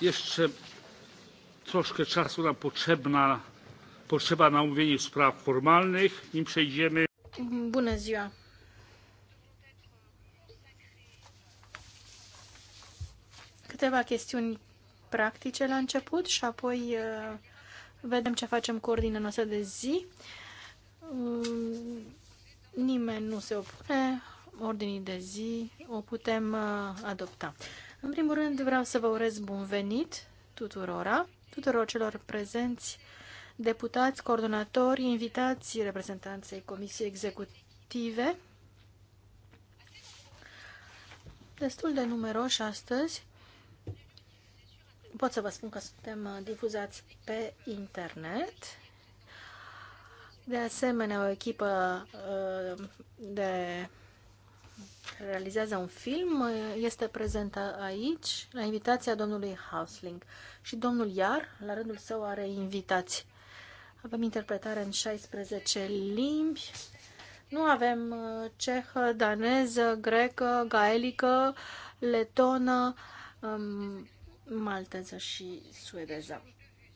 jeszcze troszkę czasu nam potrzebna, potrzeba na omówienie spraw formalnych, nim przejdziemy. Bună ziua! Câteva chestiuni practice la început și apoi uh, vedem ce facem cu ordinea noastră de zi. Mm, nimeni nu se opune ordinii de zi, o putem uh, adopta. În primul rând vreau să vă urez bun venit tuturora, tuturor celor prezenți, deputați, coordonatori, invitați, reprezentanței Comisiei Executive. Destul de numeroși astăzi. Pot să vă spun că suntem difuzați pe internet. De asemenea, o echipă uh, de realizează un film este prezentă aici la invitația domnului Hausling și domnul Iar, la rândul său, are invitați. Avem interpretare în 16 limbi. Nu avem uh, cehă, daneză, grecă, gaelică, letonă, um, malteză și suedeză.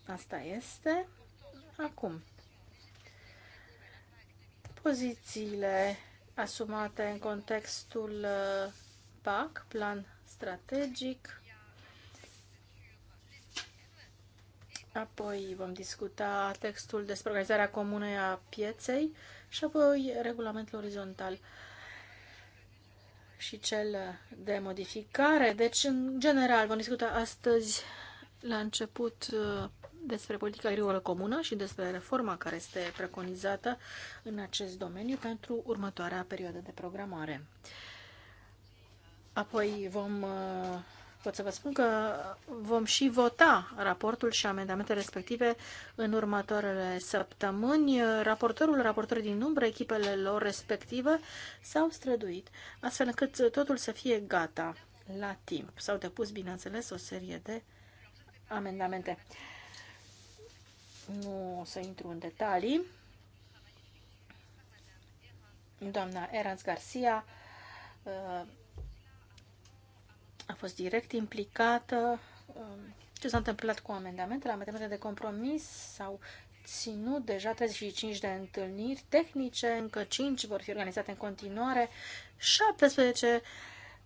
Asta este. Acum, pozițiile asumate în contextul uh, PAC, plan strategic. Apoi vom discuta textul despre organizarea comunei a pieței și apoi regulamentul orizontal și cel de modificare. Deci, în general, vom discuta astăzi la început uh, despre politica agricolă comună și despre reforma care este preconizată în acest domeniu pentru următoarea perioadă de programare. Apoi vom, uh, pot să vă spun că vom și vota raportul și amendamentele respective în următoarele săptămâni. Raportorul, raportorii din umbră, echipele lor respective s-au străduit, astfel încât totul să fie gata la timp. S-au depus, bineînțeles, o serie de amendamente. Nu o să intru în detalii. Doamna Erans Garcia uh, a fost direct implicată. Um, ce s-a întâmplat cu amendamentele? Amendamentele de compromis sau ținut deja 35 de întâlniri tehnice, încă 5 vor fi organizate în continuare, 17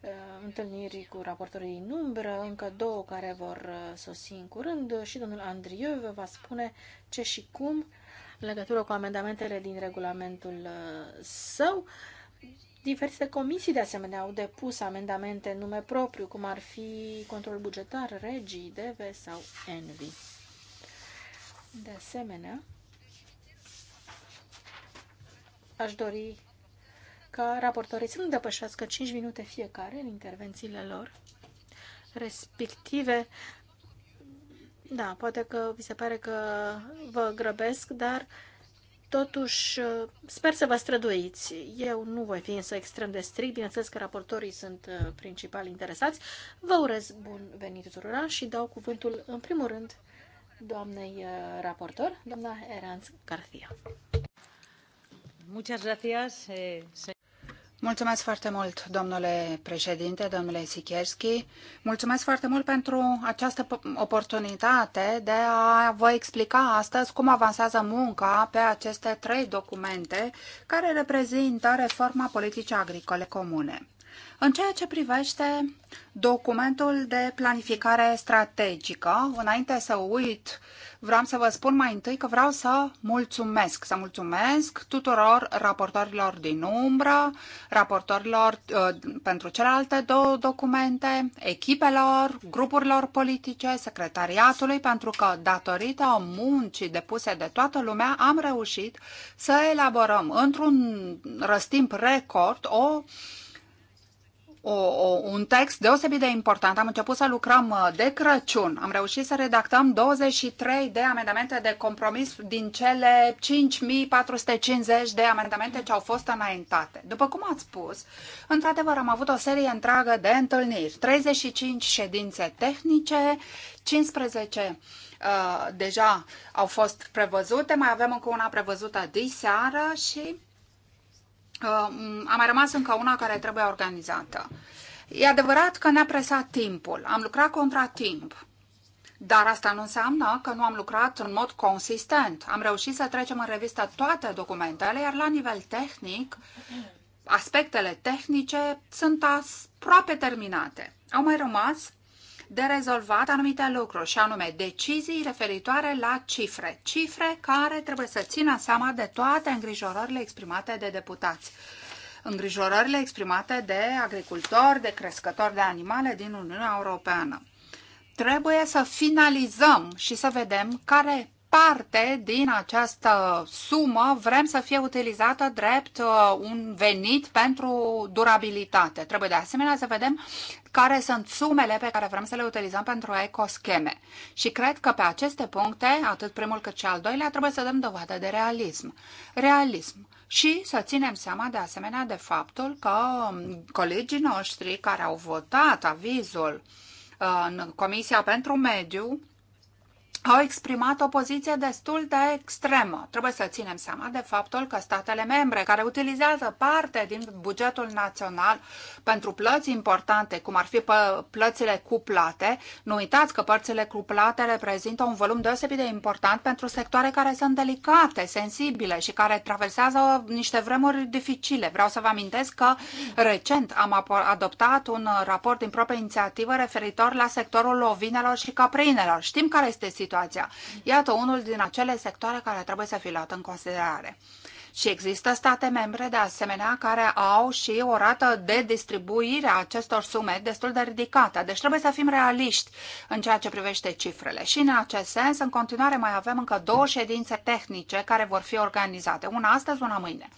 Uh, întâlniri cu raportorii din umbră, încă două care vor uh, sosi în curând și domnul Andriu vă va spune ce și cum în legătură cu amendamentele din regulamentul uh, său. Diverse comisii de asemenea au depus amendamente în nume propriu, cum ar fi control bugetar, regii, DV sau ENVI. De asemenea, aș dori ca raportorii să nu depășească 5 minute fiecare în intervențiile lor respective. Da, poate că vi se pare că vă grăbesc, dar totuși uh, sper să vă străduiți. Eu nu voi fi însă extrem de strict, bineînțeles că raportorii sunt uh, principali interesați. Vă urez bun venit tuturor și dau cuvântul în primul rând doamnei uh, raportor, doamna Eranz García. Muchas gracias, eh, Mulțumesc foarte mult, domnule președinte, domnule Sikierski. Mulțumesc foarte mult pentru această oportunitate de a vă explica astăzi cum avansează munca pe aceste trei documente care reprezintă reforma politicii agricole comune. În ceea ce privește documentul de planificare strategică, înainte să uit, vreau să vă spun mai întâi că vreau să mulțumesc, să mulțumesc tuturor raportorilor din umbră, raportorilor uh, pentru celelalte două documente, echipelor, grupurilor politice, secretariatului, pentru că datorită muncii depuse de toată lumea am reușit să elaborăm într-un răstimp record o uh, o, o, un text deosebit de important. Am început să lucrăm uh, de Crăciun. Am reușit să redactăm 23 de amendamente de compromis din cele 5450 de amendamente ce au fost înaintate. După cum ați spus, într-adevăr am avut o serie întreagă de întâlniri, 35 ședințe tehnice, 15 uh, deja au fost prevăzute, mai avem încă una prevăzută diseară și Mm, a mai rămas încă una care trebuie organizată. E adevărat că ne-a presat timpul, am lucrat contra timp, dar asta nu înseamnă că nu am lucrat în mod consistent. Am reușit să trecem în revistă toate documentele, iar la nivel tehnic, aspectele tehnice sunt aproape terminate. Au mai rămas de rezolvat anumite lucruri, și anume decizii referitoare la cifre. Cifre care trebuie să țină seama de toate îngrijorările exprimate de deputați îngrijorările exprimate de agricultori, de crescători de animale din Uniunea Europeană. Trebuie să finalizăm și să vedem care parte din această sumă vrem să fie utilizată drept uh, un venit pentru durabilitate. Trebuie de asemenea să vedem care sunt sumele pe care vrem să le utilizăm pentru ecoscheme. Și cred că pe aceste puncte, atât primul cât și al doilea, trebuie să dăm dovadă de realism. Realism. Și să ținem seama de asemenea de faptul că um, colegii noștri care au votat avizul uh, în Comisia pentru Mediu au exprimat o poziție destul de extremă. Trebuie să ținem seama de faptul că statele membre care utilizează parte din bugetul național pentru plăți importante, cum ar fi plățile cuplate, nu uitați că părțile cuplate reprezintă un volum deosebit de important pentru sectoare care sunt delicate, sensibile și care traversează niște vremuri dificile. Vreau să vă amintesc că recent am adoptat un raport din proprie inițiativă referitor la sectorul ovinelor și caprinelor. Știm care este situația situația. Iată unul din acele sectoare care trebuie să fie luat în considerare. Și există state membre, de asemenea, care au și o rată de distribuire a acestor sume destul de ridicată. Deci trebuie să fim realiști în ceea ce privește cifrele. Și în acest sens, în continuare, mai avem încă două ședințe tehnice care vor fi organizate. Una astăzi, una mâine.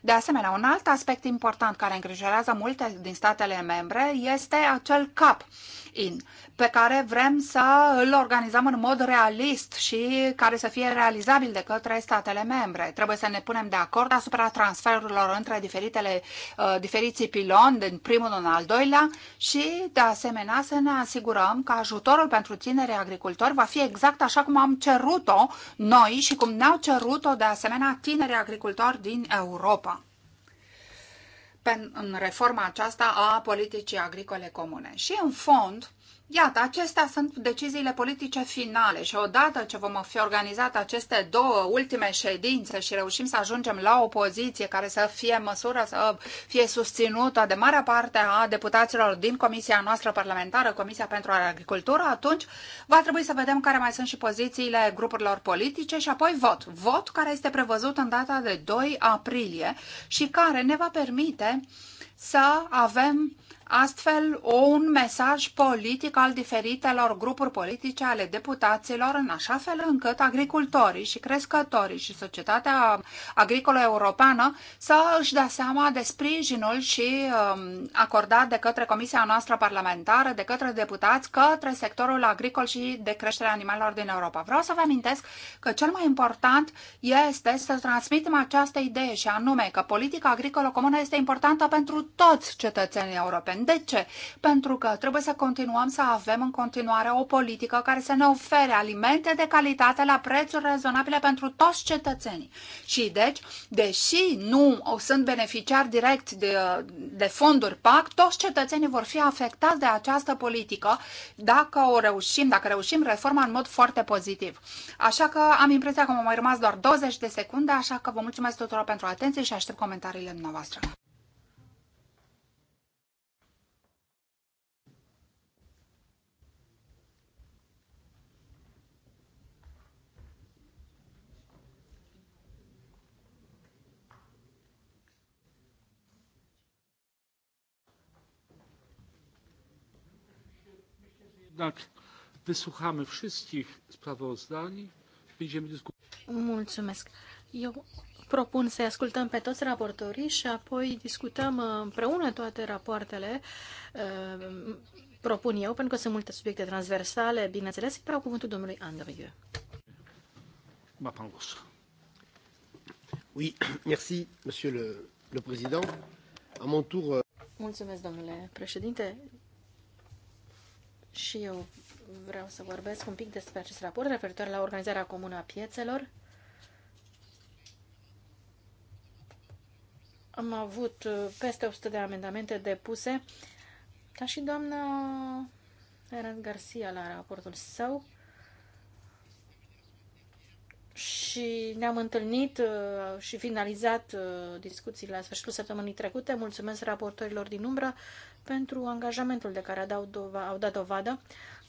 De asemenea, un alt aspect important care îngrijorează multe din statele membre este acel cap in, pe care vrem să îl organizăm în mod realist și care să fie realizabil de către statele membre. Trebuie să ne punem de acord asupra transferurilor între diferitele, uh, diferiții piloni, din primul în al doilea și, de asemenea, să ne asigurăm că ajutorul pentru tinerii agricultori va fi exact așa cum am cerut-o noi și cum ne-au cerut-o, de asemenea, tinerii agricultori din Europa în reforma aceasta a politicii agricole comune. Și, în fond, Iată, acestea sunt deciziile politice finale și odată ce vom fi organizat aceste două ultime ședințe și reușim să ajungem la o poziție care să fie în măsură să fie susținută de marea parte a deputaților din Comisia noastră parlamentară, Comisia pentru Agricultură, atunci va trebui să vedem care mai sunt și pozițiile grupurilor politice și apoi vot. Vot care este prevăzut în data de 2 aprilie și care ne va permite să avem astfel un mesaj politic al diferitelor grupuri politice ale deputaților, în așa fel încât agricultorii și crescătorii și societatea agricolă europeană să își dea seama de sprijinul și um, acordat de către Comisia noastră parlamentară, de către deputați, către sectorul agricol și de creștere animalelor din Europa. Vreau să vă amintesc că cel mai important este să transmitem această idee și anume că politica agricolă comună este importantă pentru toți cetățenii europeni, de ce? Pentru că trebuie să continuăm să avem în continuare o politică care să ne ofere alimente de calitate la prețuri rezonabile pentru toți cetățenii. Și deci, deși nu sunt beneficiari direct de, de fonduri PAC, toți cetățenii vor fi afectați de această politică dacă o reușim, dacă reușim reforma în mod foarte pozitiv. Așa că am impresia că m-au mai rămas doar 20 de secunde, așa că vă mulțumesc tuturor pentru atenție și aștept comentariile dumneavoastră. jednak wysłuchamy wszystkich sprawozdań. Będziemy dyskutować. Eu propun să ascultăm pe toți raportorii și apoi discutăm împreună toate rapoartele. Uh, propun eu, pentru că sunt multe subiecte transversale, bineînțeles, îi dau cuvântul domnului Andrieu. Ma Oui, merci, monsieur le, le président. À mon tour... Euh, Mulțumesc, domnule președinte. Și eu vreau să vorbesc un pic despre acest raport referitor la organizarea comună a piețelor. Am avut uh, peste 100 de amendamente depuse, ca și doamna Eran Garcia la raportul său. Și ne-am întâlnit uh, și finalizat uh, discuțiile la sfârșitul săptămânii trecute. Mulțumesc raportorilor din umbră pentru angajamentul de care au, dova, au dat dovadă.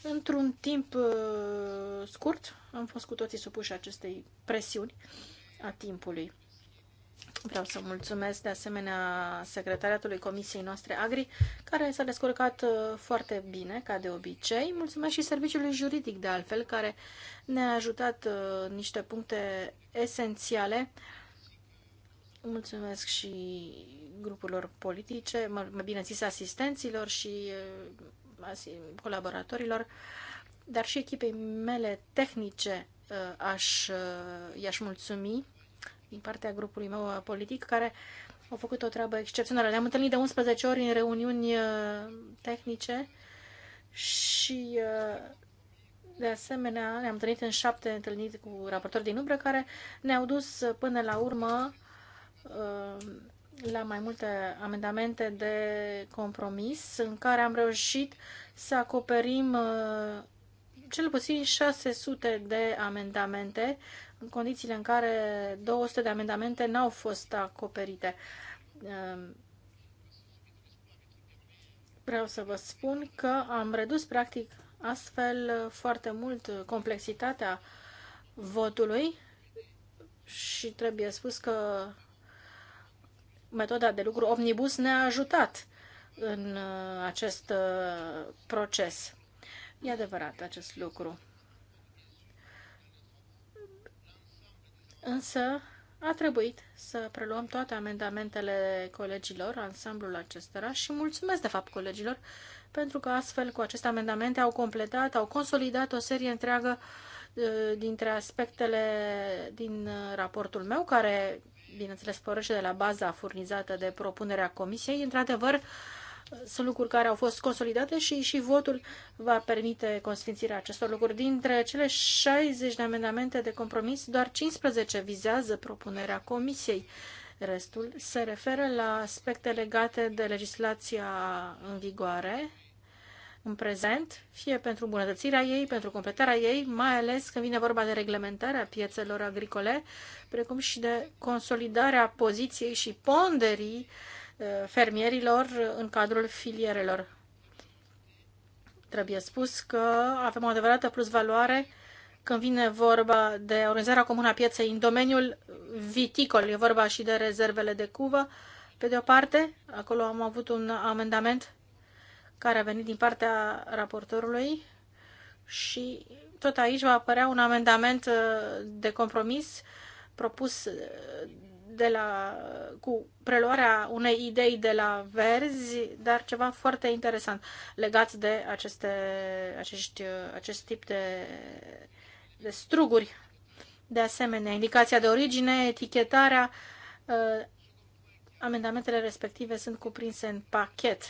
Într-un timp uh, scurt am fost cu toții supuși acestei presiuni a timpului. Vreau să mulțumesc de asemenea secretariatului Comisiei noastre Agri, care s-a descurcat uh, foarte bine, ca de obicei. Mulțumesc și serviciului juridic, de altfel, care ne-a ajutat uh, niște puncte esențiale Mulțumesc și grupurilor politice, mai bine zis asistenților și uh, colaboratorilor, dar și echipei mele tehnice uh, aș, uh, i-aș mulțumi din partea grupului meu politic, care au făcut o treabă excepțională. Ne-am întâlnit de 11 ori în reuniuni tehnice și de asemenea ne-am întâlnit în șapte întâlniri cu raportori din umbră care ne-au dus până la urmă Uh, la mai multe amendamente de compromis în care am reușit să acoperim uh, cel puțin 600 de amendamente în condițiile în care 200 de amendamente n-au fost acoperite. Uh, vreau să vă spun că am redus practic astfel foarte mult complexitatea votului și trebuie spus că metoda de lucru Omnibus ne-a ajutat în uh, acest uh, proces. E adevărat acest lucru. Însă a trebuit să preluăm toate amendamentele colegilor, ansamblul acestora și mulțumesc de fapt colegilor pentru că astfel cu aceste amendamente au completat, au consolidat o serie întreagă uh, dintre aspectele din raportul meu care bineînțeles, părășe de la baza furnizată de propunerea Comisiei. Într-adevăr, sunt lucruri care au fost consolidate și, și votul va permite consfințirea acestor lucruri. Dintre cele 60 de amendamente de compromis, doar 15 vizează propunerea Comisiei. Restul se referă la aspecte legate de legislația în vigoare în prezent, fie pentru îmbunătățirea ei, pentru completarea ei, mai ales când vine vorba de reglementarea piețelor agricole, precum și de consolidarea poziției și ponderii uh, fermierilor în cadrul filierelor. Trebuie spus că avem o adevărată plusvaloare când vine vorba de organizarea comună a pieței în domeniul viticol, e vorba și de rezervele de cuvă, pe de o parte, acolo am avut un amendament care a venit din partea raportorului și tot aici va apărea un amendament uh, de compromis propus uh, de la, cu preluarea unei idei de la verzi, dar ceva foarte interesant legat de aceste, acești, uh, acest tip de, de struguri. De asemenea, indicația de origine, etichetarea, amendamentele respective sunt cuprinse în pachet.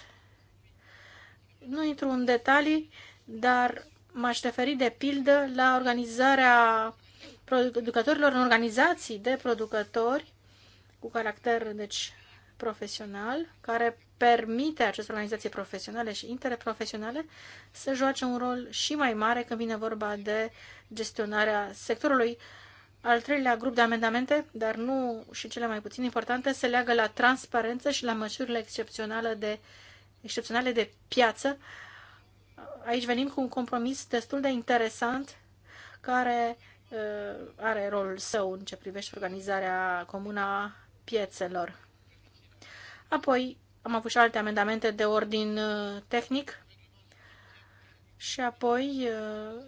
Nu intru în detalii, dar m-aș referi de pildă la organizarea producătorilor în organizații de producători cu caracter deci, profesional, care permite acestor organizații profesionale și interprofesionale să joace un rol și mai mare când vine vorba de gestionarea sectorului. Al treilea grup de amendamente, dar nu și cele mai puțin importante, se leagă la transparență și la măsurile excepționale de uh, excepționale de piață, aici venim cu un compromis destul de interesant care uh, are rolul său în ce privește organizarea a piețelor. Apoi am avut și alte amendamente de ordin uh, tehnic și apoi uh,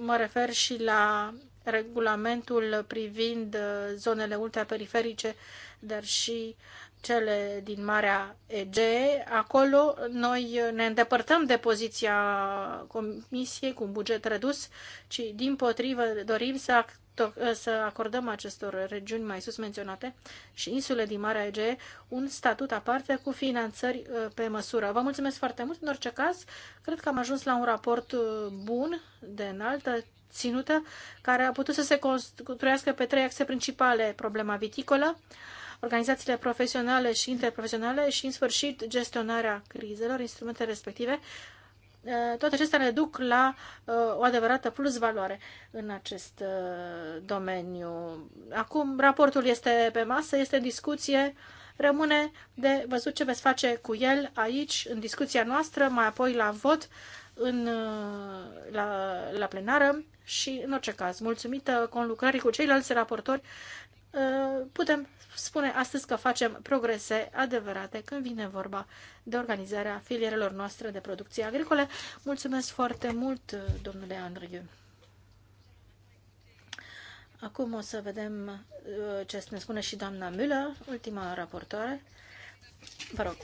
mă refer și la regulamentul privind zonele ultraperiferice, dar și cele din Marea Egee, acolo noi ne îndepărtăm de poziția Comisiei cu un buget redus, ci din potrivă dorim să, să acordăm acestor regiuni mai sus menționate și insule din Marea Egee un statut aparte cu finanțări uh, pe măsură. Vă mulțumesc foarte mult, în orice caz, cred că am ajuns la un raport uh, bun de înaltă ținută, care a putut să se construiască pe trei axe principale, problema viticolă, organizațiile profesionale și interprofesionale și, în sfârșit, gestionarea crizelor, instrumente respective. Eh, toate acestea ne duc la eh, o adevărată plusvaloare în acest eh, domeniu. Acum, raportul este pe masă, este în discuție rămâne de văzut ce veți face cu el aici, în discuția noastră, mai apoi la vot, în, la, la plenară și, în orice caz, mulțumită conlucrării cu ceilalți raportori Eh, putem spune astăzi că facem progrese adevărate când vine vorba de organizarea filierelor noastre de producție agricole. Mulțumesc foarte mult, eh, domnule Andriu. Acum o să vedem eh, ce ne spune și doamna Müller, ultima raportoare. Vă rog.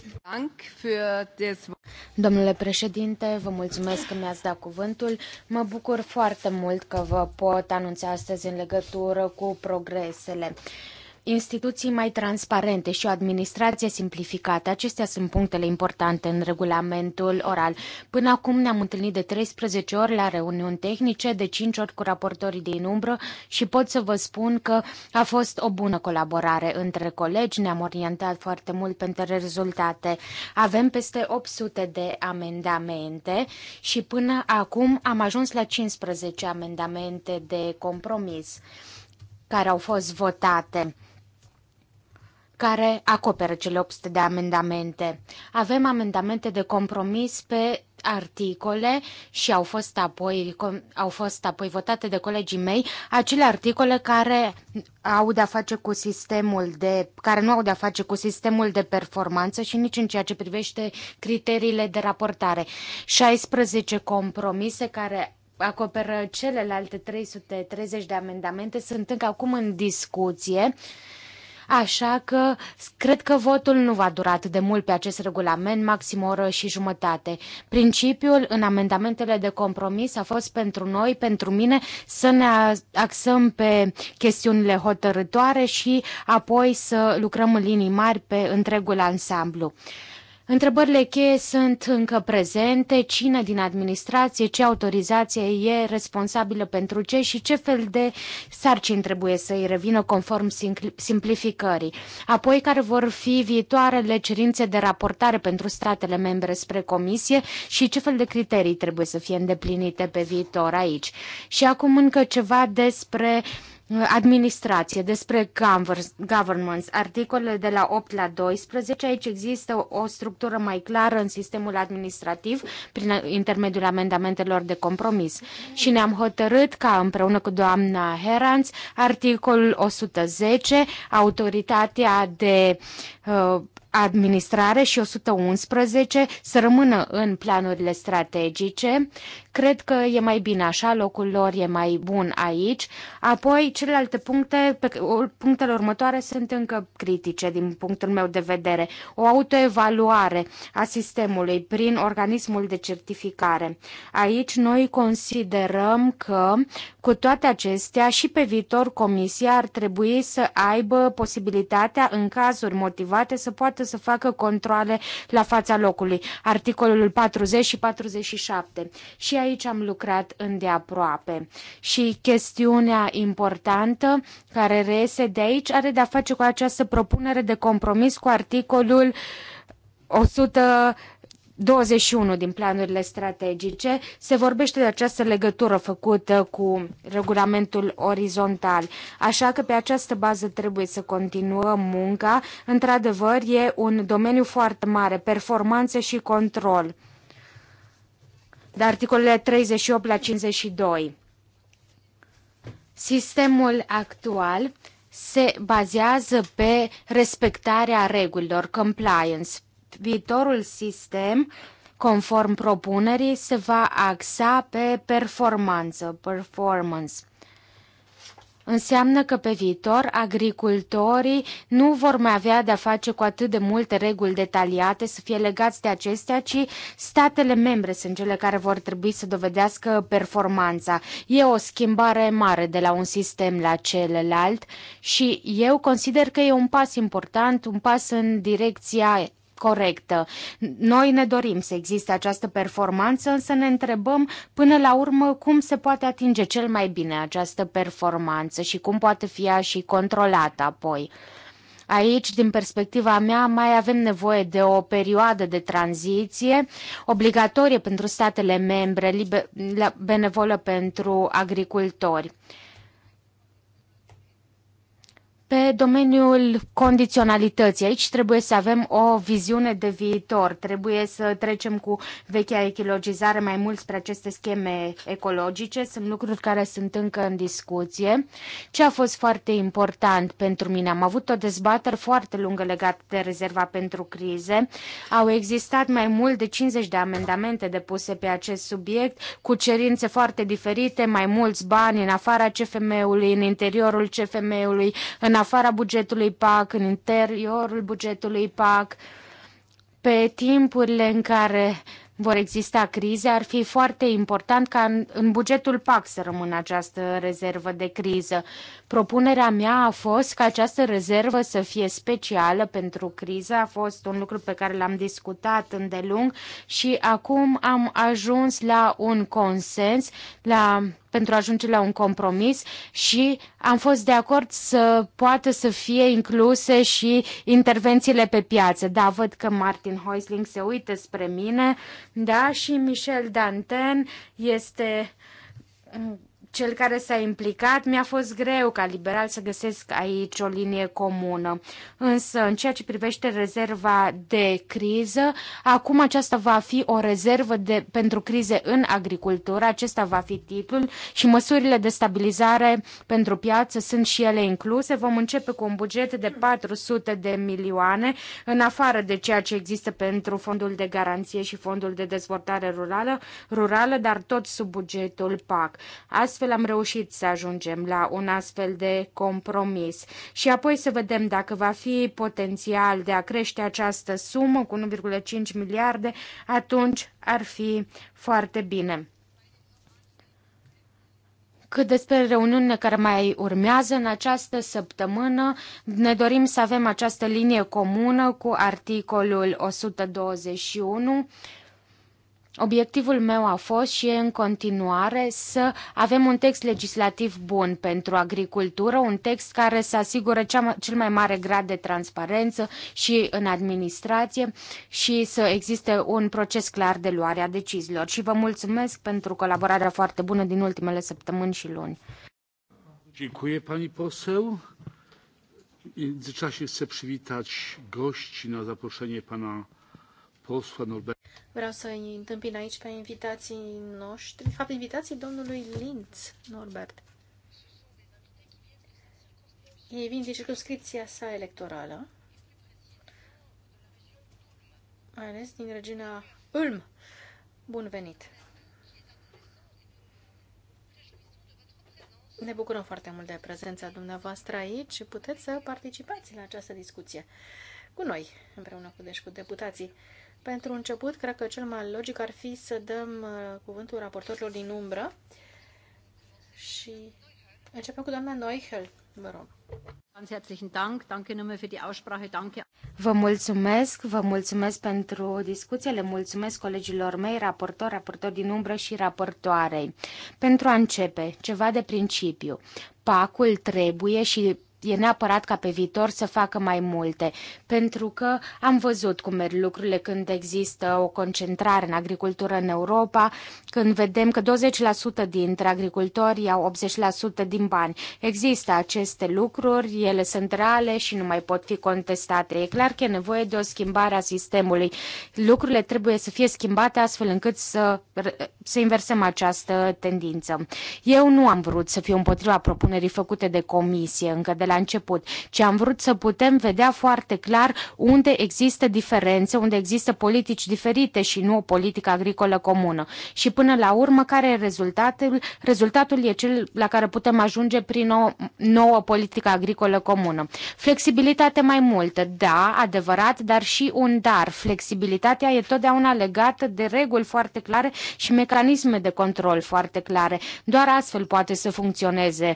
Domnule președinte, vă mulțumesc că mi-ați dat cuvântul. Mă bucur foarte mult că vă pot anunța astăzi în legătură cu progresele instituții mai transparente și o administrație simplificată. Acestea sunt punctele importante în regulamentul oral. Până acum ne-am întâlnit de 13 ori la reuniuni tehnice, de 5 ori cu raportorii din umbră și pot să vă spun că a fost o bună colaborare între colegi, ne-am orientat foarte mult pentru rezultate. Avem peste 800 de amendamente și până acum am ajuns la 15 amendamente de compromis care au fost votate care acoperă cele 800 de amendamente. Avem amendamente de compromis pe articole și au fost apoi, au fost apoi votate de colegii mei acele articole care au de-a face cu sistemul de, care nu au de-a face cu sistemul de performanță și nici în ceea ce privește criteriile de raportare. 16 compromise care acoperă celelalte 330 de amendamente sunt încă acum în discuție. Uh, Așa că cred că votul nu va dura atât de mult pe acest regulament, maxim o oră și jumătate. Principiul în amendamentele de compromis a fost pentru noi, pentru mine, să ne axăm pe chestiunile hotărătoare și apoi să lucrăm în linii mari pe întregul ansamblu. Întrebările cheie sunt încă prezente, cine din administrație, ce autorizație e responsabilă pentru ce și ce fel de sarcini trebuie să îi revină conform simplificării. Apoi care vor fi viitoarele cerințe de raportare pentru statele membre spre comisie și ce fel de criterii trebuie să fie îndeplinite pe viitor aici. Și acum încă ceva despre administrație, despre governments, articolele de la 8 la 12. Aici există o structură mai clară în sistemul administrativ prin intermediul amendamentelor de compromis. Și ne-am hotărât ca împreună cu doamna Heranz, articolul 110, autoritatea de uh, administrare și 111 să rămână în planurile strategice. Cred că e mai bine așa, locul lor e mai bun aici. Apoi, celelalte puncte, pe, punctele următoare sunt încă critice din punctul meu de vedere. O autoevaluare a sistemului prin organismul de certificare. Aici noi considerăm că, cu toate acestea, și pe viitor Comisia ar trebui să aibă posibilitatea, în cazuri motivate, să poată poată să facă controle la fața locului, articolul 40 și 47. Și aici am lucrat îndeaproape. Și chestiunea importantă care reiese de aici are de-a face cu această propunere de compromis cu articolul 100 21 din planurile strategice se vorbește de această legătură făcută cu regulamentul orizontal. Așa că pe această bază trebuie să continuăm munca. Într-adevăr, e un domeniu foarte mare, performanță și control. De articolele 38 la 52. Sistemul actual se bazează pe respectarea regulilor, compliance, viitorul sistem, conform propunerii, se va axa pe performanță, performance. Înseamnă că pe viitor agricultorii nu vor mai avea de-a face cu atât de multe reguli detaliate să fie legați de acestea, ci statele membre sunt cele care vor trebui să dovedească performanța. E o schimbare mare de la un sistem la celălalt și eu consider că e un pas important, un pas în direcția corectă. Noi ne dorim să existe această performanță, însă ne întrebăm până la urmă cum se poate atinge cel mai bine această performanță și cum poate fi ea și controlată apoi. Aici, din perspectiva mea, mai avem nevoie de o perioadă de tranziție obligatorie pentru statele membre, benevolă pentru agricultori pe domeniul condiționalității. Aici trebuie să avem o viziune de viitor. Trebuie să trecem cu vechea ecologizare mai mult spre aceste scheme ecologice. Sunt lucruri care sunt încă în discuție. Ce a fost foarte important pentru mine? Am avut o dezbatere foarte lungă legată de rezerva pentru crize. Au existat mai mult de 50 de amendamente depuse pe acest subiect cu cerințe foarte diferite, mai mulți bani în afara CFM-ului, în interiorul CFM-ului, în afara bugetului PAC, în interiorul bugetului PAC, pe timpurile în care vor exista crize, ar fi foarte important ca în, în bugetul PAC să rămână această rezervă de criză. Propunerea mea a fost ca această rezervă să fie specială pentru criză. A fost un lucru pe care l-am discutat îndelung și acum am ajuns la un consens, la pentru a ajunge la un compromis și am fost de acord să poată să fie incluse și intervențiile pe piață. Da, văd că Martin Heusling se uită spre mine, da, și Michel Danten este cel care s-a implicat, mi-a fost greu ca liberal să găsesc aici o linie comună. Însă, în ceea ce privește rezerva de criză, acum aceasta va fi o rezervă de, pentru crize în agricultură, acesta va fi titlul și măsurile de stabilizare pentru piață sunt și ele incluse. Vom începe cu un buget de 400 de milioane, în afară de ceea ce există pentru fondul de garanție și fondul de dezvoltare rurală, rurală dar tot sub bugetul PAC. Astfel, astfel am reușit să ajungem la un astfel de compromis și apoi să vedem dacă va fi potențial de a crește această sumă cu 1,5 miliarde, atunci ar fi foarte bine. Cât despre reuniunile care mai urmează în această săptămână, ne dorim să avem această linie comună cu articolul 121 Obiectivul meu a fost și e în continuare să avem un text legislativ bun pentru agricultură, un text care să asigură cea, cel mai mare grad de transparență și în administrație și să existe un proces clar de luare a deciziilor. Și vă mulțumesc pentru colaborarea foarte bună din ultimele săptămâni și luni. Dziękuję pani poseł. W międzyczasie chcę przywitać gości na zaproszenie pana Vreau să îi întâmpin aici pe invitații noștri, de fapt invitații domnului Linz Norbert. Ei vin din circunscripția sa electorală, mai ales din regiunea Ulm. Bun venit! Ne bucurăm foarte mult de prezența dumneavoastră aici și puteți să participați la această discuție cu noi, împreună cu, deci, cu deputații. Pentru început, cred că cel mai logic ar fi să dăm uh, cuvântul raportorilor din umbră și începem cu doamna Neuchel, vă rog. Vă mulțumesc, vă mulțumesc pentru discuție, le mulțumesc colegilor mei, raportor, raportor din umbră și raportoarei. Pentru a începe, ceva de principiu. Pacul trebuie și e neapărat ca pe viitor să facă mai multe, pentru că am văzut cum merg lucrurile când există o concentrare în agricultură în Europa, când vedem că 20% dintre agricultori au 80% din bani. Există aceste lucruri, ele sunt reale și nu mai pot fi contestate. E clar că e nevoie de o schimbare a sistemului. Lucrurile trebuie să fie schimbate astfel încât să, să inversăm această tendință. Eu nu am vrut să fiu împotriva propunerii făcute de comisie încă de la la început, ci am vrut să putem vedea foarte clar unde există diferențe, unde există politici diferite și nu o politică agricolă comună. Și până la urmă, care e rezultatul? Rezultatul e cel la care putem ajunge prin o nouă politică agricolă comună. Flexibilitate mai multă, da, adevărat, dar și un dar. Flexibilitatea e totdeauna legată de reguli foarte clare și mecanisme de control foarte clare. Doar astfel poate să funcționeze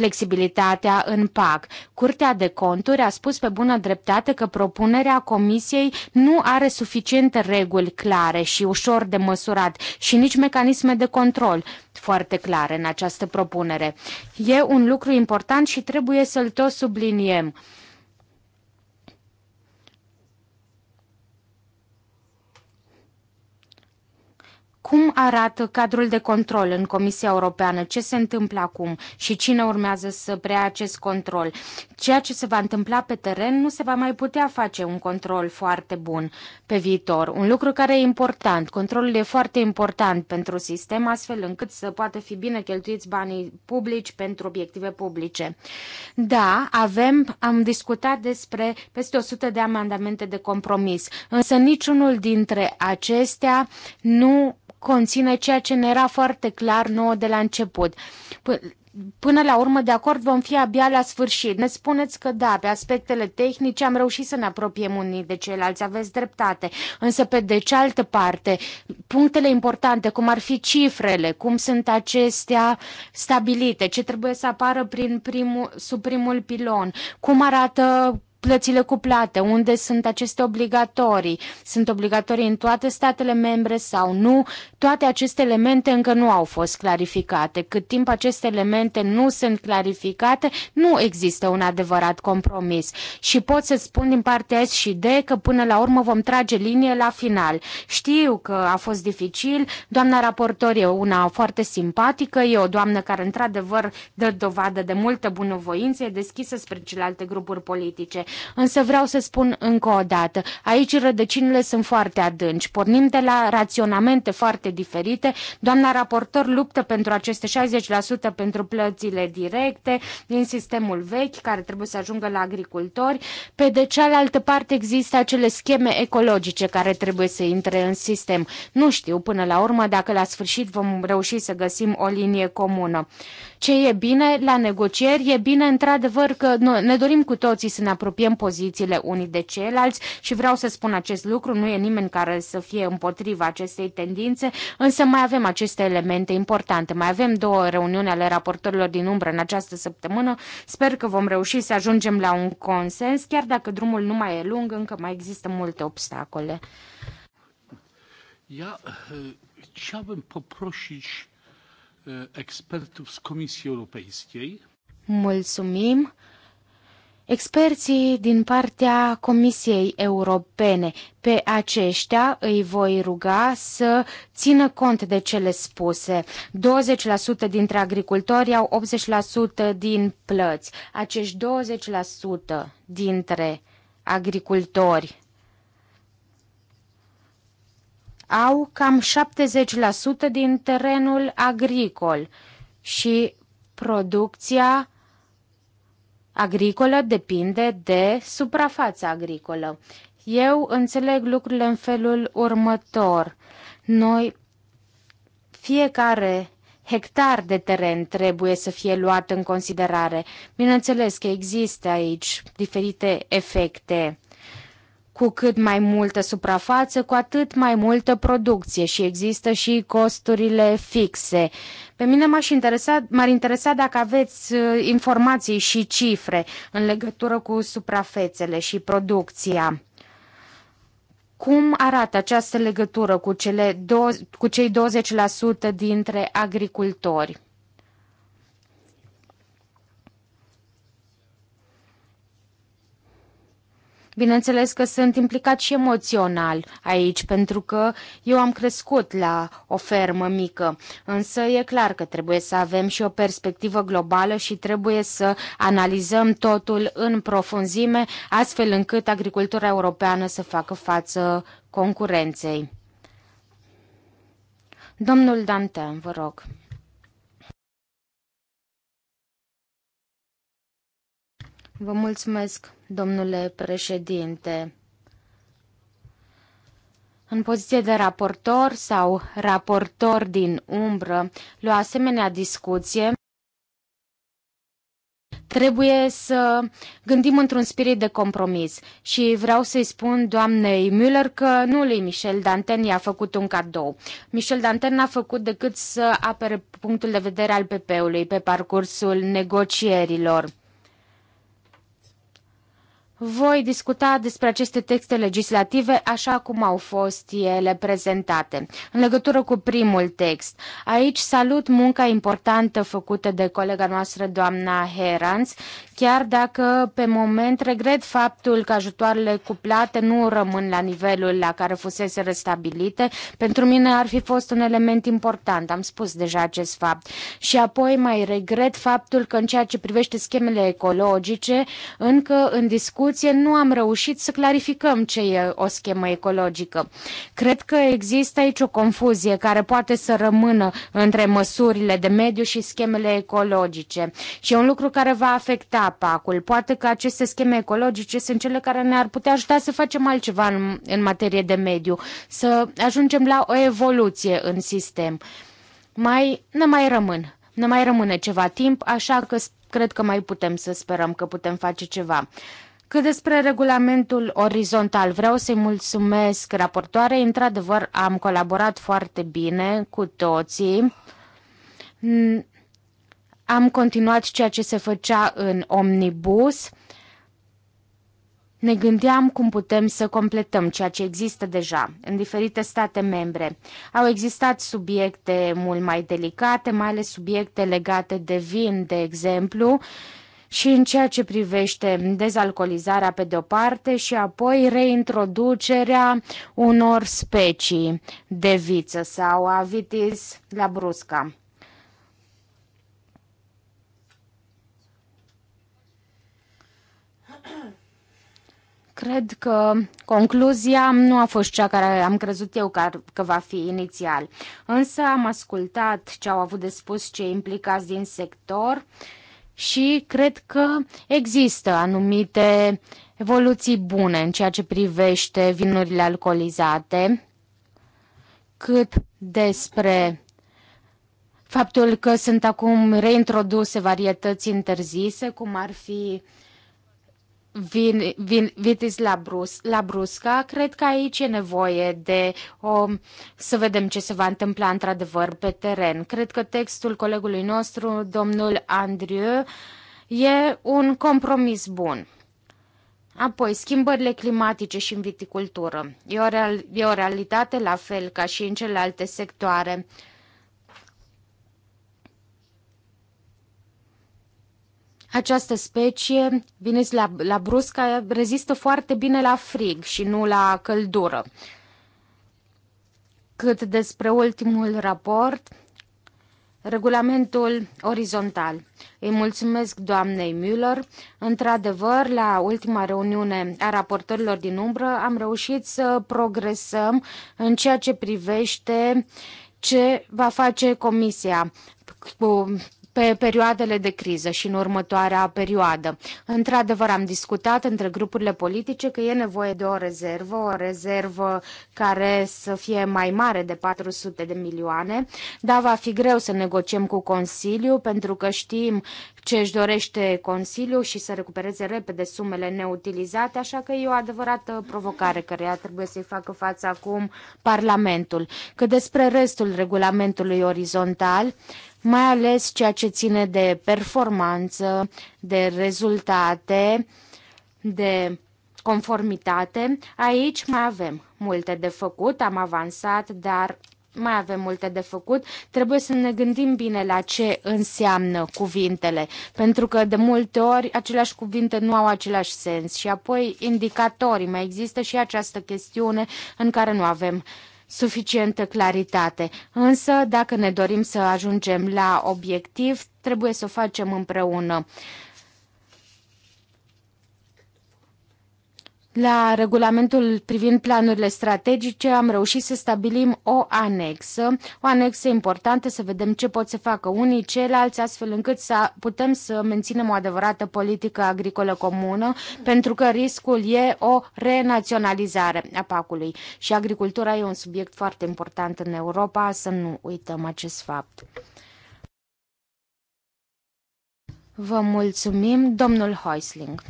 flexibilitatea în PAC. Curtea de conturi a spus pe bună dreptate că propunerea Comisiei nu are suficiente reguli clare și ușor de măsurat și nici mecanisme de control foarte clare în această propunere. E un lucru important și trebuie să-l tot subliniem. Cum arată cadrul de control în Comisia Europeană? Ce se întâmplă acum și cine urmează să preia acest control? Ceea ce se va întâmpla pe teren nu se va mai putea face un control foarte bun pe viitor. Un lucru care e important. Controlul e foarte important pentru sistem, astfel încât să poată fi bine cheltuiți banii publici pentru obiective publice. Da, avem, am discutat despre peste 100 de amendamente de compromis, însă niciunul dintre acestea nu conține ceea ce ne era foarte clar nouă de la început. P- Până la urmă de acord vom fi abia la sfârșit. Ne spuneți că da, pe aspectele tehnice am reușit să ne apropiem unii de ceilalți, aveți dreptate. Însă pe de cealaltă parte, punctele importante, cum ar fi cifrele, cum sunt acestea stabilite, ce trebuie să apară prin primul, sub primul pilon, cum arată plățile cuplate, unde sunt aceste obligatorii, sunt obligatorii în toate statele membre sau nu, toate aceste elemente încă nu au fost clarificate. Cât timp aceste elemente nu sunt clarificate, nu există un adevărat compromis. Și pot să spun din partea S și D că până la urmă vom trage linie la final. Știu că a fost dificil, doamna raportor e una foarte simpatică, e o doamnă care într-adevăr dă dovadă de multă bunăvoință, e deschisă spre celelalte grupuri politice Însă vreau să spun încă o dată, aici rădăcinile sunt foarte adânci. Pornim de la raționamente foarte diferite. Doamna raportor luptă pentru aceste 60% pentru plățile directe din sistemul vechi, care trebuie să ajungă la agricultori. Pe de cealaltă parte există acele scheme ecologice care trebuie să intre în sistem. Nu știu până la urmă dacă la sfârșit vom reuși să găsim o linie comună. Ce e bine la negocieri, e bine într-adevăr că ne dorim cu toții să ne apropiem apropiem pozițiile unii de ceilalți și vreau să spun acest lucru, nu e nimeni care să fie împotriva acestei tendințe, însă mai avem aceste elemente importante. Mai avem două reuniuni ale raportorilor din umbră în această săptămână. Sper că vom reuși să ajungem la un consens, chiar dacă drumul nu mai e lung, încă mai există multe obstacole. Ja chciałbym poprosić ekspertów z Komisji Europejskiej. Mulțumim. Experții din partea Comisiei Europene, pe aceștia îi voi ruga să țină cont de cele spuse. 20% dintre agricultori au 80% din plăți. Acești 20% dintre agricultori au cam 70% din terenul agricol și producția agricolă depinde de suprafața agricolă. Eu înțeleg lucrurile în felul următor. Noi, fiecare hectar de teren trebuie să fie luat în considerare. Bineînțeles că există aici diferite efecte cu cât mai multă suprafață, cu atât mai multă producție și există și costurile fixe. Pe mine m-aș interesa, m-ar interesa dacă aveți uh, informații și cifre în legătură cu suprafețele și producția. Cum arată această legătură cu, cele do- cu cei 20% dintre agricultori? Bineînțeles că sunt implicat și emoțional aici, pentru că eu am crescut la o fermă mică, însă e clar că trebuie să avem și o perspectivă globală și trebuie să analizăm totul în profunzime, astfel încât agricultura europeană să facă față concurenței. Domnul Dante, vă rog. Vă mulțumesc domnule președinte. În poziție de raportor sau raportor din umbră, la asemenea discuție, trebuie să gândim într-un spirit de compromis. Și vreau să-i spun doamnei Müller că nu lui Michel Danten i-a făcut un cadou. Michel Danten n-a făcut decât să apere punctul de vedere al PP-ului pe parcursul negocierilor. Voi discuta despre aceste texte legislative așa cum au fost ele prezentate. În legătură cu primul text, aici salut munca importantă făcută de colega noastră, doamna Herans, chiar dacă pe moment regret faptul că ajutoarele cuplate nu rămân la nivelul la care fusese restabilite, pentru mine ar fi fost un element important, am spus deja acest fapt. Și apoi mai regret faptul că în ceea ce privește schemele ecologice, încă în discuție discuție nu am reușit să clarificăm ce e o schemă ecologică. Cred că există aici o confuzie care poate să rămână între măsurile de mediu și schemele ecologice și e un lucru care va afecta pacul. Poate că aceste scheme ecologice sunt cele care ne-ar putea ajuta să facem altceva în, în materie de mediu, să ajungem la o evoluție în sistem. Mai ne mai rămân. Ne mai rămâne ceva timp, așa că cred că mai putem să sperăm că putem face ceva. Cât despre regulamentul orizontal, vreau să-i mulțumesc raportoare. Într-adevăr, am colaborat foarte bine cu toții. Am continuat ceea ce se făcea în omnibus. Ne gândeam cum putem să completăm ceea ce există deja în diferite state membre. Au existat subiecte mult mai delicate, mai ales subiecte legate de vin, de exemplu, uh, și în ceea ce privește dezalcoolizarea pe de-o parte și apoi reintroducerea unor specii de viță sau a vitis brusca. cred că concluzia nu a fost cea care am crezut eu că va fi inițial. Însă am ascultat ce au avut de spus cei implicați din sector și cred că există anumite evoluții bune în ceea ce privește vinurile alcoolizate, cât despre faptul că sunt acum reintroduse varietăți interzise, cum ar fi vin, vin, vitis la, brus, la brusca, cred că aici e nevoie de o, să vedem ce se va întâmpla într-adevăr pe teren. Cred că textul colegului nostru, domnul Andriu, e un compromis bun. Apoi, schimbările climatice și în viticultură. E o, real, e o realitate la fel ca și în celelalte sectoare. Uh, Această specie, vinis la, la brusca, rezistă foarte bine la frig și nu la căldură. Cât despre ultimul raport, Regulamentul orizontal. Îi mulțumesc doamnei Müller. Într-adevăr, la ultima reuniune a raportorilor din umbră am reușit să progresăm în ceea ce privește ce va face Comisia cu pe perioadele de criză și în următoarea perioadă. Într-adevăr, am discutat între grupurile politice că e nevoie de o rezervă, o rezervă care să fie mai mare de 400 de milioane, dar va fi greu să negociem cu Consiliu pentru că știm ce își dorește Consiliul și să recupereze repede sumele neutilizate, așa că e o adevărată provocare care trebuie să-i facă față acum Parlamentul. Că despre restul regulamentului orizontal, mai ales ceea ce ține de performanță, de rezultate, de conformitate, aici mai avem multe de făcut, am avansat, dar mai avem multe de făcut, trebuie să ne gândim bine la ce înseamnă cuvintele, pentru că de multe ori aceleași cuvinte nu au același sens și apoi indicatorii, mai există și această chestiune în care nu avem suficientă claritate. Însă, dacă ne dorim să ajungem la obiectiv, trebuie să o facem împreună. La regulamentul privind planurile strategice am reușit să stabilim o anexă, o anexă importantă, să vedem ce pot să facă unii ceilalți, astfel încât să putem să menținem o adevărată politică agricolă comună, pentru că riscul e o renaționalizare a pacului. Și agricultura e un subiect foarte important în Europa, să nu uităm acest fapt. Vă mulțumim, domnul Heusling.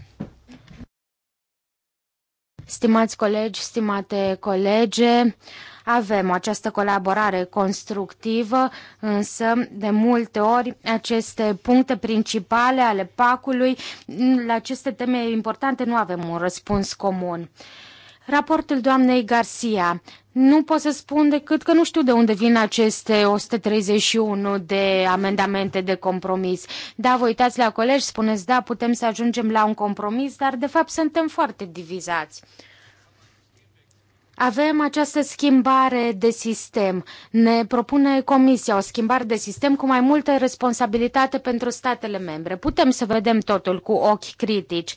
Stimați colegi, stimate colege, avem această colaborare constructivă, însă de multe ori aceste puncte principale ale pacului, la aceste teme importante nu avem un răspuns comun. Raportul doamnei Garcia. Nu pot să spun decât că nu știu de unde vin aceste 131 de amendamente de compromis. Da, vă uitați la colegi, spuneți da, putem să ajungem la un compromis, dar de fapt suntem foarte divizați. Avem această schimbare de sistem. Ne propune Comisia o schimbare de sistem cu mai multă responsabilitate pentru statele membre. Putem să vedem totul cu ochi critici.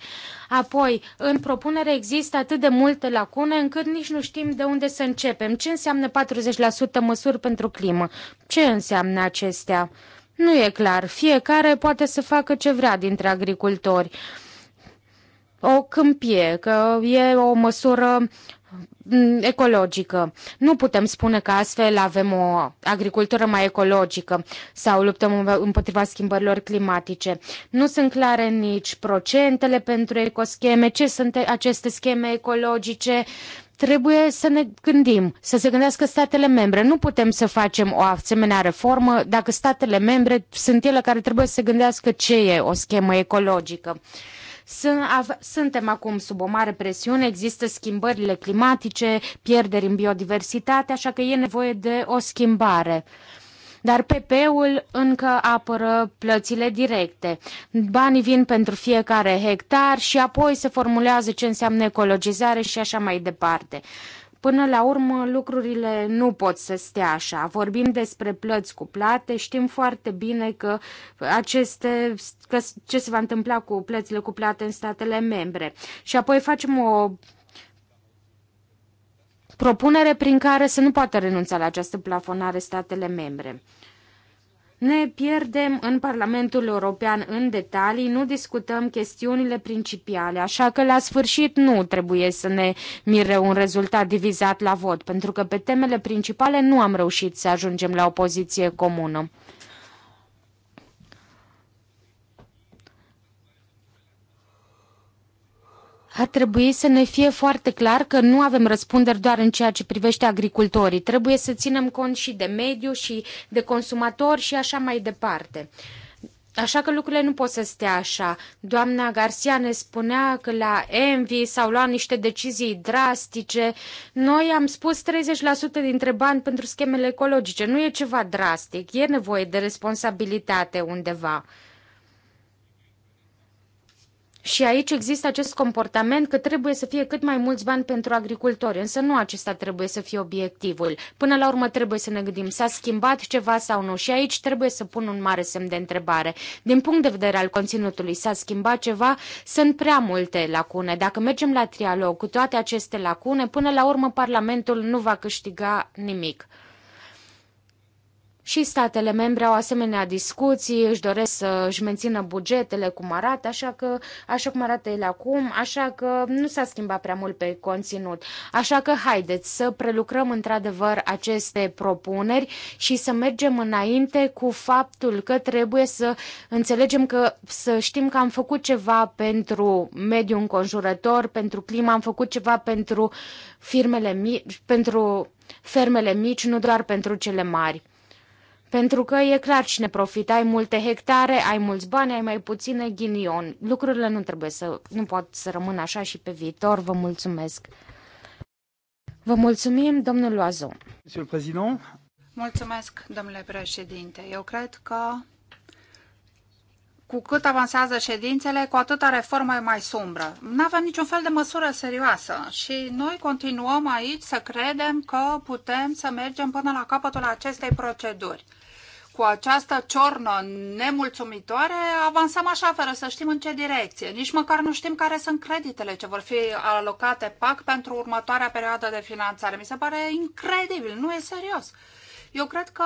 Apoi, în propunere există atât de multe lacune încât nici nu știm de unde să începem. Ce înseamnă 40% măsuri pentru climă? Ce înseamnă acestea? Nu e clar. Fiecare poate să facă ce vrea dintre agricultori. O câmpie, că e o măsură Mm, ecologică. Nu putem spune că astfel avem o agricultură mai ecologică sau luptăm împotriva schimbărilor climatice. Nu sunt clare nici procentele pentru ecoscheme, ce sunt aceste scheme ecologice, trebuie să ne gândim, să se gândească statele membre. Nu putem să facem o asemenea reformă dacă statele membre sunt ele care trebuie să se gândească ce e o schemă ecologică. Suntem acum sub o mare presiune, există schimbările climatice, pierderi în biodiversitate, așa că e nevoie de o schimbare dar PP-ul încă apără plățile directe. Banii vin pentru fiecare hectar și apoi se formulează ce înseamnă ecologizare și așa mai departe. Până la urmă, lucrurile nu pot să stea așa. Vorbim despre plăți plate, știm foarte bine că aceste, că ce se va întâmpla cu plățile plate în statele membre. Și apoi facem o propunere prin care să nu poată renunța la această plafonare statele membre. Ne pierdem în Parlamentul European în detalii, nu discutăm chestiunile principiale, așa că la sfârșit nu trebuie să ne mire un rezultat divizat la vot, pentru că pe temele principale nu am reușit să ajungem la o poziție comună. ar trebui să ne fie foarte clar că nu avem răspunderi doar în ceea ce privește agricultorii. Trebuie să ținem cont și de mediu și de consumator și așa mai departe. Așa că lucrurile nu pot să stea așa. Doamna Garcia ne spunea că la Envy s-au luat niște decizii drastice. Noi am spus 30% dintre bani pentru schemele ecologice. Nu e ceva drastic. E nevoie de responsabilitate undeva. Și aici există acest comportament că trebuie să fie cât mai mulți bani pentru agricultori, însă nu acesta trebuie să fie obiectivul. Până la urmă trebuie să ne gândim, s-a schimbat ceva sau nu și aici trebuie să pun un mare semn de întrebare. Din punct de vedere al conținutului, s-a schimbat ceva, sunt prea multe lacune. Dacă mergem la trialog cu toate aceste lacune, până la urmă Parlamentul nu va câștiga nimic. Și statele membre au asemenea discuții, își doresc să își mențină bugetele cum arată, așa că așa cum arată ele acum, așa că nu s-a schimbat prea mult pe conținut. Așa că haideți să prelucrăm într-adevăr aceste propuneri și să mergem înainte cu faptul că trebuie să înțelegem că să știm că am făcut ceva pentru mediul înconjurător, pentru clima, am făcut ceva pentru firmele mici, pentru fermele mici, nu doar pentru cele mari. Pentru că e clar cine profită, ai multe hectare, ai mulți bani, ai mai puține ghinion. Lucrurile nu trebuie să, nu pot să rămână așa și pe viitor. Vă mulțumesc. Vă mulțumim, domnul Loazo. Mulțumesc, domnule președinte. Eu cred că cu cât avansează ședințele, cu atâta reformă e mai sumbră. Nu avem niciun fel de măsură serioasă și noi continuăm aici să credem că putem să mergem până la capătul acestei proceduri cu această ciornă nemulțumitoare, avansăm așa fără să știm în ce direcție. Nici măcar nu știm care sunt creditele ce vor fi alocate PAC pentru următoarea perioadă de finanțare. Mi se pare incredibil, nu e serios. Eu cred că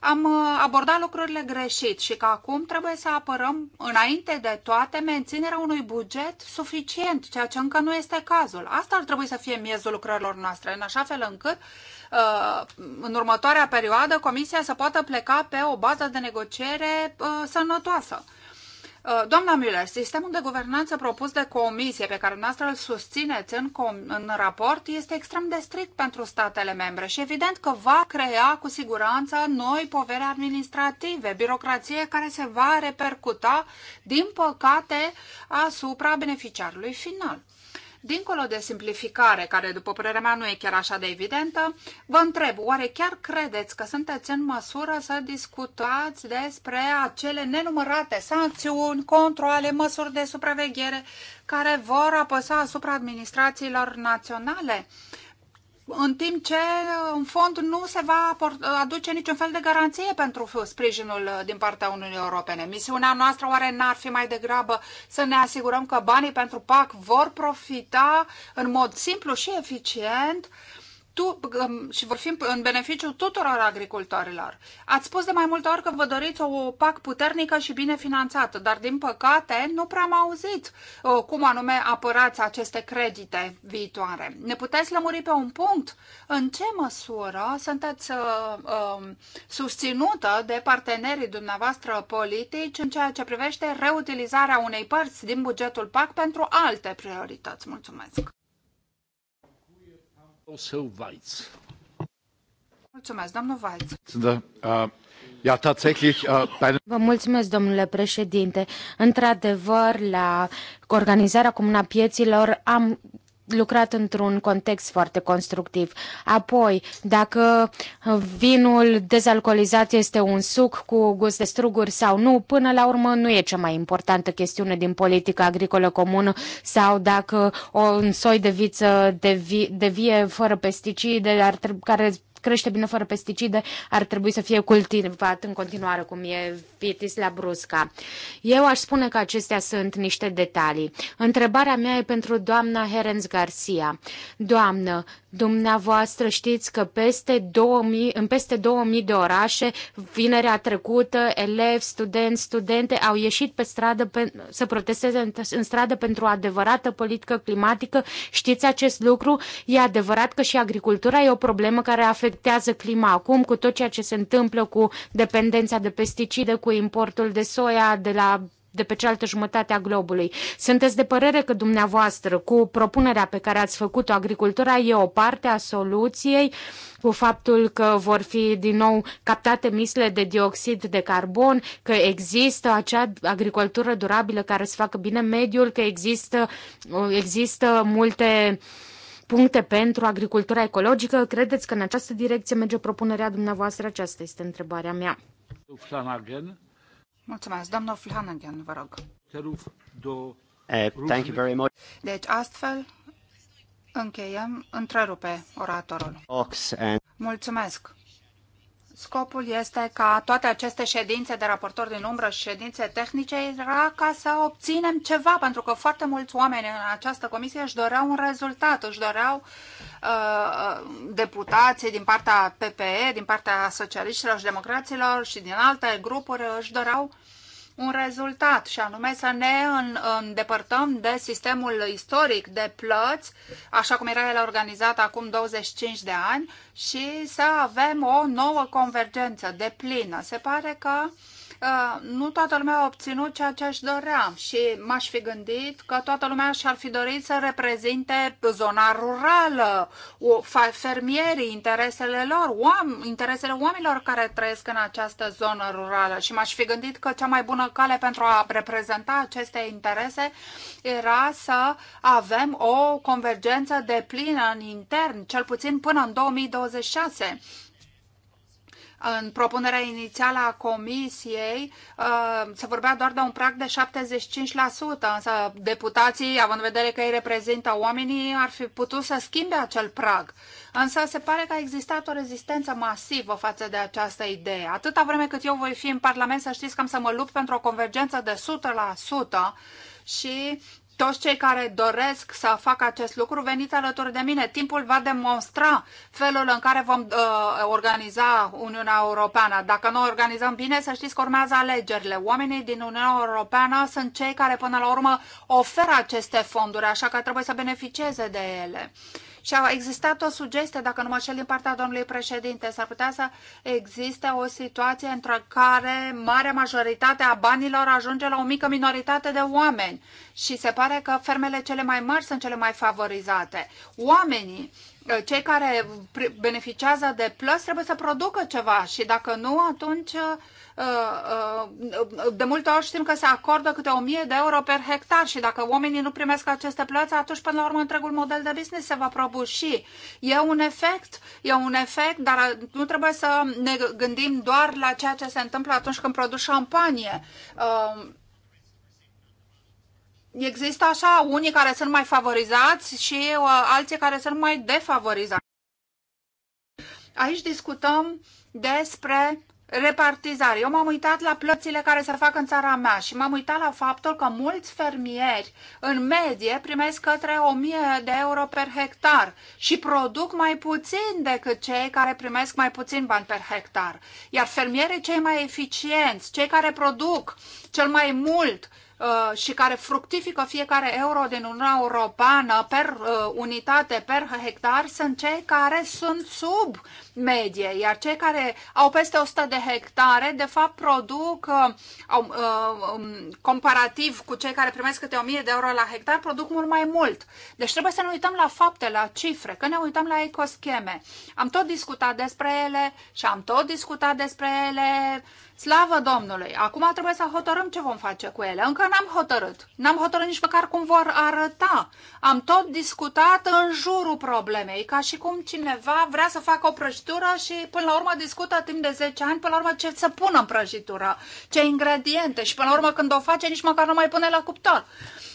am uh, abordat lucrurile greșit și că acum trebuie să apărăm, înainte de toate, menținerea unui buget suficient, ceea ce încă nu este cazul. Asta ar trebui să fie miezul lucrărilor noastre, în așa fel încât Uh, în următoarea perioadă Comisia să poată pleca pe o bază de negociere uh, sănătoasă. Uh, doamna Müller, sistemul de guvernanță propus de comisie pe care noastră îl susțineți în, în raport este extrem de strict pentru statele membre și evident că va crea cu siguranță noi povere administrative, birocrație care se va repercuta, din păcate, asupra beneficiarului final. Dincolo de simplificare, care după părerea mea nu e chiar așa de evidentă, vă întreb, oare chiar credeți că sunteți în măsură să discutați despre acele nenumărate sancțiuni, controle, măsuri de supraveghere care vor apăsa asupra administrațiilor naționale? în timp ce în fond nu se va aduce niciun fel de garanție pentru sprijinul uh, din partea Uniunii Europene. Misiunea noastră oare n-ar fi mai degrabă să ne asigurăm că banii pentru PAC vor profita în mod simplu și eficient uh, tu, um, și vor fi în beneficiul tuturor agricultorilor. Ați spus de mai multe ori că vă doriți o PAC puternică și bine finanțată, dar din păcate nu prea am auzit uh, cum anume apărați aceste credite viitoare. Ne puteți lămuri pe un punct? În ce măsură sunteți uh, uh, susținută de partenerii dumneavoastră politici în ceea ce privește reutilizarea unei părți din bugetul PAC pentru alte priorități? Mulțumesc! Da, Vă mulțumesc, domnule președinte. Într-adevăr, la organizarea Comuna Pieților am lucrat într-un context foarte constructiv. Apoi, dacă vinul dezalcoolizat este un suc cu gust de struguri sau nu, până la urmă nu e cea mai importantă chestiune din politica agricolă comună sau dacă o, un soi de viță de, vi, de vie fără pesticide ar, care crește bine fără pesticide ar trebui să fie cultivat în continuare, cum e pietis la brusca. Eu aș spune că acestea sunt niște detalii. Întrebarea mea e pentru doamna Herenz Garcia. Doamnă, Dumneavoastră știți că peste 2000, în peste 2000 de orașe, vinerea trecută, elevi, studenți, studente au ieșit pe stradă pe, să protesteze în, în stradă pentru o adevărată politică climatică. Știți acest lucru? E adevărat că și agricultura e o problemă care afectează clima acum cu tot ceea ce se întâmplă cu dependența de pesticide, cu importul de soia de la de pe cealaltă jumătate a globului. Sunteți de părere că dumneavoastră, cu propunerea pe care ați făcut-o, agricultura e o parte a soluției, cu faptul că vor fi din nou captate misle de dioxid de carbon, că există acea agricultură durabilă care să facă bine mediul, că există, există multe puncte pentru agricultura ecologică. Credeți că în această direcție merge propunerea dumneavoastră? Aceasta este întrebarea mea. Mulțumesc. Flanagan, vă rog. Eh, thank you very much. Deci astfel încheiem, întrerupe oratorul. Mulțumesc. Scopul este ca toate aceste ședințe de raportori din umbră și ședințe tehnice era ca să obținem ceva, pentru că foarte mulți oameni în această comisie își doreau un rezultat, își doreau uh, Uh, deputații din partea PPE, din partea socialiștilor și democraților și din alte grupuri își doreau un rezultat și anume să ne îndepărtăm de sistemul istoric de plăți, așa cum era el organizat acum 25 de ani și să avem o nouă convergență de plină. Se pare că uh, Uh, nu toată lumea a obținut ceea ce aș dorea și m-aș fi gândit că toată lumea și-ar fi dorit să reprezinte zona rurală, o, fermierii, interesele lor, oam, interesele oamenilor care trăiesc în această zonă rurală și m-aș fi gândit că cea mai bună cale pentru a reprezenta aceste interese era să avem o convergență de plină în intern, cel puțin până în 2026 în propunerea inițială a comisiei uh, se vorbea doar de un prag de 75%, însă deputații, având în vedere că ei reprezintă oamenii, ar fi putut să schimbe acel prag. Însă se pare că a existat o rezistență masivă față de această idee. Atâta vreme cât eu voi fi în Parlament, să știți că am să mă lupt pentru o convergență de 100% și toți cei care doresc să facă acest lucru, veniți alături de mine. Timpul va demonstra felul în care vom uh, organiza Uniunea Europeană. Dacă nu organizăm bine, să știți că urmează alegerile. Oamenii din Uniunea Europeană sunt cei care până la urmă oferă aceste fonduri, așa că trebuie să beneficieze de ele. Uh, și a existat o sugestie, dacă nu mă șel din partea domnului președinte, s-ar putea să existe o situație într care marea majoritate a banilor ajunge la o mică minoritate de oameni. Și se pare că fermele cele mai mari sunt cele mai favorizate. Oamenii cei care beneficiază de plus trebuie să producă ceva și dacă nu, atunci uh, uh, de multe ori știm că se acordă câte 1000 de euro per hectar și dacă oamenii nu primesc aceste plăți, atunci până la urmă întregul model de business se va prăbuși. E un efect, e un efect, dar uh, nu trebuie să ne gândim doar la ceea ce se întâmplă atunci când produci șampanie. Uh, există așa unii care sunt mai favorizați și uh, alții care sunt mai defavorizați. Aici discutăm despre repartizare. Eu m-am uitat la plățile care se fac în țara mea și m-am uitat la faptul că mulți fermieri în medie primesc către 1000 de euro per hectar și produc mai puțin decât cei care primesc mai puțin bani per hectar. Iar fermierii cei mai eficienți, cei care produc cel mai mult Uh, și care fructifică fiecare euro din Uniunea Europeană per uh, unitate, per hectar, sunt cei care sunt sub medie, iar cei care au peste 100 de hectare, de fapt, produc, uh, au, uh, um, comparativ cu cei care primesc câte 1000 de euro la hectar, produc mult mai mult. Deci trebuie să ne uităm la fapte, la cifre, că ne uităm la ecoscheme. Am tot discutat despre ele și am tot discutat despre ele. Slavă Domnului! Acum trebuie să hotărâm ce vom face cu ele. Încă n-am hotărât. N-am hotărât nici măcar cum vor arăta. Am tot discutat în jurul problemei, ca și cum cineva vrea să facă o prăjitură prăjitura și până la urmă discută timp de 10 ani până la urmă ce să pună în prăjitura, ce ingrediente și până la urmă când o face nici măcar nu mai pune la cuptor.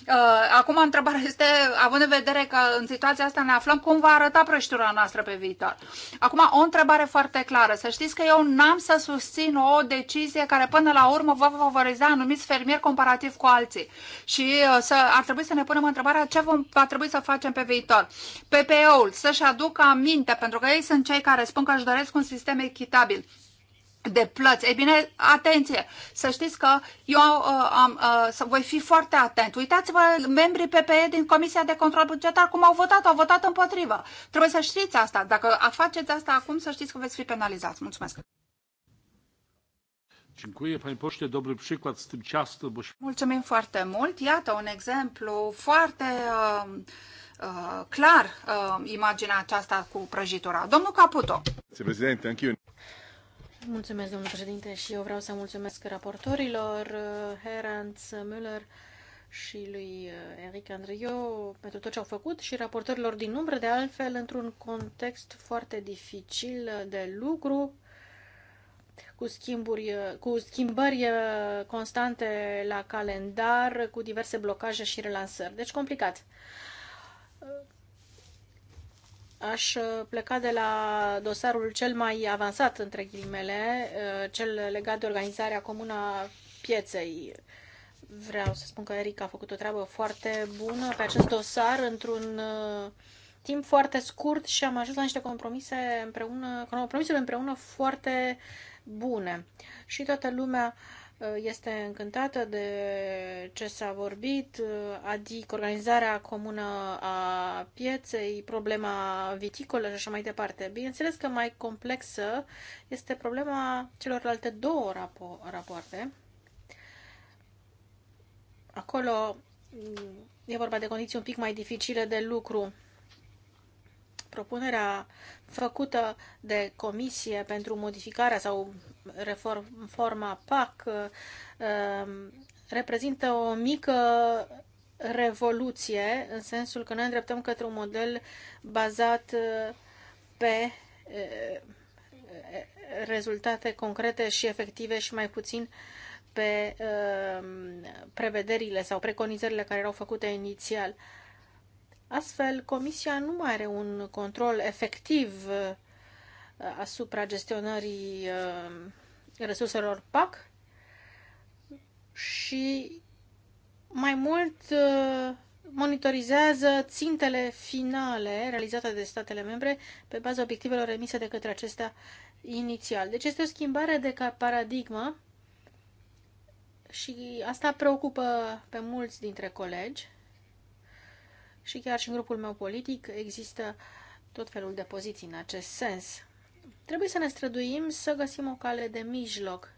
Uh, acum întrebarea este, având în vedere că în situația asta ne aflăm, cum va arăta prăjitura noastră pe viitor? Acum o întrebare foarte clară. Să știți că eu n-am să susțin o decizie care până la urmă va favoriza anumiți fermieri comparativ cu alții. Și uh, să, ar trebui să ne punem întrebarea ce vom, va trebui să facem pe viitor. PPO-ul să-și aducă aminte, pentru că ei sunt cei care spun că își doresc un sistem echitabil de plăți. Ei bine, atenție! Să știți că eu uh, am, uh, voi fi foarte atent. Uitați-vă membrii PPE din Comisia de Control Bugetar cum au votat. Au votat împotrivă. Trebuie să știți asta. Dacă faceți asta acum, să știți că veți fi penalizați. Mulțumesc! Mulțumim foarte mult. Iată un exemplu foarte uh, Uh, clar uh, imaginea aceasta cu prăjitura. Domnul Caputo. Președinte, anch'io. Mulțumesc, domnul președinte, și eu vreau să mulțumesc raportorilor uh, Heranz, Müller și lui uh, Eric Andrieu pentru tot ce au făcut și raportorilor din umbră, de altfel, într-un context foarte dificil de lucru, cu, schimburi, cu schimbări constante la calendar, cu diverse blocaje și relansări. Deci complicat aș uh, pleca de la dosarul cel mai avansat, între ghilimele, uh, cel legat de organizarea comună a pieței. Vreau să spun că Eric a făcut o treabă foarte bună pe acest dosar într-un uh, timp foarte scurt și am ajuns la niște compromise împreună, compromise împreună foarte bune. Și toată lumea uh, Uh, este încântată de ce s-a vorbit, uh, adică organizarea comună a pieței, problema viticolă și așa mai departe. Bineînțeles că mai complexă este problema celorlalte două rapo- rapoarte. Acolo mm, e vorba de condiții un pic mai dificile de lucru propunerea făcută de Comisie pentru modificarea sau reforma PAC uh, um, reprezintă o mică revoluție, în sensul că ne îndreptăm către un model bazat uh, pe uh, rezultate concrete și efective și mai puțin pe prevederile sau preconizările care erau făcute inițial. Astfel, Comisia nu mai are un control efectiv uh, asupra gestionării uh, resurselor PAC și mai mult uh, monitorizează țintele finale realizate de statele membre pe baza obiectivelor emise de către acestea inițial. Deci este o schimbare de paradigmă și asta preocupă pe mulți dintre colegi și chiar și în grupul meu politic există tot felul de poziții în acest sens. Trebuie să ne străduim să găsim o cale de mijloc.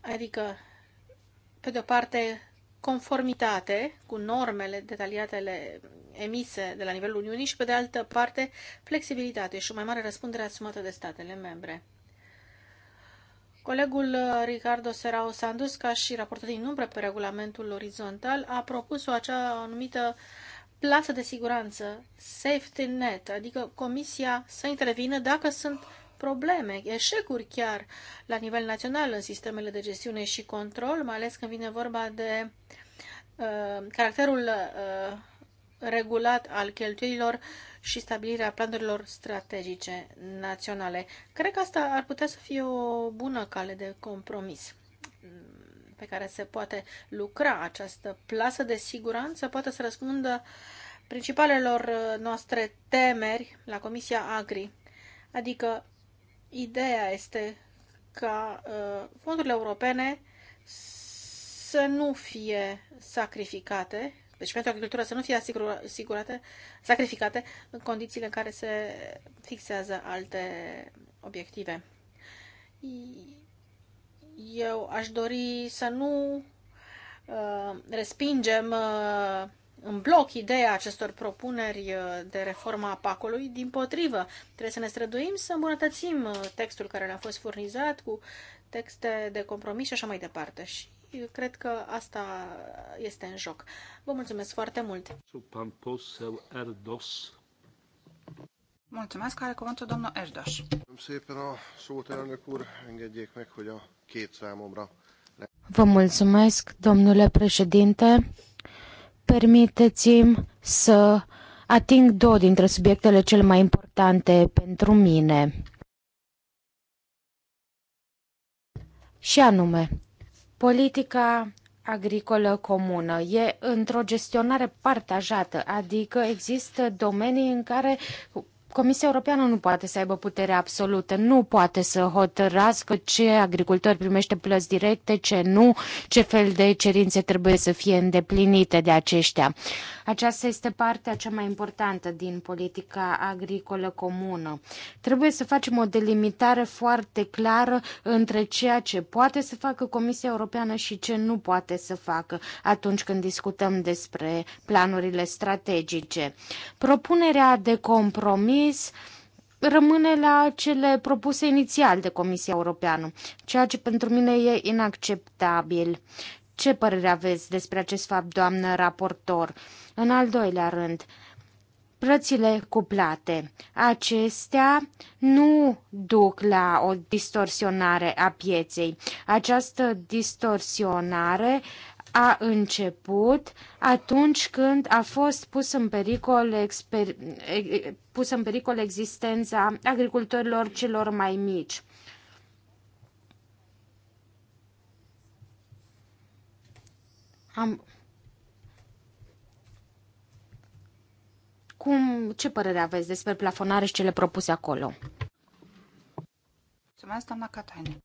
Adică, pe de-o parte, conformitate cu normele detaliatele emise de la nivelul Uniunii și, pe de altă parte, flexibilitate și o mai mare răspundere asumată de statele membre. Colegul uh, Ricardo Serao Sandus, ca și raportor din umbră pe regulamentul orizontal, a propus o acea anumită plasă de siguranță, safety net, adică comisia să intervină dacă sunt probleme, eșecuri chiar la nivel național în sistemele de gestiune și control, mai ales când vine vorba de uh, caracterul uh, regulat al cheltuielilor și stabilirea planurilor strategice naționale. Cred că asta ar putea să fie o bună cale de compromis pe care se poate lucra această plasă de siguranță, poate să răspundă principalelor noastre temeri la Comisia Agri. Adică, ideea este ca uh, fondurile europene să nu fie sacrificate deci pentru agricultură să nu fie asigurate, sacrificate în condițiile în care se fixează alte obiective. Eu aș dori să nu uh, respingem uh, în bloc ideea acestor propuneri uh, de reforma pacului. Din potrivă, trebuie să ne străduim să îmbunătățim uh, textul care ne-a fost furnizat cu texte de compromis și așa mai departe. Și eu cred că asta este în joc. Vă mulțumesc foarte mult! Mulțumesc, are cuvântul domnul Erdos. Vă mulțumesc, domnule președinte. Permiteți-mi să ating două dintre subiectele cele mai importante pentru mine. Și anume, Politica agricolă comună e într-o gestionare partajată, adică există domenii în care Comisia Europeană nu poate să aibă putere absolută, nu poate să hotărască ce agricultor primește plăți directe, ce nu, ce fel de cerințe trebuie să fie îndeplinite de aceștia. Aceasta este partea cea mai importantă din politica agricolă comună. Trebuie să facem o delimitare foarte clară între ceea ce poate să facă Comisia Europeană și ce nu poate să facă atunci când discutăm despre planurile strategice. Propunerea de compromis compromis rămâne la cele propuse inițial de Comisia Europeană, ceea ce pentru mine e inacceptabil. Ce părere aveți despre acest fapt, doamnă raportor? În al doilea rând, plățile cuplate. Acestea nu duc la o distorsionare a pieței. Această distorsionare a început atunci când a fost pus în pericol, exper, pus în pericol existența agricultorilor celor mai mici. Am... Cum, ce părere aveți despre plafonare și cele propuse acolo? Mulțumesc, doamna Catania.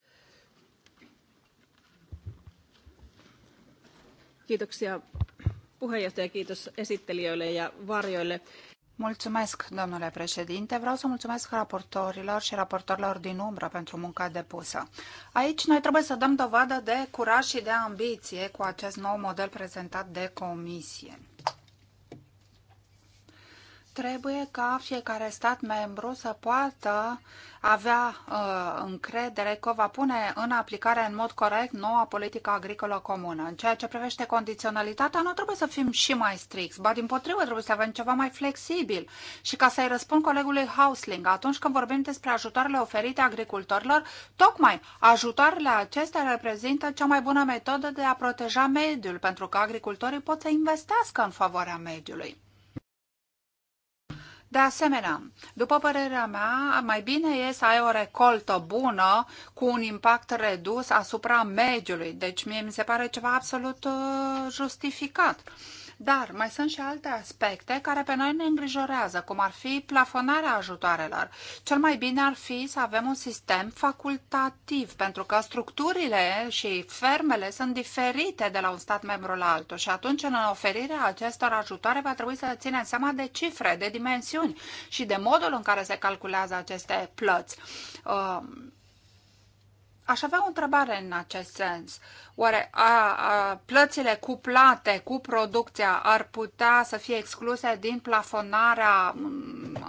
Kiitoksia puheenjohtaja, kiitos esittelijöille ja varjoille. Mulțumesc, domnule președinte. Vreau să mulțumesc raportorilor și raportorilor din umbră pentru munca depusă. Aici noi trebuie să dăm dovadă de curaj și de ambiție cu acest nou model prezentat de comisie. Trebuie ca fiecare stat membru să poată avea uh, încredere că va pune în aplicare în mod corect noua politică agricolă comună. În ceea ce privește condiționalitatea, nu trebuie să fim și mai stricți, ba din potrivă trebuie să avem ceva mai flexibil. Și ca să-i răspund colegului Hausling, atunci când vorbim despre ajutoarele oferite agricultorilor, tocmai ajutoarele acestea reprezintă cea mai bună metodă de a proteja mediul, pentru că agricultorii pot să investească în favoarea mediului. De asemenea, după părerea mea, mai bine e să ai o recoltă bună cu un impact redus asupra mediului. Deci mie mi se pare ceva absolut uh, justificat. Dar mai sunt și alte aspecte care pe noi ne îngrijorează, cum ar fi plafonarea ajutoarelor. Cel mai bine ar fi să avem un sistem facultativ, pentru că structurile și fermele sunt diferite de la un stat membru la altul și atunci în oferirea acestor ajutoare va trebui să ținem seama de cifre, de dimensiuni și de modul în care se calculează aceste plăți. Uh, aș avea o întrebare în acest sens. Oare a, a, plățile cuplate cu producția ar putea să fie excluse din plafonarea mm,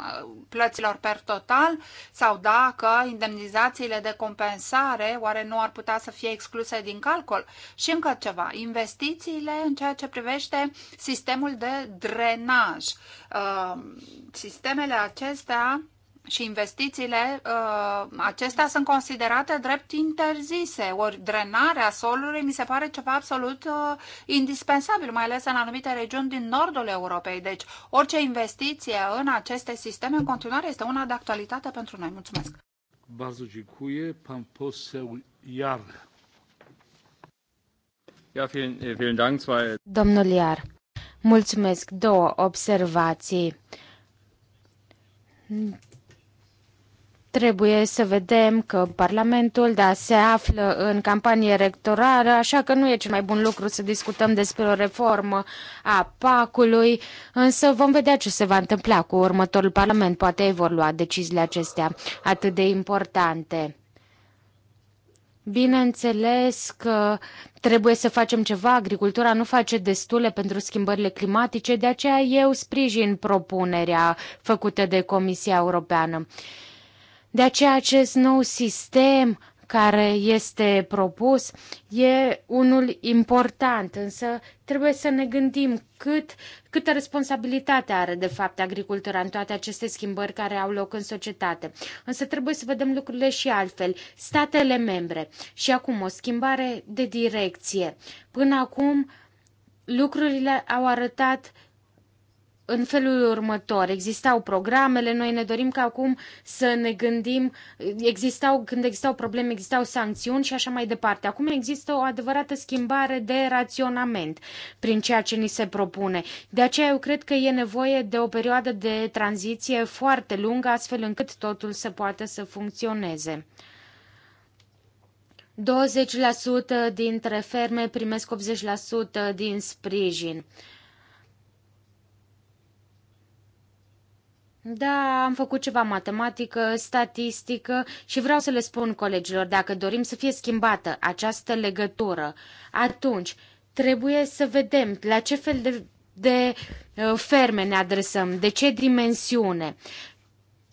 plăților per total sau dacă indemnizațiile de compensare oare nu ar putea să fie excluse din calcul? Și încă ceva, investițiile în ceea ce privește sistemul de drenaj. Uh, sistemele acestea și investițiile uh, acestea sunt considerate drept interzise, ori drenarea solului mi se pare ceva absolut uh, indispensabil, mai ales în anumite regiuni din nordul Europei. Deci, orice investiție în aceste sisteme în continuare este una de actualitate pentru noi. Mulțumesc! Domnul Iar, mulțumesc. Două observații. Trebuie să vedem că Parlamentul, da, se află în campanie electorală, așa că nu e cel mai bun lucru să discutăm despre o reformă a PAC-ului, însă vom vedea ce se va întâmpla cu următorul Parlament. Poate ei vor lua deciziile acestea atât de importante. Bineînțeles că trebuie să facem ceva, agricultura nu face destule pentru schimbările climatice, de aceea eu sprijin propunerea făcută de Comisia Europeană. De aceea acest nou sistem care este propus e unul important, însă trebuie să ne gândim cât, câtă responsabilitate are de fapt agricultura în toate aceste schimbări care au loc în societate. Însă trebuie să vedem lucrurile și altfel. Statele membre și acum o schimbare de direcție. Până acum lucrurile au arătat uh, în felul următor. Existau programele, noi ne dorim ca acum să ne gândim, existau, când existau probleme, existau sancțiuni și așa mai departe. Acum există o adevărată schimbare de raționament prin ceea ce ni se propune. De aceea eu cred că e nevoie de o perioadă de tranziție foarte lungă, astfel încât totul să poată să funcționeze. 20% dintre ferme primesc 80% din sprijin. Da, am făcut ceva matematică, statistică și vreau să le spun colegilor, dacă dorim să fie schimbată această legătură, atunci trebuie să vedem la ce fel de, de uh, ferme ne adresăm, de ce dimensiune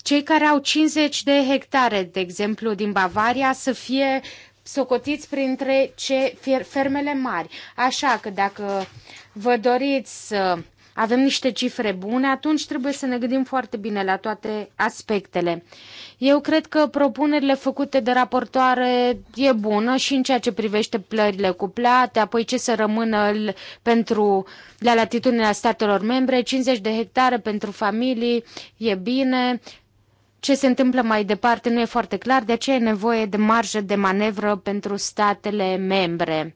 cei care au 50 de hectare, de exemplu, din Bavaria, să fie socotiți printre ce fermele mari. Așa că dacă vă doriți să avem niște cifre bune, atunci trebuie să ne gândim foarte bine la toate aspectele. Eu cred că propunerile făcute de raportoare e bună și în ceea ce privește plările plate, apoi ce să rămână pentru la latitudinea statelor membre, 50 de hectare pentru familii e bine, ce se întâmplă mai departe nu e foarte clar, de aceea e nevoie de marjă de manevră pentru statele membre.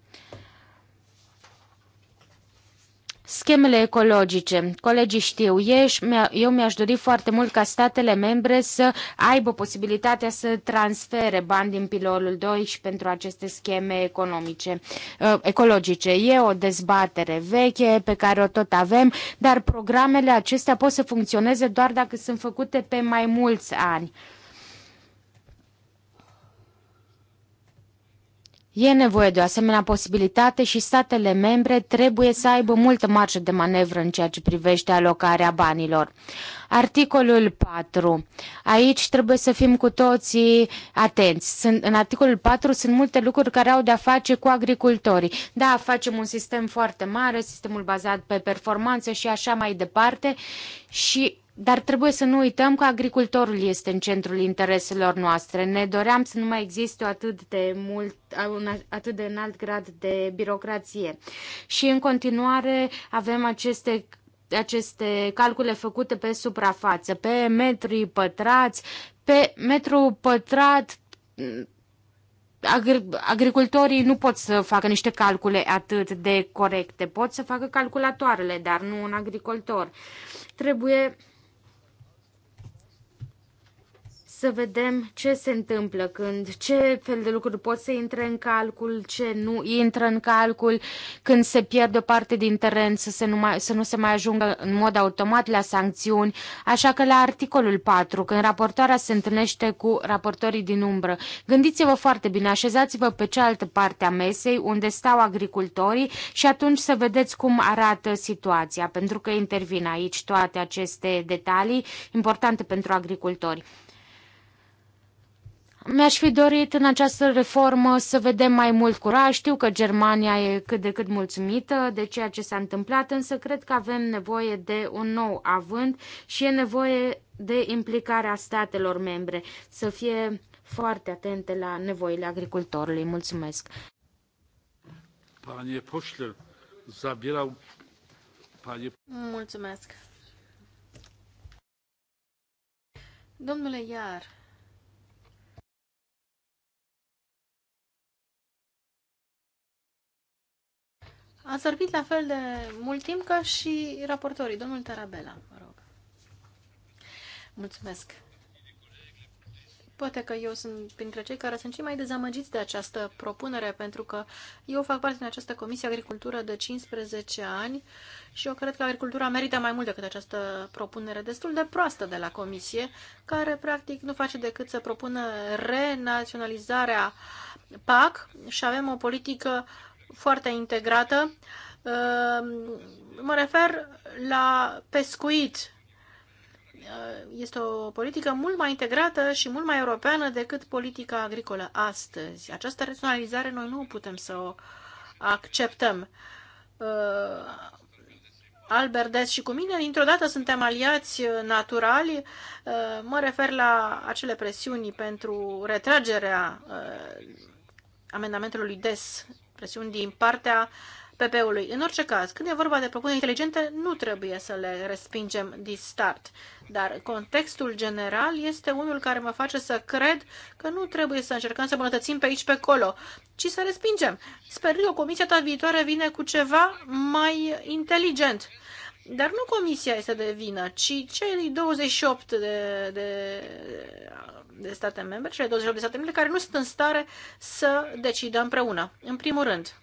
Schemele ecologice. Colegii știu, eu mi-aș dori foarte mult ca statele membre să aibă posibilitatea să transfere bani din pilorul 2 și pentru aceste scheme economice, ă, ecologice. E o dezbatere veche pe care o tot avem, dar programele acestea pot să funcționeze doar dacă sunt făcute pe mai mulți ani. E nevoie de o asemenea posibilitate și statele membre trebuie să aibă multă marjă de manevră în ceea ce privește alocarea banilor. Articolul 4. Aici trebuie să fim cu toții atenți. Sunt, în articolul 4 sunt multe lucruri care au de-a face cu agricultorii. Da, facem un sistem foarte mare, sistemul bazat pe performanță și așa mai departe și dar trebuie să nu uităm că agricultorul este în centrul intereselor noastre. Ne doream să nu mai existe atât de mult, un atât de înalt grad de birocrație. Și în continuare avem aceste aceste calcule făcute pe suprafață, pe metri pătrați, pe metru pătrat agri- agricultorii nu pot să facă niște calcule atât de corecte. Pot să facă calculatoarele, dar nu un agricultor. Trebuie să vedem ce se întâmplă când, ce fel de lucruri pot să intre în calcul, ce nu intră în calcul, când se pierde o parte din teren, să, se nu, mai, să nu se mai ajungă în mod automat la sancțiuni. Așa că la articolul 4, când raportoarea se întâlnește cu raportorii din umbră, gândiți-vă foarte bine, așezați-vă pe cealaltă parte a mesei, unde stau agricultorii și atunci să vedeți cum arată situația, pentru că intervin aici toate aceste detalii importante pentru agricultori. Mi-aș fi dorit în această reformă să vedem mai mult curaj. Știu că Germania e cât de cât mulțumită de ceea ce s-a întâmplat, însă cred că avem nevoie de un nou avânt și e nevoie de implicarea statelor membre să fie foarte atente la nevoile agricultorului. Mulțumesc! Panie panie... Mulțumesc! Domnule Iar, Ați vorbit la fel de mult timp ca și raportorii. Domnul Tarabela, vă rog. Mulțumesc. Poate că eu sunt printre cei care sunt cei mai dezamăgiți de această propunere, pentru că eu fac parte din această Comisie Agricultură de 15 ani și eu cred că agricultura merită mai mult decât această propunere destul de proastă de la Comisie, care practic nu face decât să propună renaționalizarea PAC și avem o politică uh, foarte integrată. Ehm, mă refer la pescuit. Ehm, este o politică mult mai integrată și mult mai europeană decât politica agricolă astăzi. Această raționalizare noi nu putem să o acceptăm. Ehm, Albert Des și cu mine, dintr-o dată suntem aliați naturali. Mă refer la acele presiuni pentru retragerea amendamentelor lui Des presiuni din partea PP-ului. În orice caz, când e vorba de propuneri inteligente, nu trebuie să le respingem din start. Dar contextul general este unul care mă face să cred că nu trebuie să încercăm să îmbunătățim pe aici, pe acolo, ci să respingem. Sper că comisia ta viitoare vine cu ceva mai inteligent. Dar nu comisia este de vină, ci cei 28 de, de, de state membre, cele 28 de state membre care nu sunt în stare să decidă împreună. În primul rând,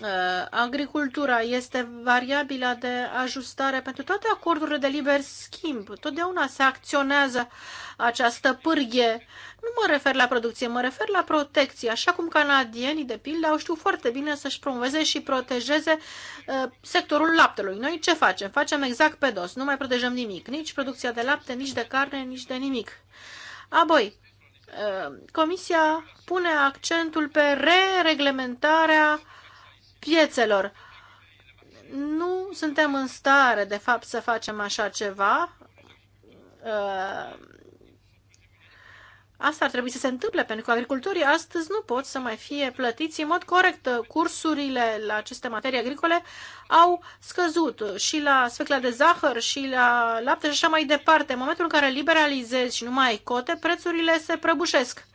Uh, agricultura este variabila de ajustare pentru toate acordurile de liber schimb. Totdeauna se acționează această pârghie. Nu mă refer la producție, mă refer la protecție, așa cum canadienii, de pildă, au știut foarte bine să-și promoveze și protejeze uh, sectorul laptelui. Noi ce facem? Facem exact pe dos, nu mai protejăm nimic, nici producția de lapte, nici de carne, nici de nimic. Apoi, uh, Comisia pune accentul pe re-reglementarea uh, piețelor. Nu suntem în stare, de fapt, să facem așa ceva. Uh, asta ar trebui să se întâmple, pentru că agricultorii astăzi nu pot să mai fie plătiți în mod corect. Cursurile la aceste materii agricole au scăzut și la sfecla de zahăr și la lapte și așa mai departe. În momentul în care liberalizezi și nu mai ai cote, prețurile se prăbușesc.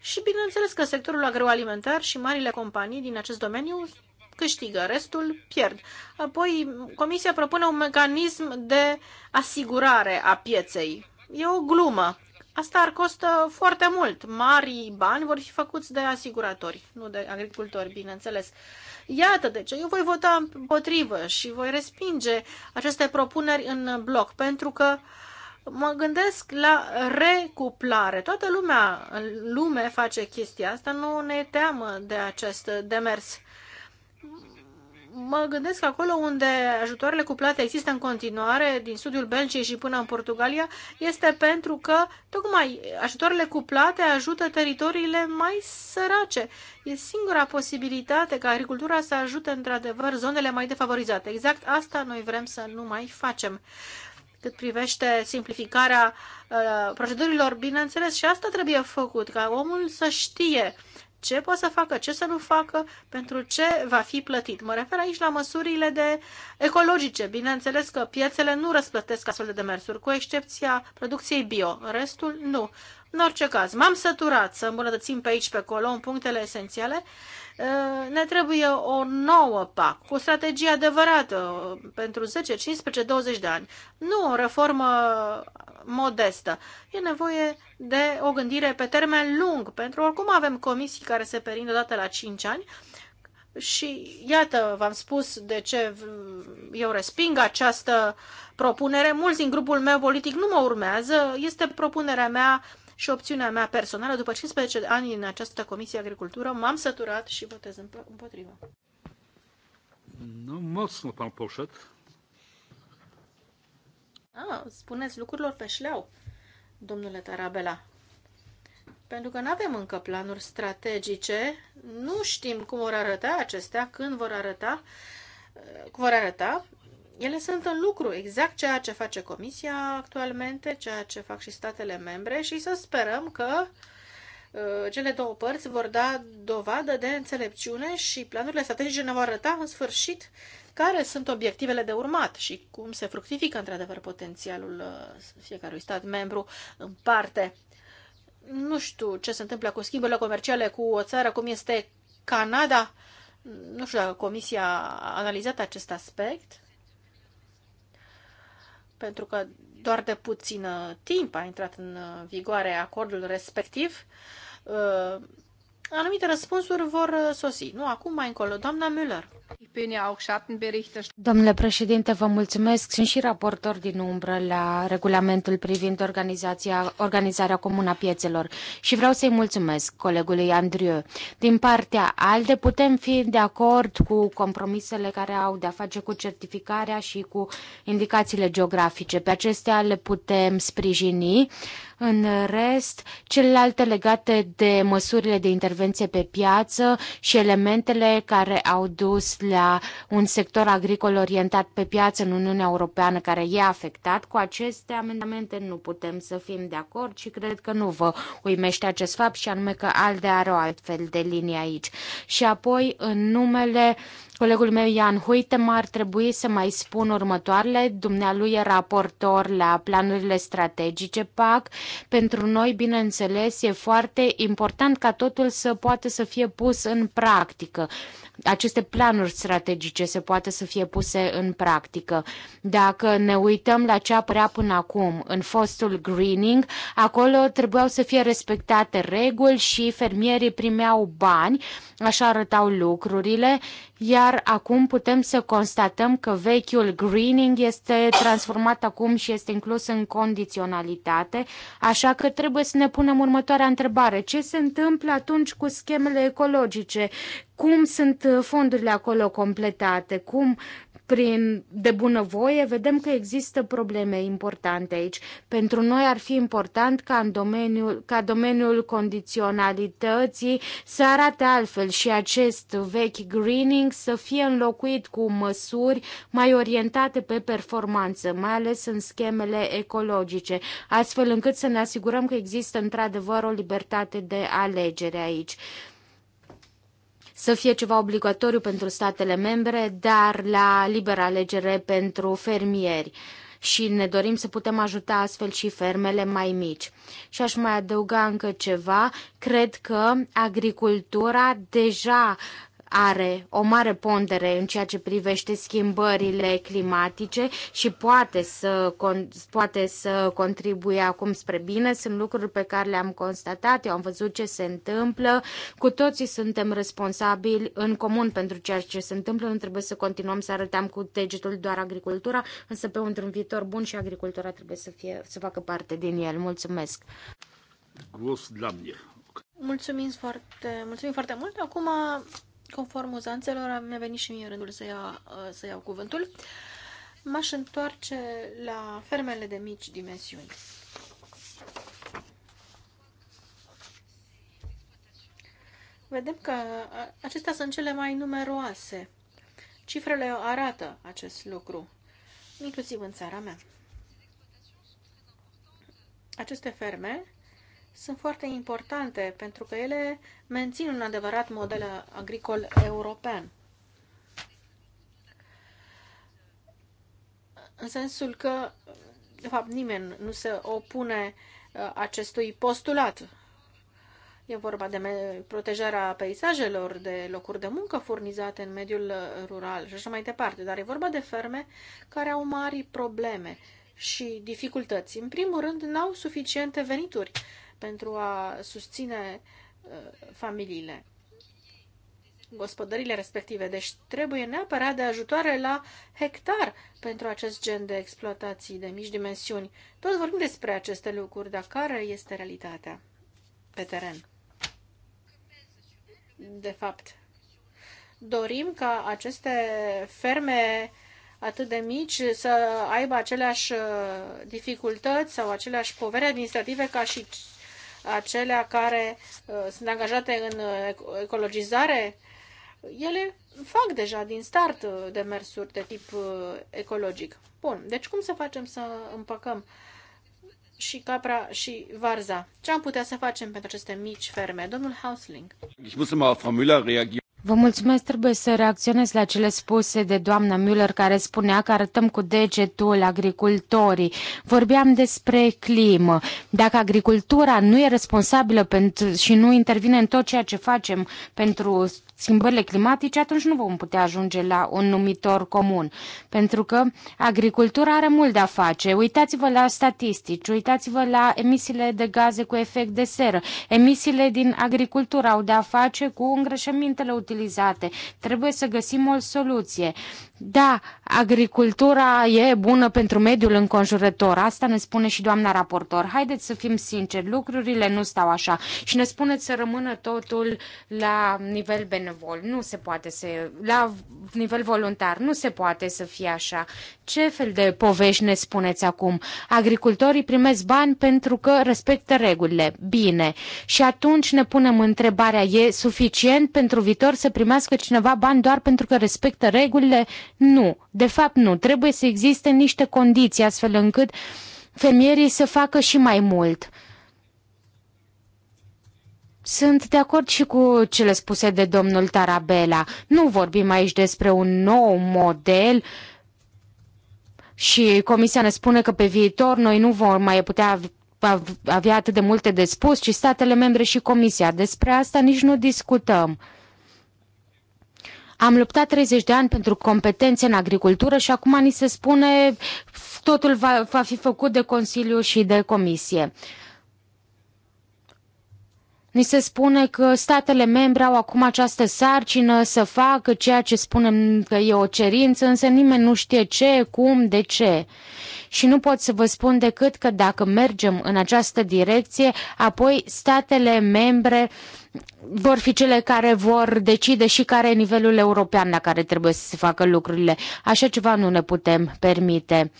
Și bineînțeles că sectorul agroalimentar și marile companii din acest domeniu câștigă, restul pierd. Apoi, Comisia propune un mecanism de asigurare a pieței. E o glumă. Asta ar costă foarte mult. Mari bani vor fi făcuți de asiguratori, nu de agricultori, bineînțeles. Iată de ce. Eu voi vota împotrivă și voi respinge aceste propuneri în bloc, pentru că mă gândesc la recuplare. Toată lumea în lume face chestia asta, nu ne teamă de acest demers mă gândesc că acolo unde ajutoarele cuplate există în continuare, din studiul Belgiei și până în Portugalia, este pentru că tocmai ajutoarele cuplate ajută teritoriile mai sărace. E singura posibilitate ca agricultura să ajute într-adevăr zonele mai defavorizate. Exact asta noi vrem să nu mai facem cât privește simplificarea uh, procedurilor, bineînțeles, și asta trebuie făcut, ca omul să știe uh, ce pot să facă, ce să nu facă, pentru ce va fi plătit. Mă refer aici la măsurile de ecologice. Bineînțeles că piețele nu răsplătesc astfel de demersuri, cu excepția producției bio. Restul nu. În orice caz, m-am săturat să îmbunătățim pe aici, pe acolo, în punctele esențiale Eh, ne trebuie o nouă PAC, cu strategie adevărată pentru 10, 15, 20 de ani. Nu o reformă modestă. E nevoie de o gândire pe termen lung, pentru oricum avem comisii care se perind odată la 5 ani și iată, v-am spus de ce eu resping această propunere. Mulți din grupul meu politic nu mă urmează. Este propunerea mea uh, și opțiunea mea personală, după 15 ani în această Comisie Agricultură, m-am săturat și votez împotriva. Nu, mocno pan poșet. Ah, spuneți lucrurilor pe șleau, domnule Tarabela. Pentru că nu avem încă planuri strategice, nu știm cum vor arăta acestea, când vor arăta, cum vor arăta ele sunt în lucru, exact ceea ce face Comisia actualmente, ceea ce fac și statele membre și să sperăm că uh, cele două părți vor da dovadă de înțelepciune și planurile strategice ne vor arăta în sfârșit care sunt obiectivele de urmat și cum se fructifică într-adevăr potențialul uh, fiecărui stat membru în parte. Nu știu ce se întâmplă cu schimburile comerciale cu o țară cum este Canada. Nu știu dacă Comisia a analizat acest aspect pentru că doar de puțin timp a intrat în uh, vigoare acordul respectiv, uh, anumite răspunsuri vor uh, sosi. Nu acum, mai încolo. Doamna Müller. Domnule președinte, vă mulțumesc. Sunt și raportor din umbră la regulamentul privind organizația, organizarea comună a piețelor și vreau să-i mulțumesc colegului Andrieu. Din partea ALDE putem fi de acord cu compromisele care au de-a face cu certificarea și cu indicațiile geografice. Pe acestea le putem sprijini. În rest, celelalte legate de măsurile de intervenție pe piață și elementele care au dus la un sector agricol orientat pe piață în Uniunea Europeană care e afectat. Cu aceste amendamente nu putem să fim de acord și cred că nu vă uimește acest fapt și anume că ALDE are o altfel de linie aici. Și apoi, în numele Colegul meu, Ian Huitem, ar trebui să mai spun următoarele. Dumnealui e raportor la planurile strategice PAC. Pentru noi, bineînțeles, e foarte important ca totul să poată să fie pus în practică. Aceste planuri strategice se poate să fie puse în practică. Dacă ne uităm la ce apărea până acum în fostul greening, acolo trebuiau să fie respectate reguli și fermierii primeau bani, așa arătau lucrurile, iar dar acum putem să constatăm că vechiul greening este transformat acum și este inclus în condiționalitate, așa că trebuie să ne punem următoarea întrebare. Ce se întâmplă atunci cu schemele ecologice? Cum sunt fondurile acolo completate? Cum prin de bunăvoie, vedem că există probleme importante aici. Pentru noi ar fi important ca, în domeniul, ca domeniul condiționalității să arate altfel și acest vechi greening să fie înlocuit cu măsuri mai orientate pe performanță, mai ales în schemele ecologice, astfel încât să ne asigurăm că există într-adevăr o libertate de alegere aici să fie ceva obligatoriu pentru statele membre, dar la liberă alegere pentru fermieri și ne dorim să putem ajuta astfel și fermele mai mici. Și aș mai adăuga încă ceva, cred că agricultura deja are o mare pondere în ceea ce privește schimbările climatice și poate să, con- poate să contribuie acum spre bine. Sunt lucruri pe care le-am constatat, eu am văzut ce se întâmplă. Cu toții suntem responsabili în comun pentru ceea ce se întâmplă. Nu trebuie să continuăm să arătăm cu degetul doar agricultura, însă pe un viitor bun și agricultura trebuie să, fie, să facă parte din el. Mulțumesc! Głos dla mnie. Mulțumim foarte, mulțumim foarte mult. Acum Conform uzanțelor, am venit și mie rândul să, ia, uh, să iau cuvântul. M-aș întoarce la fermele de mici dimensiuni. Vedem că uh, acestea sunt cele mai numeroase. Cifrele arată acest lucru, inclusiv în țara mea. Aceste ferme sunt foarte importante pentru că ele mențin un adevărat model agricol european. În sensul că, de fapt, nimeni nu se opune uh, acestui postulat. E vorba de protejarea peisajelor, de locuri de muncă furnizate în mediul uh, rural și așa mai departe, dar e vorba de ferme care au mari probleme și dificultăți. În primul rând, n-au suficiente venituri pentru a susține uh, familiile, gospodările respective. Deci trebuie neapărat de ajutoare la hectar pentru acest gen de exploatații de mici dimensiuni. Tot vorbim despre aceste lucruri, dar care este realitatea pe teren? De fapt, dorim ca aceste ferme atât de mici să aibă aceleași uh, dificultăți sau aceleași povere administrative ca și acelea care uh, sunt angajate în uh, ecologizare, ele fac deja din start uh, demersuri de tip ecologic. Bun, deci cum să facem să împăcăm și capra și varza? Ce am putea să facem pentru aceste mici ferme? Domnul Hausling. Ich muss immer auf Frau Müller reagieren. Vă mulțumesc, trebuie să reacționez la cele spuse de doamna Müller care spunea că arătăm cu degetul agricultorii. Vorbeam despre climă. Dacă agricultura nu e responsabilă pentru, și nu intervine în tot ceea ce facem pentru schimbările climatice, atunci nu vom putea ajunge la un numitor comun. Pentru că agricultura are mult de-a face. Uitați-vă la statistici, uitați-vă la emisiile de gaze cu efect de seră. Emisiile din agricultură au de-a face cu îngrășămintele utilizate utilizate. Trebuie să găsim o soluție. Da, agricultura e bună pentru mediul înconjurător. Asta ne spune și doamna raportor. Haideți să fim sinceri, lucrurile nu stau așa. Și ne spuneți să rămână totul la nivel benevol. Nu se poate să... La nivel voluntar. Nu se poate să fie așa. Ce fel de povești ne spuneți acum? Agricultorii primesc bani pentru că respectă regulile. Bine. Și atunci ne punem întrebarea, e suficient pentru viitor să primească cineva bani doar pentru că respectă regulile? Nu, de fapt nu. Trebuie să existe niște condiții astfel încât fermierii să facă și mai mult. Sunt de acord și cu cele spuse de domnul Tarabella. Nu vorbim aici despre un nou model și Comisia ne spune că pe viitor noi nu vom mai putea avea atât de multe de spus, ci statele membre și Comisia. Despre asta nici nu discutăm. Am luptat 30 de ani pentru competențe în agricultură și acum ni se spune totul va, va fi făcut de Consiliu și de Comisie. Ni se spune că statele membre au acum această sarcină să facă ceea ce spunem că e o cerință, însă nimeni nu știe ce, cum, de ce. Și nu pot să vă spun decât că dacă mergem în această direcție, apoi statele membre uh, vor fi cele care vor decide și care e nivelul european la care trebuie să se facă lucrurile. Așa ceva nu ne putem permite.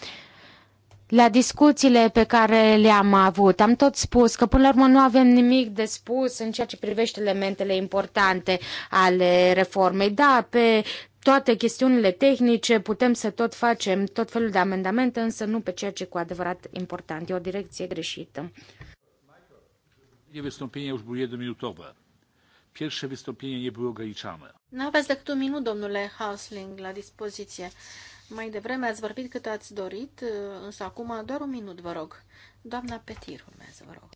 La discuțiile pe care le-am avut, am tot spus că până la urmă nu avem nimic de spus în ceea ce privește elementele importante ale reformei. Da, pe toate chestiunile tehnice putem să tot facem tot felul de amendamente, însă nu pe ceea ce e cu adevărat important. E o direcție greșită. Nie wystąpienia już były jednominutowe pierwsze wystąpienie nie były ograniczane. Nu aveți decât un minut, domnule Hausling, la dispoziție. Mai devreme ați vorbit cât ați dorit, însă acum doar un minut, vă rog. Doamna Petir urmează, vă rog.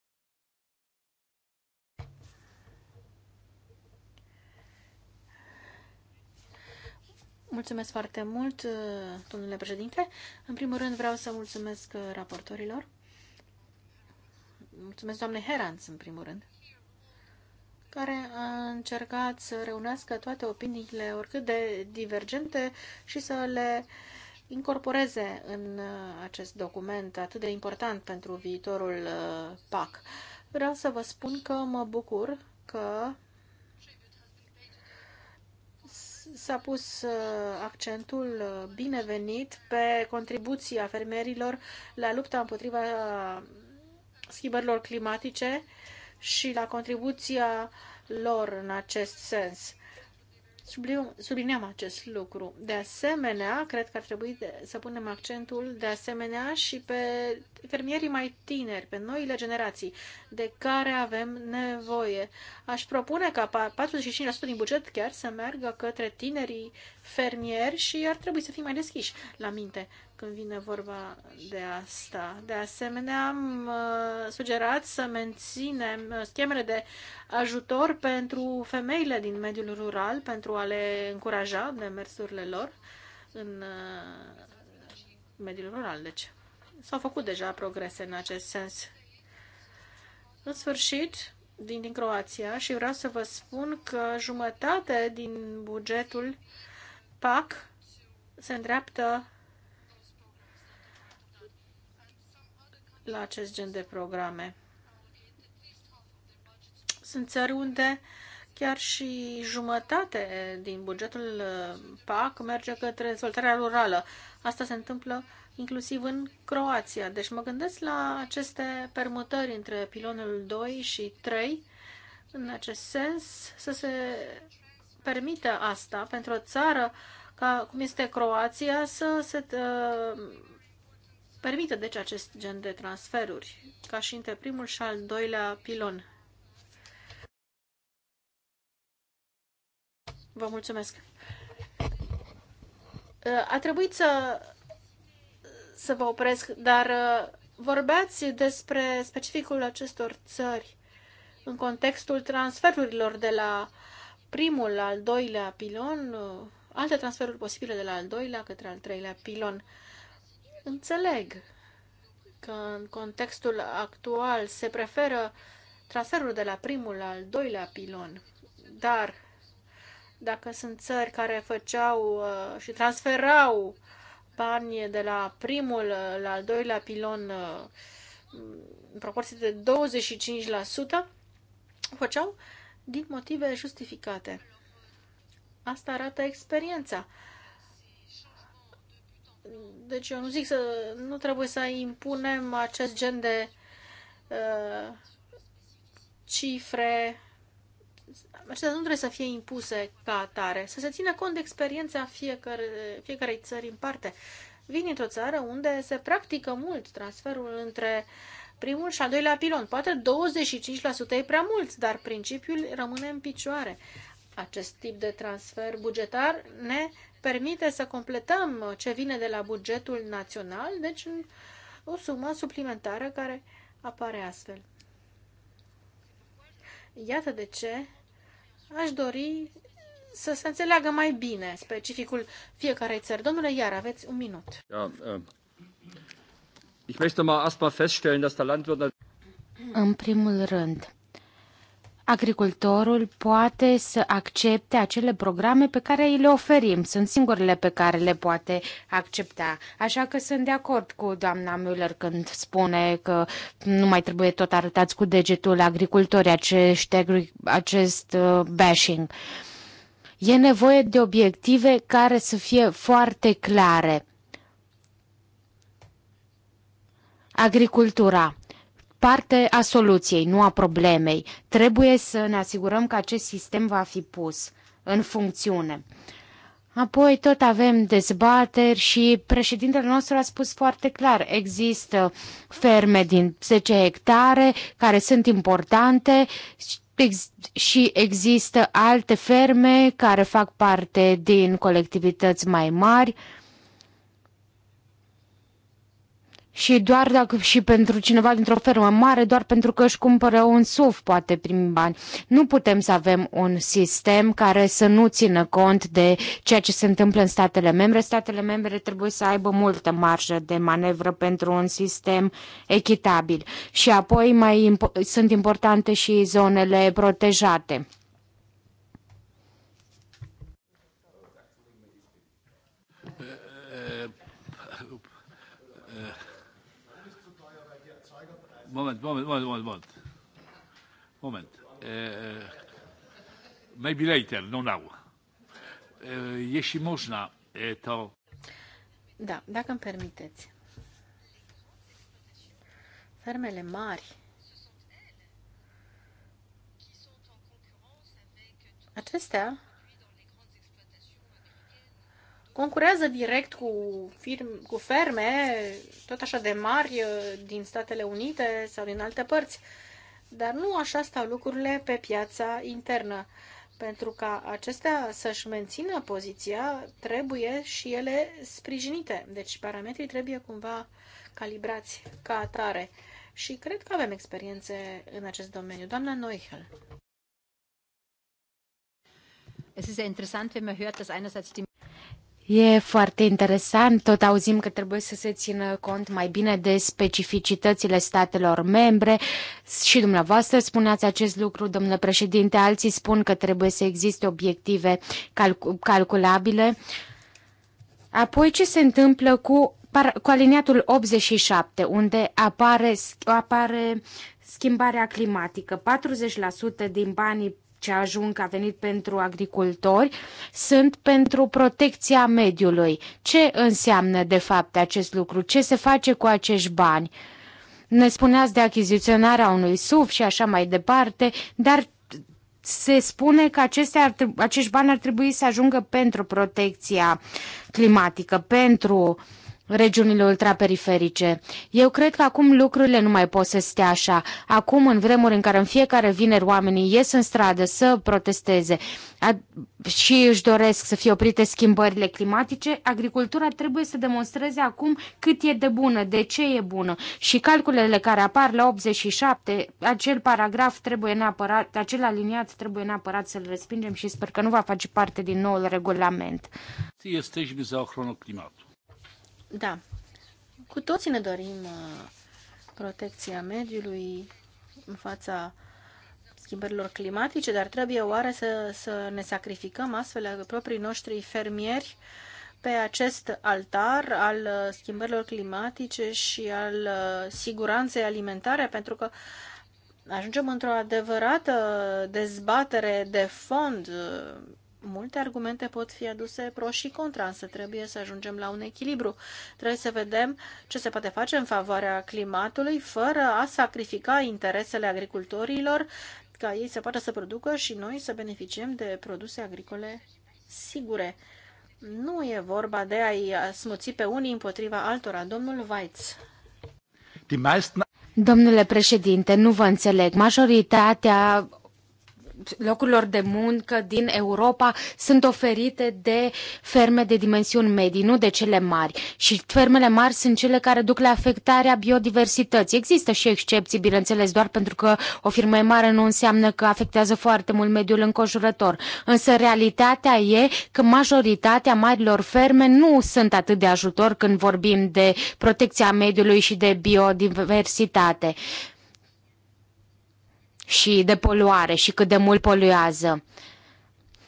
Mulțumesc foarte mult, domnule președinte. În primul rând vreau să mulțumesc raportorilor. Mulțumesc doamnei Herans, în primul rând care a încercat să reunească toate opiniile, oricât de divergente, și să le incorporeze în uh, acest document atât de important pentru viitorul uh, PAC. Vreau să vă spun că mă bucur că s-a pus uh, accentul binevenit pe contribuția fermierilor la lupta împotriva schimbărilor climatice și la contribuția lor în acest sens. Subliniam acest lucru. De asemenea, cred că ar trebui să punem accentul de asemenea și pe fermierii mai tineri, pe noile generații, de care avem nevoie. Aș propune ca 45% din buget chiar să meargă către tinerii fermieri și ar trebui să fim mai deschiși la minte când vine vorba de asta. De asemenea, am uh, sugerat să menținem uh, schemele de ajutor pentru femeile din mediul rural, pentru a le încuraja demersurile lor în uh, mediul rural. Deci, s-au făcut deja progrese în acest sens. În sfârșit, din, din Croația și vreau să vă spun că jumătate din bugetul uh, PAC se îndreaptă la acest gen de programe. Sunt țări unde chiar și jumătate din bugetul uh, PAC merge către dezvoltarea rurală. Asta se întâmplă inclusiv în Croația. Deci mă gândesc la aceste permutări între pilonul 2 și 3 în acest sens să se Permite asta pentru o țară ca cum este Croația să se uh, permită deci acest gen de transferuri, ca și între primul și al doilea pilon. Vă mulțumesc. Uh, a trebuit să, să vă opresc, dar uh, vorbeați despre specificul acestor țări în contextul transferurilor de la uh, primul la al doilea pilon, uh, alte transferuri posibile de la al doilea către al treilea pilon. Înțeleg că în contextul actual se preferă transferul de la primul la al doilea pilon, dar dacă sunt țări care făceau uh, și transferau bani de la primul uh, la al doilea pilon în proporție de 25%, făceau, din motive justificate. Asta arată experiența. Deci eu nu zic să nu trebuie să impunem acest gen de uh, cifre. Acestea nu trebuie să fie impuse ca atare, să se țină cont de experiența fiecare, fiecarei țări în parte. Vin într-o țară unde se practică mult transferul între uh, primul și al doilea pilon. Poate 25% e prea mult, dar principiul rămâne în picioare. Acest tip de transfer bugetar ne permite să completăm ce vine de la bugetul național, deci o sumă suplimentară care apare astfel. Iată de ce aș dori să se înțeleagă mai bine specificul fiecarei țări. Domnule, iar aveți un minut. Da, uh, Ich möchte mal erstmal feststellen, dass der Landwirt În primul rând, agricultorul poate să accepte acele programe pe care îi le oferim. Sunt singurele pe care le poate accepta. Așa că sunt de acord cu doamna Müller când spune că nu mai trebuie tot arătați cu degetul agricultorii acest, acest uh, bashing. E nevoie de obiective care să fie foarte clare Agricultura parte a soluției, nu a problemei. Trebuie să ne asigurăm că acest sistem va fi pus în funcțiune. Apoi tot avem dezbateri și președintele nostru a spus foarte clar, există ferme din 10 hectare care sunt importante și există alte ferme care fac parte din colectivități mai mari. și doar dacă și pentru cineva dintr-o fermă mare, doar pentru că își cumpără un SUV, poate primi bani. Nu putem să avem un sistem care să nu țină cont de ceea ce se întâmplă în statele membre. Statele membre trebuie să aibă multă marjă de manevră pentru un sistem echitabil. Și apoi mai impo- sunt importante și zonele protejate. moment, moment, moment, moment, moment. Moment. Uh, maybe later, no now. Uh, jeśli można, uh, to... Da, dacă îmi permiteți. Fermele mari Acestea concurează direct cu, firme, cu ferme tot așa de mari uh, din Statele Unite sau din alte părți. Dar nu așa stau lucrurile pe piața internă. Pentru ca acestea să-și mențină poziția, trebuie și ele sprijinite. Deci parametrii trebuie cumva calibrați ca atare. Și cred că avem experiențe în acest domeniu. Doamna Neuchel. Es ist sehr interessant, wenn man hört, dass einerseits die E foarte interesant, tot auzim că trebuie să se țină cont mai bine de specificitățile statelor membre și dumneavoastră spuneați acest lucru, domnule președinte, alții spun că trebuie să existe obiective calcul- calculabile. Apoi ce se întâmplă cu, cu aliniatul 87, unde apare, apare schimbarea climatică. 40% din banii ce ajung a venit pentru agricultori sunt pentru protecția mediului. Ce înseamnă de fapt acest lucru? Ce se face cu acești bani? Ne spuneați de achiziționarea unui SUV și așa mai departe, dar se spune că acestea ar trebui, acești bani ar trebui să ajungă pentru protecția climatică, pentru regiunile ultraperiferice. Eu cred că acum lucrurile nu mai pot să stea așa. Acum, în vremuri în care în fiecare vineri oamenii ies în stradă să protesteze și își doresc să fie oprite schimbările climatice, agricultura trebuie să demonstreze acum cât e de bună, de ce e bună. Și calculele care apar la 87, acel paragraf trebuie neapărat, acel aliniat trebuie neapărat să-l respingem și sper că nu va face parte din noul regulament. Este și ochroną klimatu. Da, cu toții ne dorim uh, protecția mediului în fața schimbărilor climatice, dar trebuie oare să, să ne sacrificăm astfel proprii noștri fermieri pe acest altar al uh, schimbărilor climatice și al uh, siguranței alimentare, pentru că ajungem într-o adevărată dezbatere de fond Multe argumente pot fi aduse pro și contra, însă trebuie să ajungem la un echilibru. Trebuie să vedem ce se poate face în favoarea climatului fără a sacrifica interesele agricultorilor ca ei să poată să producă și noi să beneficiem de produse agricole sigure. Nu e vorba de a-i smuți pe unii împotriva altora. Domnul Weitz. Domnule președinte, nu vă înțeleg. Majoritatea locurilor de muncă din Europa sunt oferite de ferme de dimensiuni medii, nu de cele mari. Și fermele mari sunt cele care duc la afectarea biodiversității. Există și excepții, bineînțeles, doar pentru că o firmă e mare nu înseamnă că afectează foarte mult mediul înconjurător. Însă realitatea e că majoritatea marilor ferme nu sunt atât de ajutor când vorbim de protecția mediului și de biodiversitate și de poluare și cât de mult poluează.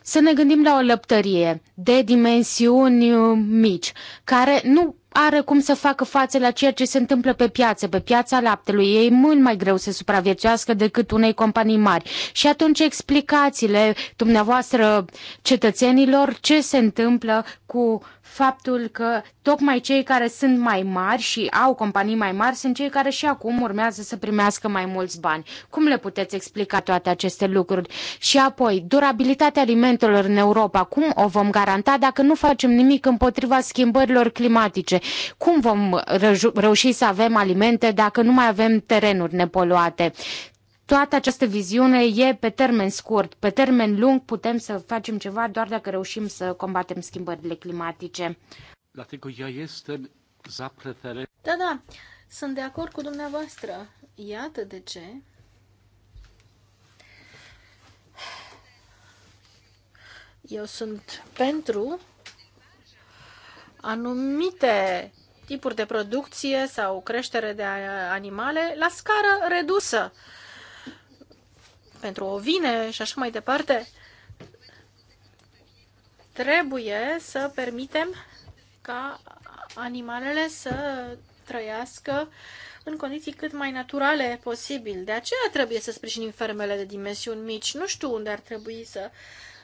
Să ne gândim la o lăptărie de dimensiuni uh, mici, care nu are cum să facă față la ceea ce se întâmplă pe piață. Pe piața laptelui ei mult mai greu să supraviețuiască decât unei companii mari. Și atunci explicațiile dumneavoastră cetățenilor ce se întâmplă cu faptul că tocmai cei care sunt mai mari și au companii mai mari sunt cei care și acum urmează să primească mai mulți bani. Cum le puteți explica toate aceste lucruri? Și apoi, durabilitatea alimentelor în Europa, cum o vom garanta dacă nu facem nimic împotriva schimbărilor climatice? Cum vom reuși să avem alimente dacă nu mai avem terenuri nepoluate? Toată această viziune e pe termen scurt. Pe termen lung putem să facem ceva doar dacă reușim să combatem schimbările climatice. Dlatego ja za Da, da, sunt de acord cu dumneavoastră. Iată de ce. Eu sunt pentru anumite tipuri de producție sau creștere de animale la scară redusă pentru ovine și așa mai departe, trebuie să permitem ca animalele să trăiască în condiții cât mai naturale posibil. De aceea trebuie să sprijinim fermele de dimensiuni mici. Nu știu unde ar trebui să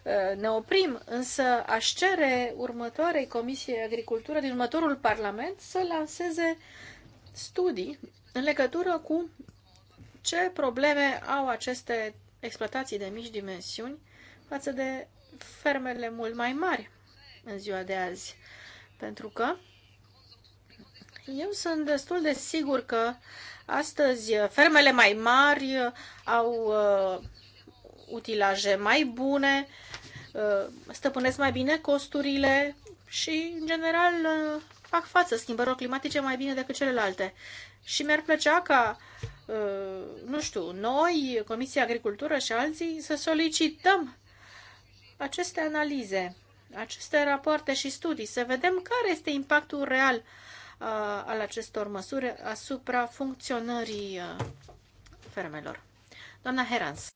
uh, ne oprim, însă aș cere următoarei Comisiei Agricultură din următorul Parlament să lanseze studii în legătură cu ce probleme au aceste exploatații de mici dimensiuni față de fermele mult mai mari în ziua de azi. Pentru că eu sunt destul de sigur că astăzi fermele mai mari au uh, utilaje mai bune, uh, stăpânesc mai bine costurile și, în general, uh, fac față schimbărilor climatice mai bine decât celelalte. Și mi-ar plăcea ca uh, Uh, nu știu, noi, Comisia Agricultură și alții, să solicităm aceste analize, aceste rapoarte și studii, să vedem care este impactul real uh, al acestor măsuri asupra funcționării uh, fermelor. Doamna Herans.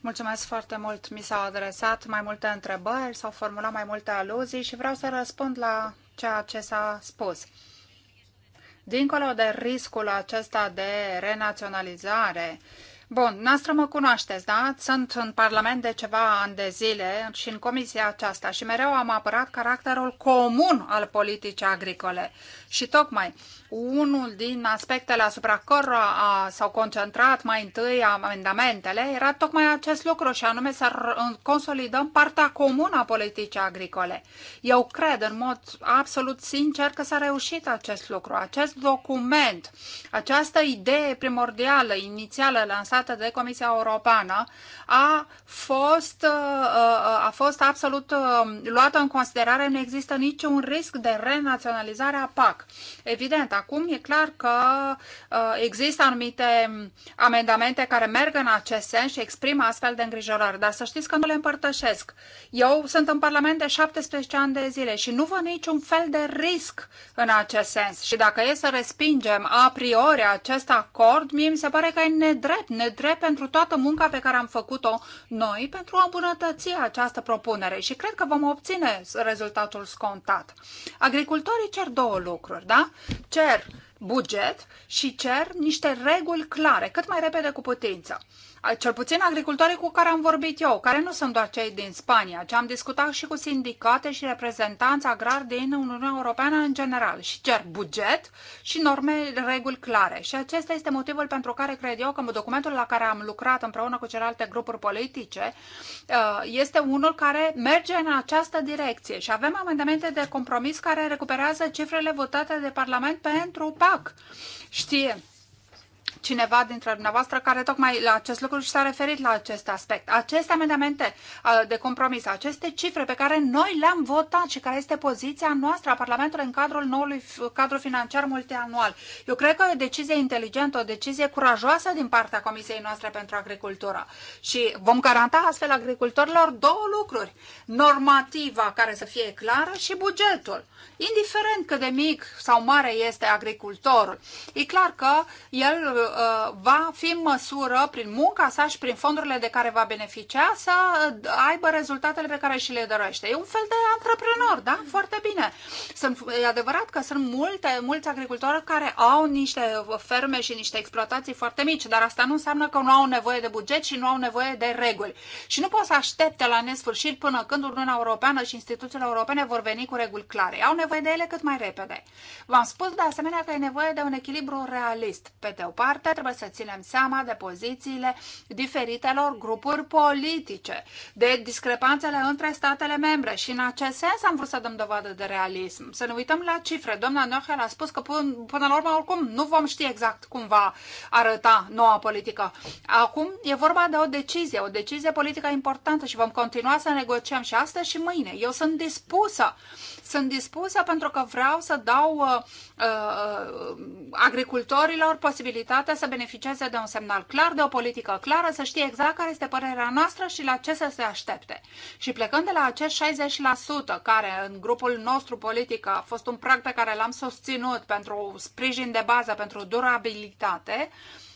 Mulțumesc foarte mult. Mi s-au adresat mai multe întrebări, s-au formulat mai multe aluzii și vreau să răspund la ceea ce s-a spus dincolo de riscul acesta de renaționalizare, Bun, noastră mă cunoașteți, da? Sunt în Parlament de ceva ani de zile și în comisia aceasta și mereu am apărat caracterul comun al politicii agricole. Și tocmai unul din aspectele asupra cărora s-au concentrat mai întâi amendamentele era tocmai acest lucru și anume să consolidăm partea comună a politicii agricole. Eu cred în mod absolut sincer că s-a reușit acest lucru. Acest document, această idee primordială, inițială, lansată de Comisia Europeană, a fost, uh, uh, a fost absolut uh, luată în considerare. Nu există niciun risc de renaționalizare a PAC. Evident, acum e clar că uh, există anumite amendamente care merg în acest sens și exprimă astfel de îngrijorări, dar să știți că nu le împărtășesc. Eu sunt în Parlament de 17 ani de zile și nu văd niciun fel de risc în acest sens. Și dacă e să respingem a priori acest acord, mie mi se pare că e nedrept, nedrept pentru toată munca pe care am făcut-o noi pentru a îmbunătăți această propunere și cred că vom obține rezultatul scontat. Agricultorii cer două lucruri, da? Cer cer buget și cer niște reguli clare, cât mai repede cu putință cel puțin agricultorii cu care am vorbit eu, care nu sunt doar cei din Spania, ci am discutat și cu sindicate și reprezentanți agrari din Uniunea Europeană în general și cer buget și norme, reguli clare. Și acesta este motivul pentru care cred eu că documentul la care am lucrat împreună cu celelalte grupuri politice este unul care merge în această direcție și avem amendamente de compromis care recuperează cifrele votate de Parlament pentru PAC. Știe cineva dintre dumneavoastră care tocmai la acest lucru și s-a referit la acest aspect. Aceste amendamente uh, de compromis, aceste cifre pe care noi le-am votat și care este poziția noastră a Parlamentului în cadrul noului cadru financiar multianual. Eu cred că e o decizie inteligentă, o decizie curajoasă din partea Comisiei noastre pentru agricultură. Și vom garanta astfel agricultorilor două lucruri. Normativa care să fie clară și bugetul. Indiferent cât de mic sau mare este agricultorul, e clar că el uh, Uh, va fi în măsură, prin munca sa și prin fondurile de care va beneficia, să aibă rezultatele pe care și le dorește. E un fel de antreprenor, da? Foarte bine. Sunt, e adevărat că sunt multe, mulți agricultori care au niște ferme și niște exploatații foarte mici, dar asta nu înseamnă că nu au nevoie de buget și nu au nevoie de reguli. Și nu pot să aștepte la nesfârșit până când Uniunea Europeană și instituțiile europene vor veni cu reguli clare. Au nevoie de ele cât mai repede. V-am spus de asemenea că e nevoie de un echilibru realist. Pe de o parte, parte, trebuie să ținem seama de pozițiile diferitelor grupuri politice, de discrepanțele între statele membre și în acest sens am vrut să dăm dovadă de realism. Să ne uităm la cifre. Doamna Nohel a spus că până, până la urmă oricum nu vom ști exact cum va arăta noua politică. Acum e vorba de o decizie, o decizie politică importantă și vom continua să negociem și astăzi și mâine. Eu sunt dispusă, sunt dispusă pentru că vreau să dau uh, Uh, uh, agricultorilor posibilitatea să beneficieze de un semnal clar, de o politică clară, să știe exact care este părerea noastră și la ce să se aștepte. Și plecând de la acest 60%, care în grupul nostru politic a fost un prag pe care l-am susținut pentru sprijin de bază, pentru durabilitate, uh,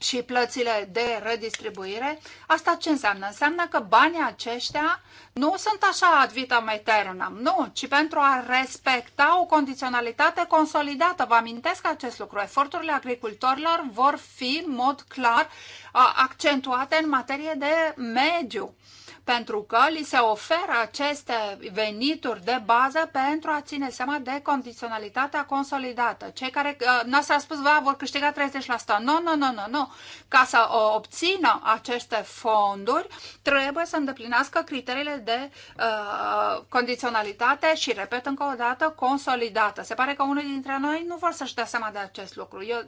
și plățile de redistribuire, asta ce înseamnă? Înseamnă că banii aceștia nu sunt așa ad vitam aeternam, nu, ci pentru a respecta o condiționalitate consolidată. Vă amintesc acest lucru. Eforturile agricultorilor vor fi în mod clar accentuate în materie de mediu pentru că li se oferă aceste venituri de bază pentru a ține seama de condiționalitatea consolidată. Cei care, uh, nu s-a spus, va, vor câștiga 30%. Nu, nu, nu, nu, nu. Ca să uh, obțină aceste fonduri, trebuie să îndeplinească criteriile de uh, condiționalitate și, repet încă o dată, consolidată. Se pare că unul dintre noi nu vor să-și dea seama de acest lucru. Eu,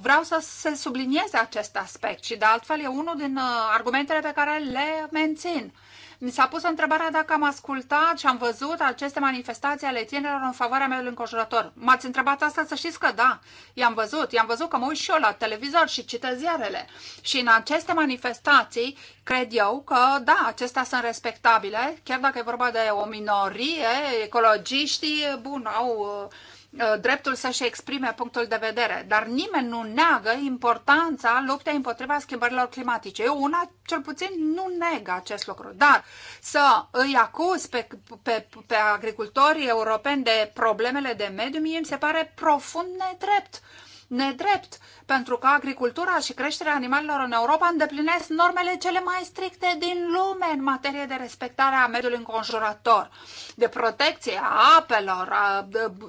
Vreau să se sublinieze acest aspect și de altfel e unul din uh, argumentele pe care le mențin. Mi s-a pus întrebarea dacă am ascultat și am văzut aceste manifestații ale tinerilor în favoarea mea înconjurător. M-ați întrebat asta să știți că da, i-am văzut, i-am văzut că mă uit și eu la televizor și citesc ziarele. Și în aceste manifestații, cred eu că da, acestea sunt respectabile, chiar dacă e vorba de o minorie, ecologiștii, bun, au uh, Uh, dreptul să-și exprime punctul de vedere, dar nimeni nu neagă importanța luptei împotriva schimbărilor climatice. Eu una, cel puțin, nu neg acest lucru, dar să îi acuz pe, pe, pe agricultorii europeni de problemele de mediu, mie mi se pare profund nedrept nedrept pentru că agricultura și creșterea animalelor în Europa îndeplinesc normele cele mai stricte din lume în materie de respectare a mediului înconjurător, de protecție a apelor,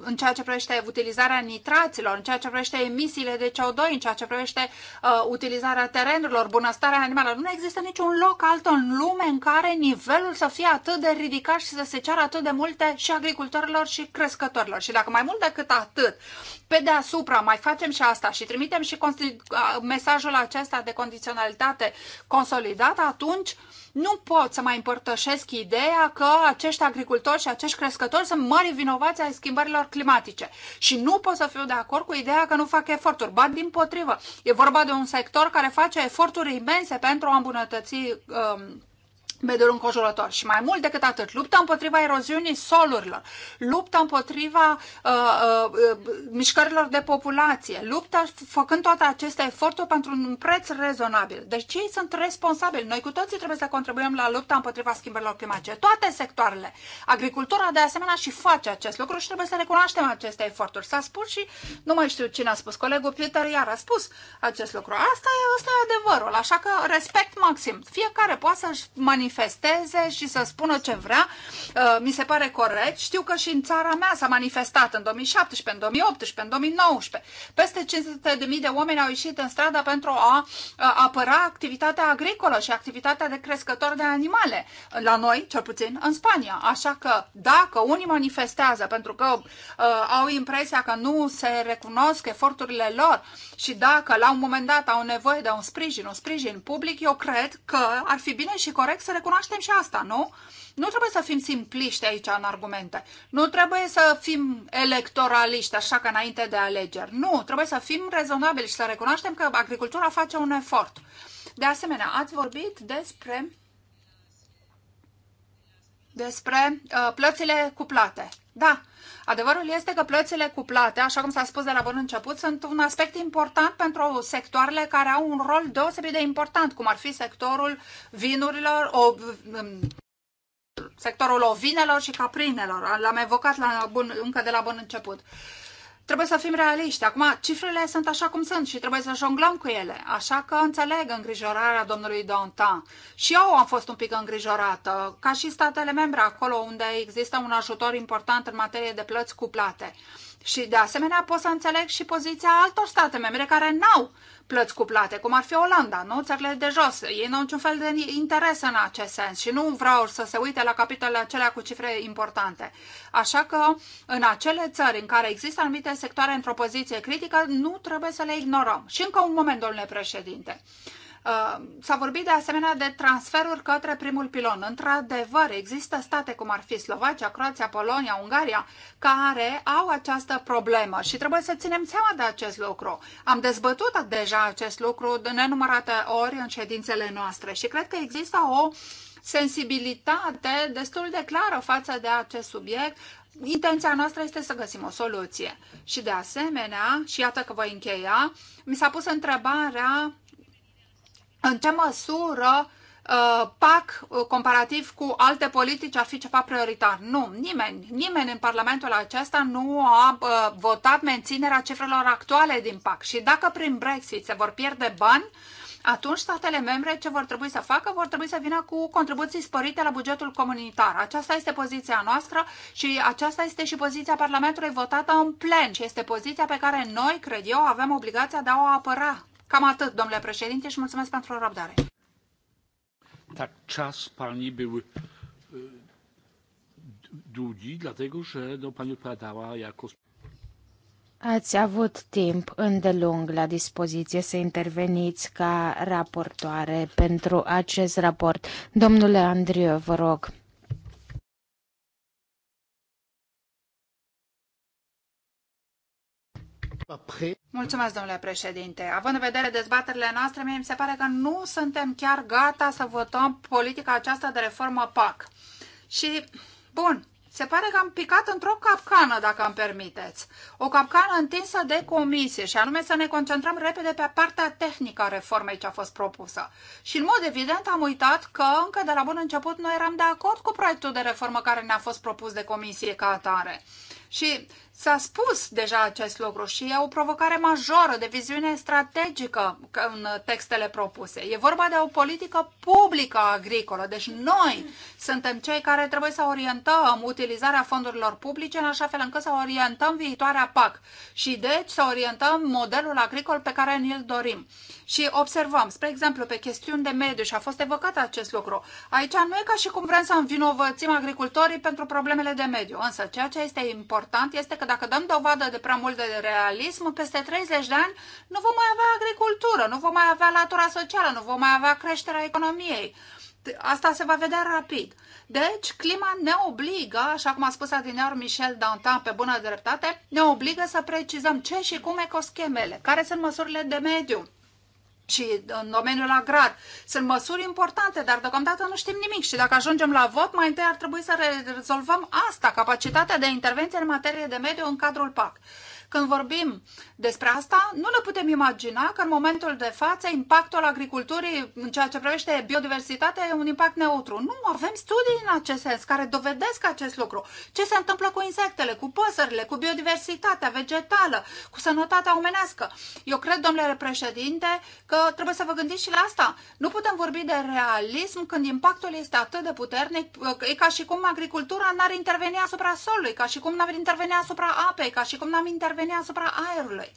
în ceea ce privește utilizarea nitraților, în ceea ce privește emisiile de CO2, în ceea ce privește utilizarea terenurilor, bunăstarea animalelor. Nu există niciun loc altul în lume în care nivelul să fie atât de ridicat și să se ceară atât de multe și agricultorilor și crescătorilor. Și dacă mai mult decât atât, pe deasupra mai facem și asta și trimitem și și mesajul acesta de condiționalitate consolidată, atunci nu pot să mai împărtășesc ideea că acești agricultori și acești crescători sunt mari vinovați ai schimbărilor climatice. Și nu pot să fiu de acord cu ideea că nu fac eforturi. Ba din potrivă, e vorba de un sector care face eforturi imense pentru a îmbunătăți um, mediul înconjurător. Și mai mult decât atât, luptă împotriva eroziunii solurilor, luptă împotriva uh, uh, mișcărilor de populație, luptă făcând toate aceste eforturi pentru un preț rezonabil. Deci cei sunt responsabili. Noi cu toții trebuie să contribuim la lupta împotriva schimbărilor climatice, toate sectoarele. Agricultura, de asemenea, și face acest lucru și trebuie să recunoaștem aceste eforturi. S-a spus și, nu mai știu cine a spus, colegul Peter iar a spus acest lucru. Asta e, asta e adevărul, așa că respect maxim. Fiecare poate să-și manifeste manifesteze și să spună ce vrea. Uh, mi se pare corect. Știu că și în țara mea s-a manifestat în 2017, în 2018, în 2019. Peste 500.000 de oameni au ieșit în stradă pentru a uh, apăra activitatea agricolă și activitatea de crescători de animale. La noi, cel puțin în Spania. Așa că dacă unii manifestează pentru că uh, au impresia că nu se recunosc eforturile lor și dacă la un moment dat au nevoie de un sprijin, un sprijin public, eu cred că ar fi bine și corect să recunoaștem și asta, nu? Nu trebuie să fim simpliști aici în argumente. Nu trebuie să fim electoraliști, așa că înainte de alegeri. Nu, trebuie să fim rezonabili și să recunoaștem că agricultura face un efort. De asemenea, ați vorbit despre despre uh, plățile cuplate. Da, adevărul este că plățile cuplate, așa cum s-a spus de la bun început, sunt un aspect important pentru sectoarele care au un rol deosebit de important, cum ar fi sectorul vinurilor, o, um, sectorul ovinelor și caprinelor. L-am evocat la bun, încă de la bun început. Trebuie să fim realiști. Acum, cifrele sunt așa cum sunt și trebuie să jonglăm cu ele. Așa că înțeleg îngrijorarea domnului Donta. Și eu am fost un pic îngrijorată, ca și statele membre, acolo unde există un ajutor important în materie de plăți cuplate. Și de asemenea pot să înțeleg și poziția altor state membre care n-au plăți cuplate, cum ar fi Olanda, nu? Țările de jos. Ei n-au niciun fel de interes în acest sens și nu vreau să se uite la capitolele acelea cu cifre importante. Așa că în acele țări în care există anumite sectoare într-o poziție critică, nu trebuie să le ignorăm. Și încă un moment, domnule președinte. Uh, s-a vorbit de asemenea de transferuri către primul pilon. Într-adevăr, există state cum ar fi Slovacia, Croația, Polonia, Ungaria, care au această problemă și trebuie să ținem seama de acest lucru. Am dezbătut deja acest lucru de nenumărate ori în ședințele noastre și cred că există o sensibilitate destul de clară față de acest subiect. Intenția noastră este să găsim o soluție. Și de asemenea, și iată că voi încheia, mi s-a pus întrebarea în ce măsură uh, PAC uh, comparativ cu alte politici ar fi ceva prioritar. Nu, nimeni, nimeni în Parlamentul acesta nu a uh, votat menținerea cifrelor actuale din PAC și dacă prin Brexit se vor pierde bani, atunci statele membre ce vor trebui să facă? Vor trebui să vină cu contribuții sporite la bugetul comunitar. Aceasta este poziția noastră și aceasta este și poziția Parlamentului votată în plen și este poziția pe care noi, cred eu, avem obligația de a o apăra Cam atât, domnule președinte, și mulțumesc pentru răbdare. Tak, czas pani był długi, dlatego że no, pani odpowiadała jako... Ați avut timp îndelung la dispoziție să interveniți ca raportoare pentru acest raport. Domnule Andriu, vă rog. Mulțumesc, domnule președinte. Având în vedere dezbaterile noastre, mie mi se pare că nu suntem chiar gata să votăm politica aceasta de reformă PAC. Și, bun, se pare că am picat într-o capcană, dacă îmi permiteți. O capcană întinsă de comisie și anume să ne concentrăm repede pe partea tehnică a reformei ce a fost propusă. Și în mod evident am uitat că încă de la bun început noi eram de acord cu proiectul de reformă care ne-a fost propus de comisie ca atare. Și S-a spus deja acest lucru și e o provocare majoră de viziune strategică în textele propuse. E vorba de o politică publică agricolă, deci noi suntem cei care trebuie să orientăm utilizarea fondurilor publice în așa fel încât să orientăm viitoarea PAC și deci să orientăm modelul agricol pe care ne-l dorim. Și observăm, spre exemplu, pe chestiuni de mediu și a fost evocat acest lucru. Aici nu e ca și cum vrem să învinovățim agricultorii pentru problemele de mediu, însă ceea ce este important este că dacă dăm dovadă de prea mult de realism, peste 30 de ani nu vom mai avea agricultură, nu vom mai avea latura socială, nu vom mai avea creșterea economiei. Asta se va vedea rapid. Deci, clima ne obligă, așa cum a spus adineor Michel Dantin pe bună dreptate, ne obligă să precizăm ce și cum ecoschemele, care sunt măsurile de mediu, ci în domeniul agrar. Sunt măsuri importante, dar deocamdată nu știm nimic și dacă ajungem la vot, mai întâi ar trebui să rezolvăm asta, capacitatea de intervenție în materie de mediu în cadrul PAC. Când vorbim despre asta, nu ne putem imagina că în momentul de față impactul agriculturii în ceea ce privește biodiversitatea e un impact neutru. Nu avem studii în acest sens care dovedesc acest lucru. Ce se întâmplă cu insectele, cu păsările, cu biodiversitatea vegetală, cu sănătatea omenească. Eu cred, domnule președinte, că trebuie să vă gândiți și la asta. Nu putem vorbi de realism când impactul este atât de puternic, e ca și cum agricultura n-ar interveni asupra solului, ca și cum n-ar interveni asupra apei, ca și cum n-am interveni reveni asupra aerului.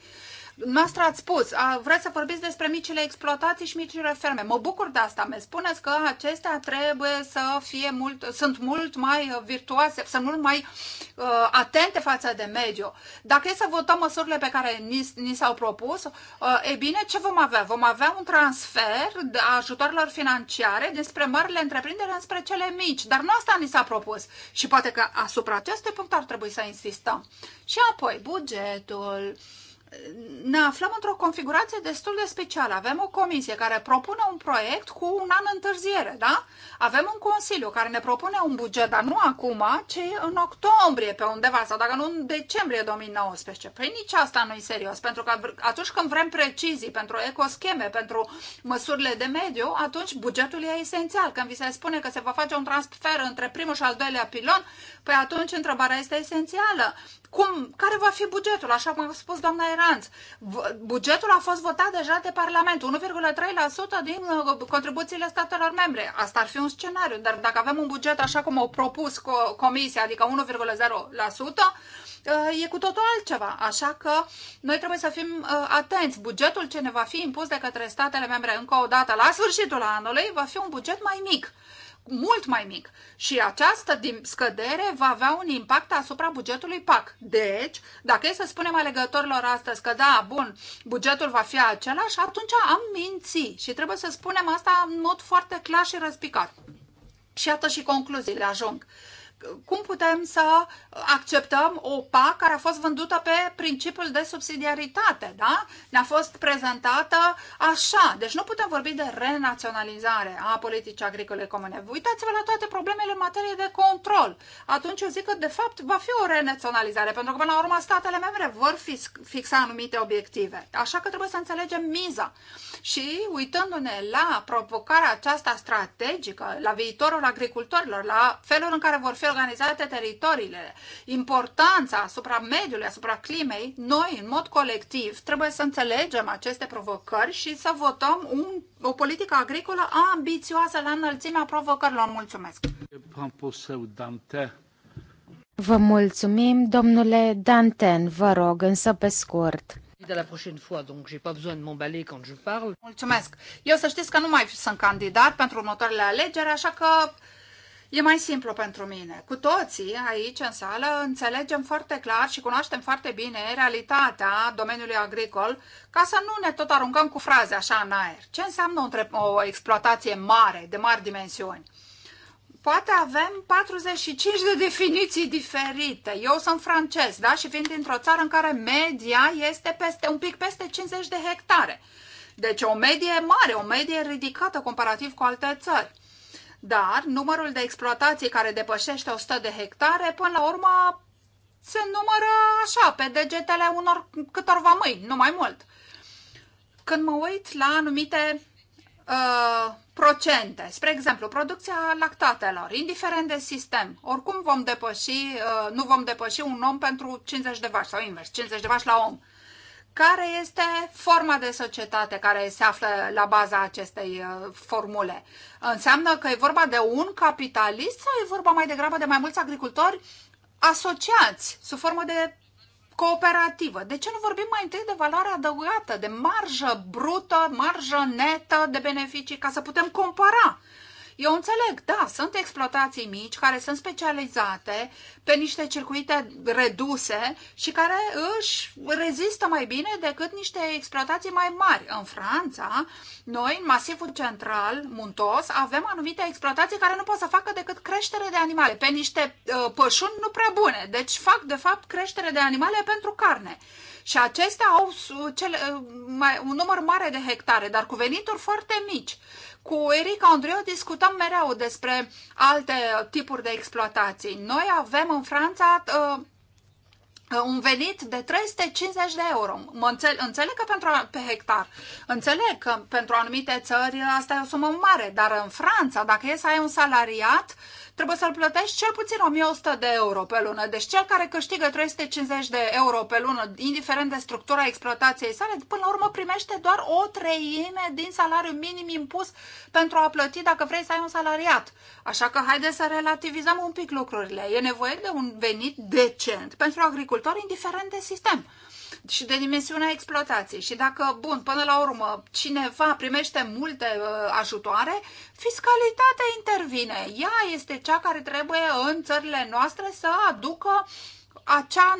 Noastră ați spus, a, vreți să vorbiți despre micile exploatații și micile ferme. Mă bucur de asta. Mi spuneți că acestea trebuie să fie mult, sunt mult mai uh, virtuoase, sunt mult mai uh, atente față de mediu. Dacă e să votăm măsurile pe care ni, ni s-au propus, uh, e bine, ce vom avea? Vom avea un transfer de ajutoarelor financiare despre marile întreprinderi înspre cele mici. Dar nu asta ni s-a propus. Și poate că asupra acestui punct ar trebui să insistăm. Și apoi, bugetul ne aflăm într-o configurație destul de specială. Avem o comisie care propune un proiect cu un an întârziere, da? Avem un consiliu care ne propune un buget, dar nu acum, ci în octombrie pe undeva sau dacă nu în decembrie 2019. Păi nici asta nu e serios, pentru că atunci când vrem precizii pentru ecoscheme, pentru măsurile de mediu, atunci bugetul e esențial. Când vi se spune că se va face un transfer între primul și al doilea pilon, Păi atunci întrebarea este esențială. Cum, care va fi bugetul? Așa cum a spus doamna Eranț. Bugetul a fost votat deja de Parlament, 1,3% din uh, contribuțiile statelor membre. Asta ar fi un scenariu, dar dacă avem un buget așa cum au propus Comisia, adică 1,0%, uh, e cu totul altceva. Așa că noi trebuie să fim uh, atenți. Bugetul ce ne va fi impus de către statele membre încă o dată la sfârșitul anului va fi un buget mai mic mult mai mic și această scădere va avea un impact asupra bugetului PAC. Deci, dacă e să spunem alegătorilor astăzi că da, bun, bugetul va fi același, atunci am mințit și trebuie să spunem asta în mod foarte clar și răspicat. Și iată și concluziile ajung cum putem să acceptăm o PAC care a fost vândută pe principiul de subsidiaritate, da? Ne-a fost prezentată așa. Deci nu putem vorbi de renaționalizare a politicii agricole comune. Uitați-vă la toate problemele în materie de control. Atunci eu zic că, de fapt, va fi o renaționalizare, pentru că, până la urmă, statele membre vor fi fixa anumite obiective. Așa că trebuie să înțelegem miza. Și, uitându-ne la provocarea aceasta strategică, la viitorul agricultorilor, la felul în care vor fi fie organizate teritoriile, importanța asupra mediului, asupra climei, noi, în mod colectiv, trebuie să înțelegem aceste provocări și să votăm un, o politică agricolă ambițioasă la înălțimea provocărilor. Mulțumesc! Vă mulțumim, domnule Danten, vă rog, însă pe scurt. Mulțumesc. Eu să știți că nu mai sunt candidat pentru următoarele alegeri, așa că E mai simplu pentru mine. Cu toții aici în sală înțelegem foarte clar și cunoaștem foarte bine realitatea domeniului agricol ca să nu ne tot aruncăm cu fraze așa în aer. Ce înseamnă o, o exploatație mare, de mari dimensiuni? Poate avem 45 de definiții diferite. Eu sunt francez, da? Și vin dintr-o țară în care media este peste, un pic peste 50 de hectare. Deci o medie mare, o medie ridicată comparativ cu alte țări dar numărul de exploatații care depășește 100 de hectare, până la urmă, se numără așa, pe degetele unor câtorva mâini, nu mai mult. Când mă uit la anumite uh, procente, spre exemplu, producția lactatelor, indiferent de sistem, oricum vom depăși, uh, nu vom depăși un om pentru 50 de vaci sau invers, 50 de vaci la om. Uh, care este forma de societate care se află la baza acestei uh, formule? Înseamnă că e vorba de un capitalist sau e vorba mai degrabă de mai mulți agricultori asociați sub formă de cooperativă? De ce nu vorbim mai întâi de valoare adăugată, de marjă brută, marjă netă de beneficii, ca să putem compara? Eu înțeleg, da, sunt exploatații mici care sunt specializate pe niște circuite reduse și care își rezistă mai bine decât niște exploatații mai mari. În Franța, noi, în masivul central, muntos, avem anumite exploatații care nu pot să facă decât creștere de animale pe niște uh, pășuni nu prea bune. Deci fac, de fapt, creștere de animale pentru carne. Și acestea au cele, uh, mai, un număr mare de hectare, dar cu venituri foarte mici. Cu Erica Andreu discutăm mereu despre alte tipuri de exploatații. Noi avem în Franța uh, uh un venit de 350 de euro. Mă înțeleg, înțeleg că pentru pe hectar. Înțeleg că pentru anumite țări asta e o sumă mare, dar în Franța, dacă e să ai un salariat, uh, trebuie să-l plătești cel puțin 1100 de euro pe lună. Deci cel care câștigă 350 de euro pe lună, indiferent de structura exploatației sale, până la urmă primește doar o treime din salariul minim impus pentru a plăti dacă vrei să ai un salariat. Așa că haideți să relativizăm un pic lucrurile. E nevoie de un venit decent pentru agricultori, indiferent de sistem și de dimensiunea exploatației. Și dacă, bun, până la urmă, cineva primește multe uh, ajutoare, fiscalitatea intervine. Ea este cea care trebuie în țările noastre să aducă acea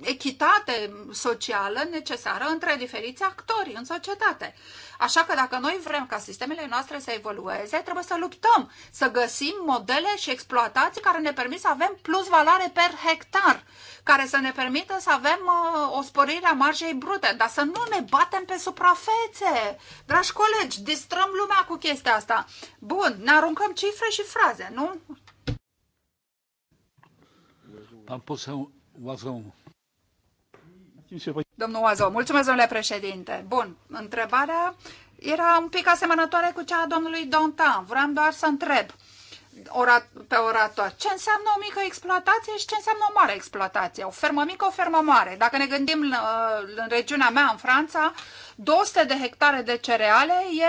echitate socială necesară între diferiți actori în societate. Așa că dacă noi vrem ca sistemele noastre să evolueze, trebuie să luptăm, să găsim modele și exploatații care ne permit să avem plus valoare per hectar, care să ne permită să avem uh, o sporire a marjei brute, dar să nu ne batem pe suprafețe. Dragi colegi, distrăm lumea cu chestia asta. Bun, ne aruncăm cifre și fraze, nu? Domnul Oazău, mulțumesc, domnule președinte. Bun, întrebarea era un pic asemănătoare cu cea a domnului Dontan. Vreau doar să întreb orat, pe orator ce înseamnă o mică exploatație și ce înseamnă o mare exploatație. O fermă mică, o fermă mare. Dacă ne gândim în, uh, în regiunea mea, în Franța, 200 de hectare de cereale e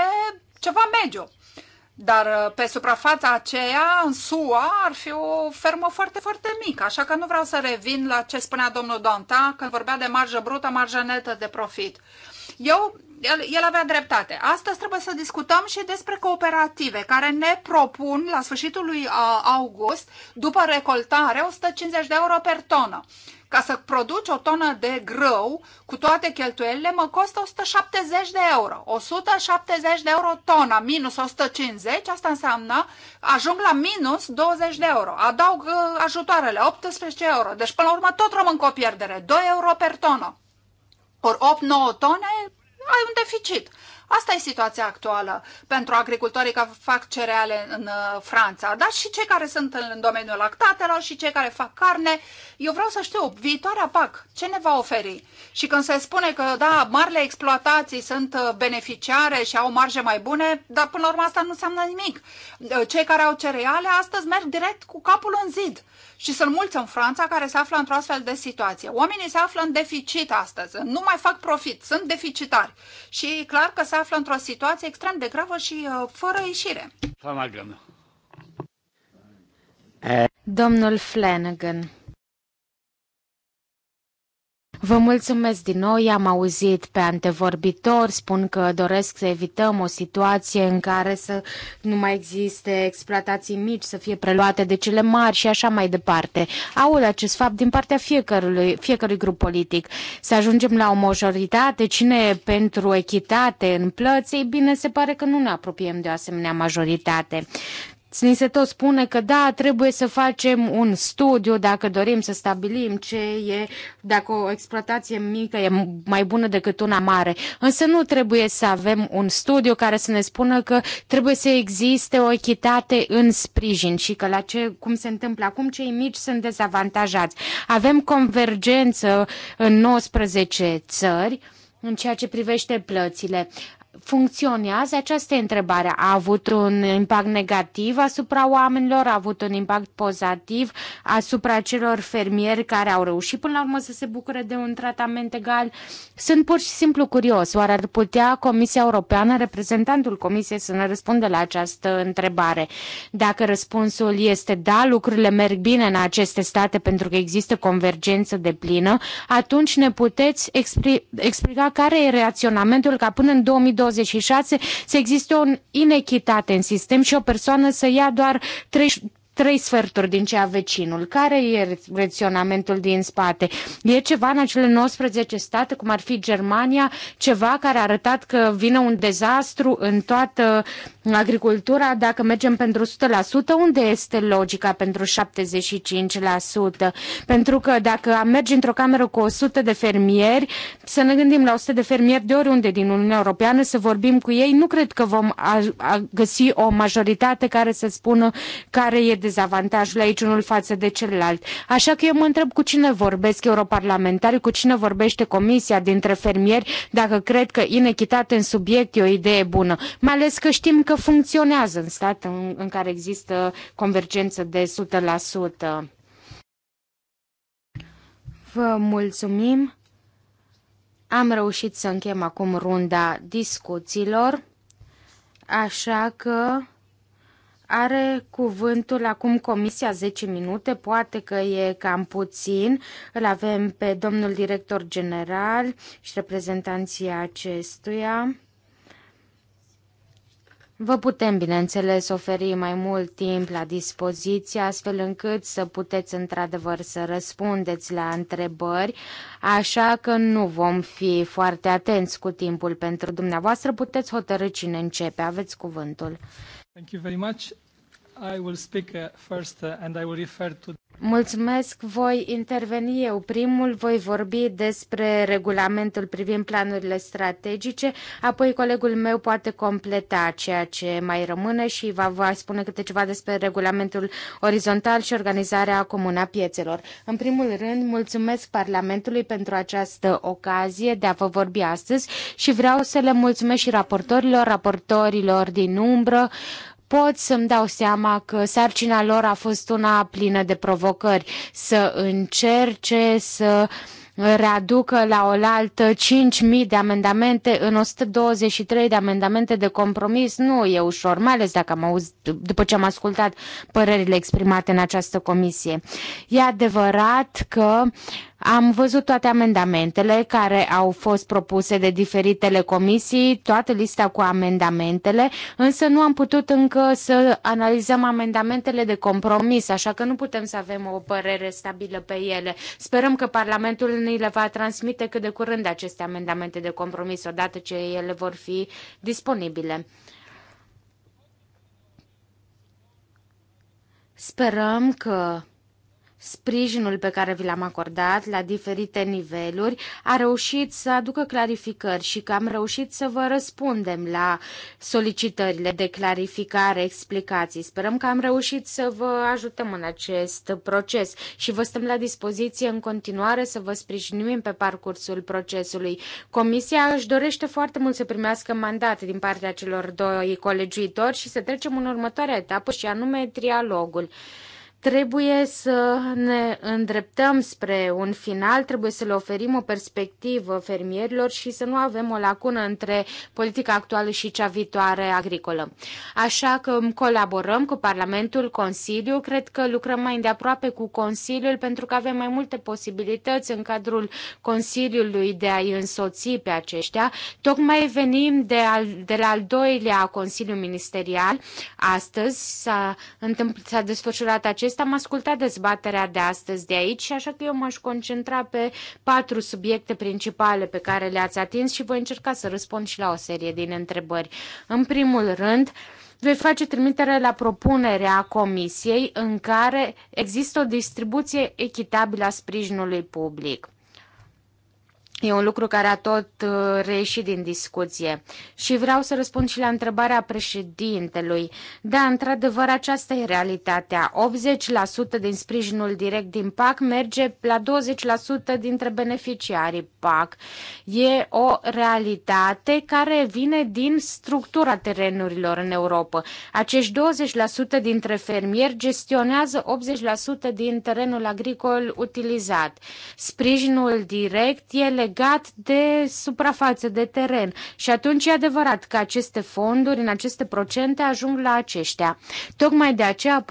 ceva mediu. Dar uh, pe suprafața aceea, în SUA, ar fi o fermă foarte, foarte mică. Așa că nu vreau să revin la ce spunea domnul Donta când vorbea de marjă brută, marjă netă de profit. Eu, el, el avea dreptate. Astăzi trebuie să discutăm și despre cooperative care ne propun la sfârșitul lui uh, august, după recoltare, 150 de euro per tonă. Ca să produci o tonă de grâu cu toate cheltuielile mă costă 170 de euro. 170 de euro tona minus 150, asta înseamnă ajung la minus 20 de euro. Adaug uh, ajutoarele, 18 euro. Deci până la urmă tot rămân cu o pierdere, 2 euro per tonă. Ori 8-9 tone ai un deficit. Asta e situația actuală pentru agricultorii care fac cereale în uh, Franța, dar și cei care sunt în domeniul lactatelor și cei care fac carne. Eu vreau să știu, viitoarea PAC, ce ne va oferi? Și când se spune că, da, marile exploatații sunt uh, beneficiare și au marje mai bune, dar până la urmă asta nu înseamnă nimic. Uh, cei care au cereale astăzi merg direct cu capul în zid și sunt mulți în Franța care se află într-o astfel de situație. Oamenii se află în deficit astăzi, nu mai fac profit, sunt deficitari. Și e clar că se află într-o situație extrem de gravă și uh, fără ieșire. Flanagan. Domnul Flanagan. Vă mulțumesc din nou, i-am auzit pe antevorbitori, spun că doresc să evităm o situație în care să nu mai existe exploatații mici, să fie preluate de cele mari și așa mai departe. Aud acest fapt din partea fiecărui, fiecărui grup politic. Să ajungem la o majoritate, cine e pentru echitate în plăți, ei bine, se pare că nu ne apropiem de o asemenea majoritate. Ni se tot spune că da, trebuie să facem un studiu dacă dorim să stabilim ce e, dacă o exploatație mică e mai bună decât una mare. Însă nu trebuie să avem un studiu care să ne spună că trebuie să existe o echitate în sprijin și că la ce, cum se întâmplă acum, cei mici sunt dezavantajați. Avem convergență în 19 țări în ceea ce privește plățile funcționează? această întrebare? A avut un impact negativ asupra oamenilor? A avut un impact pozitiv asupra celor fermieri care au reușit până la urmă să se bucure de un tratament egal? Sunt pur și simplu curios. Oare ar putea Comisia Europeană, reprezentantul Comisiei, să ne răspundă la această întrebare? Dacă răspunsul este da, lucrurile merg bine în aceste state pentru că există convergență de plină, atunci ne puteți explica care e reacționamentul ca până în 2020 26 să existe o inechitate în sistem și o persoană să ia doar trei sferturi din ce a vecinul. Care e reționamentul din spate? E ceva în acele 19 state, cum ar fi Germania, ceva care a arătat că vine un dezastru în toată agricultura, dacă mergem pentru 100%, unde este logica pentru 75%? Pentru că dacă am merge într-o cameră cu 100 de fermieri, să ne gândim la 100 de fermieri de oriunde din Uniunea Europeană, să vorbim cu ei, nu cred că vom a, a găsi o majoritate care să spună care e dezavantajul aici unul față de celălalt. Așa că eu mă întreb cu cine vorbesc europarlamentari, cu cine vorbește comisia dintre fermieri, dacă cred că inechitate în subiect e o idee bună. Mai ales că știm că funcționează în stat în, în care există convergență de 100%. Vă mulțumim! Am reușit să încheiem acum runda discuțiilor, așa că are cuvântul acum comisia 10 minute, poate că e cam puțin. Îl avem pe domnul director general și reprezentanții acestuia. Vă putem, bineînțeles, oferi mai mult timp la dispoziție, astfel încât să puteți într-adevăr să răspundeți la întrebări, așa că nu vom fi foarte atenți cu timpul pentru dumneavoastră. Puteți hotărâ cine începe. Aveți cuvântul. Thank you very much. I will speak uh, first uh, and I will refer to Mulțumesc, voi interveni eu primul, voi vorbi despre regulamentul privind planurile strategice, apoi colegul meu poate completa ceea ce mai rămâne și va, va spune câte ceva despre regulamentul orizontal și organizarea comună a piețelor. În primul rând, mulțumesc Parlamentului pentru această ocazie de a vă vorbi astăzi și vreau să le mulțumesc și raportorilor, raportorilor din umbră, pot să-mi dau seama că sarcina lor a fost una plină de provocări, să încerce să readucă la oaltă 5.000 de amendamente în 123 de amendamente de compromis. Nu e ușor, mai ales dacă am auzit, după ce am ascultat părerile exprimate în această comisie. E adevărat că uh, am văzut toate amendamentele care au fost propuse de diferitele comisii, toată lista cu amendamentele, însă nu am putut încă să analizăm amendamentele de compromis, așa că nu putem să avem o părere stabilă pe ele. Sperăm că Parlamentul ni le va transmite cât de curând aceste amendamente de compromis, odată ce ele vor fi disponibile. Sperăm că sprijinul pe care vi l-am acordat la diferite niveluri a reușit să aducă clarificări și că am reușit să vă răspundem la solicitările de clarificare, explicații. Sperăm că am reușit să vă ajutăm în acest proces și vă stăm la dispoziție în continuare să vă sprijinim pe parcursul procesului. Comisia își dorește foarte mult să primească mandate din partea celor doi colegiuitori și să trecem în următoarea etapă și anume trialogul. Trebuie să ne îndreptăm spre un final, trebuie să le oferim o perspectivă fermierilor și să nu avem o lacună între politica actuală și cea viitoare agricolă. Așa că colaborăm cu Parlamentul, Consiliu, cred că lucrăm mai îndeaproape cu Consiliul pentru că avem mai multe posibilități în cadrul Consiliului de a-i însoți pe aceștia. Tocmai venim de, al, de la al doilea Consiliu Ministerial. Astăzi s-a, s-a desfășurat acest acesta. Am ascultat dezbaterea de astăzi de aici și așa că eu m-aș concentra pe patru subiecte principale pe care le-ați atins și voi încerca să răspund și la o serie din întrebări. În primul rând, voi face trimitere la propunerea Comisiei în care există o distribuție echitabilă a sprijinului public. E un lucru care a tot uh, reieșit din discuție. Și vreau să răspund și la întrebarea președintelui. Da, într-adevăr, aceasta e realitatea. 80% din sprijinul direct din PAC merge la 20% dintre beneficiarii PAC. E o realitate care vine din structura terenurilor în Europa. Acești 20% dintre fermieri gestionează 80% din terenul agricol utilizat. Sprijinul direct e legat de suprafață, de teren. Și atunci e adevărat că aceste fonduri, în aceste procente, ajung la aceștia. Tocmai de aceea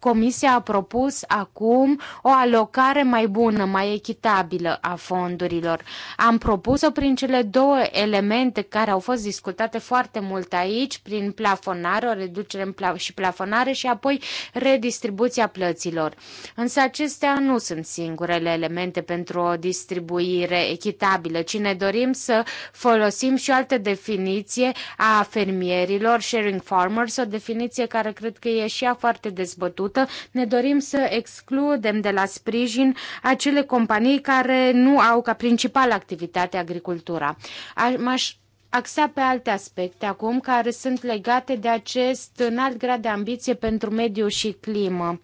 Comisia a propus acum o alocare mai bună, mai echitabilă a fondurilor. Am propus-o prin cele două elemente care au fost discutate foarte mult aici, prin plafonare, o reducere și plafonare și apoi redistribuția plăților. Însă acestea nu sunt singurele elemente pentru o distribuire echitabilă, ci ne dorim să folosim și o altă definiție a fermierilor, sharing farmers, o definiție care cred că e și ea foarte dezbătută ne dorim să excludem de la sprijin acele companii care nu au ca principală activitate agricultura. M-aș axa pe alte aspecte acum care sunt legate de acest înalt grad de ambiție pentru mediu și climă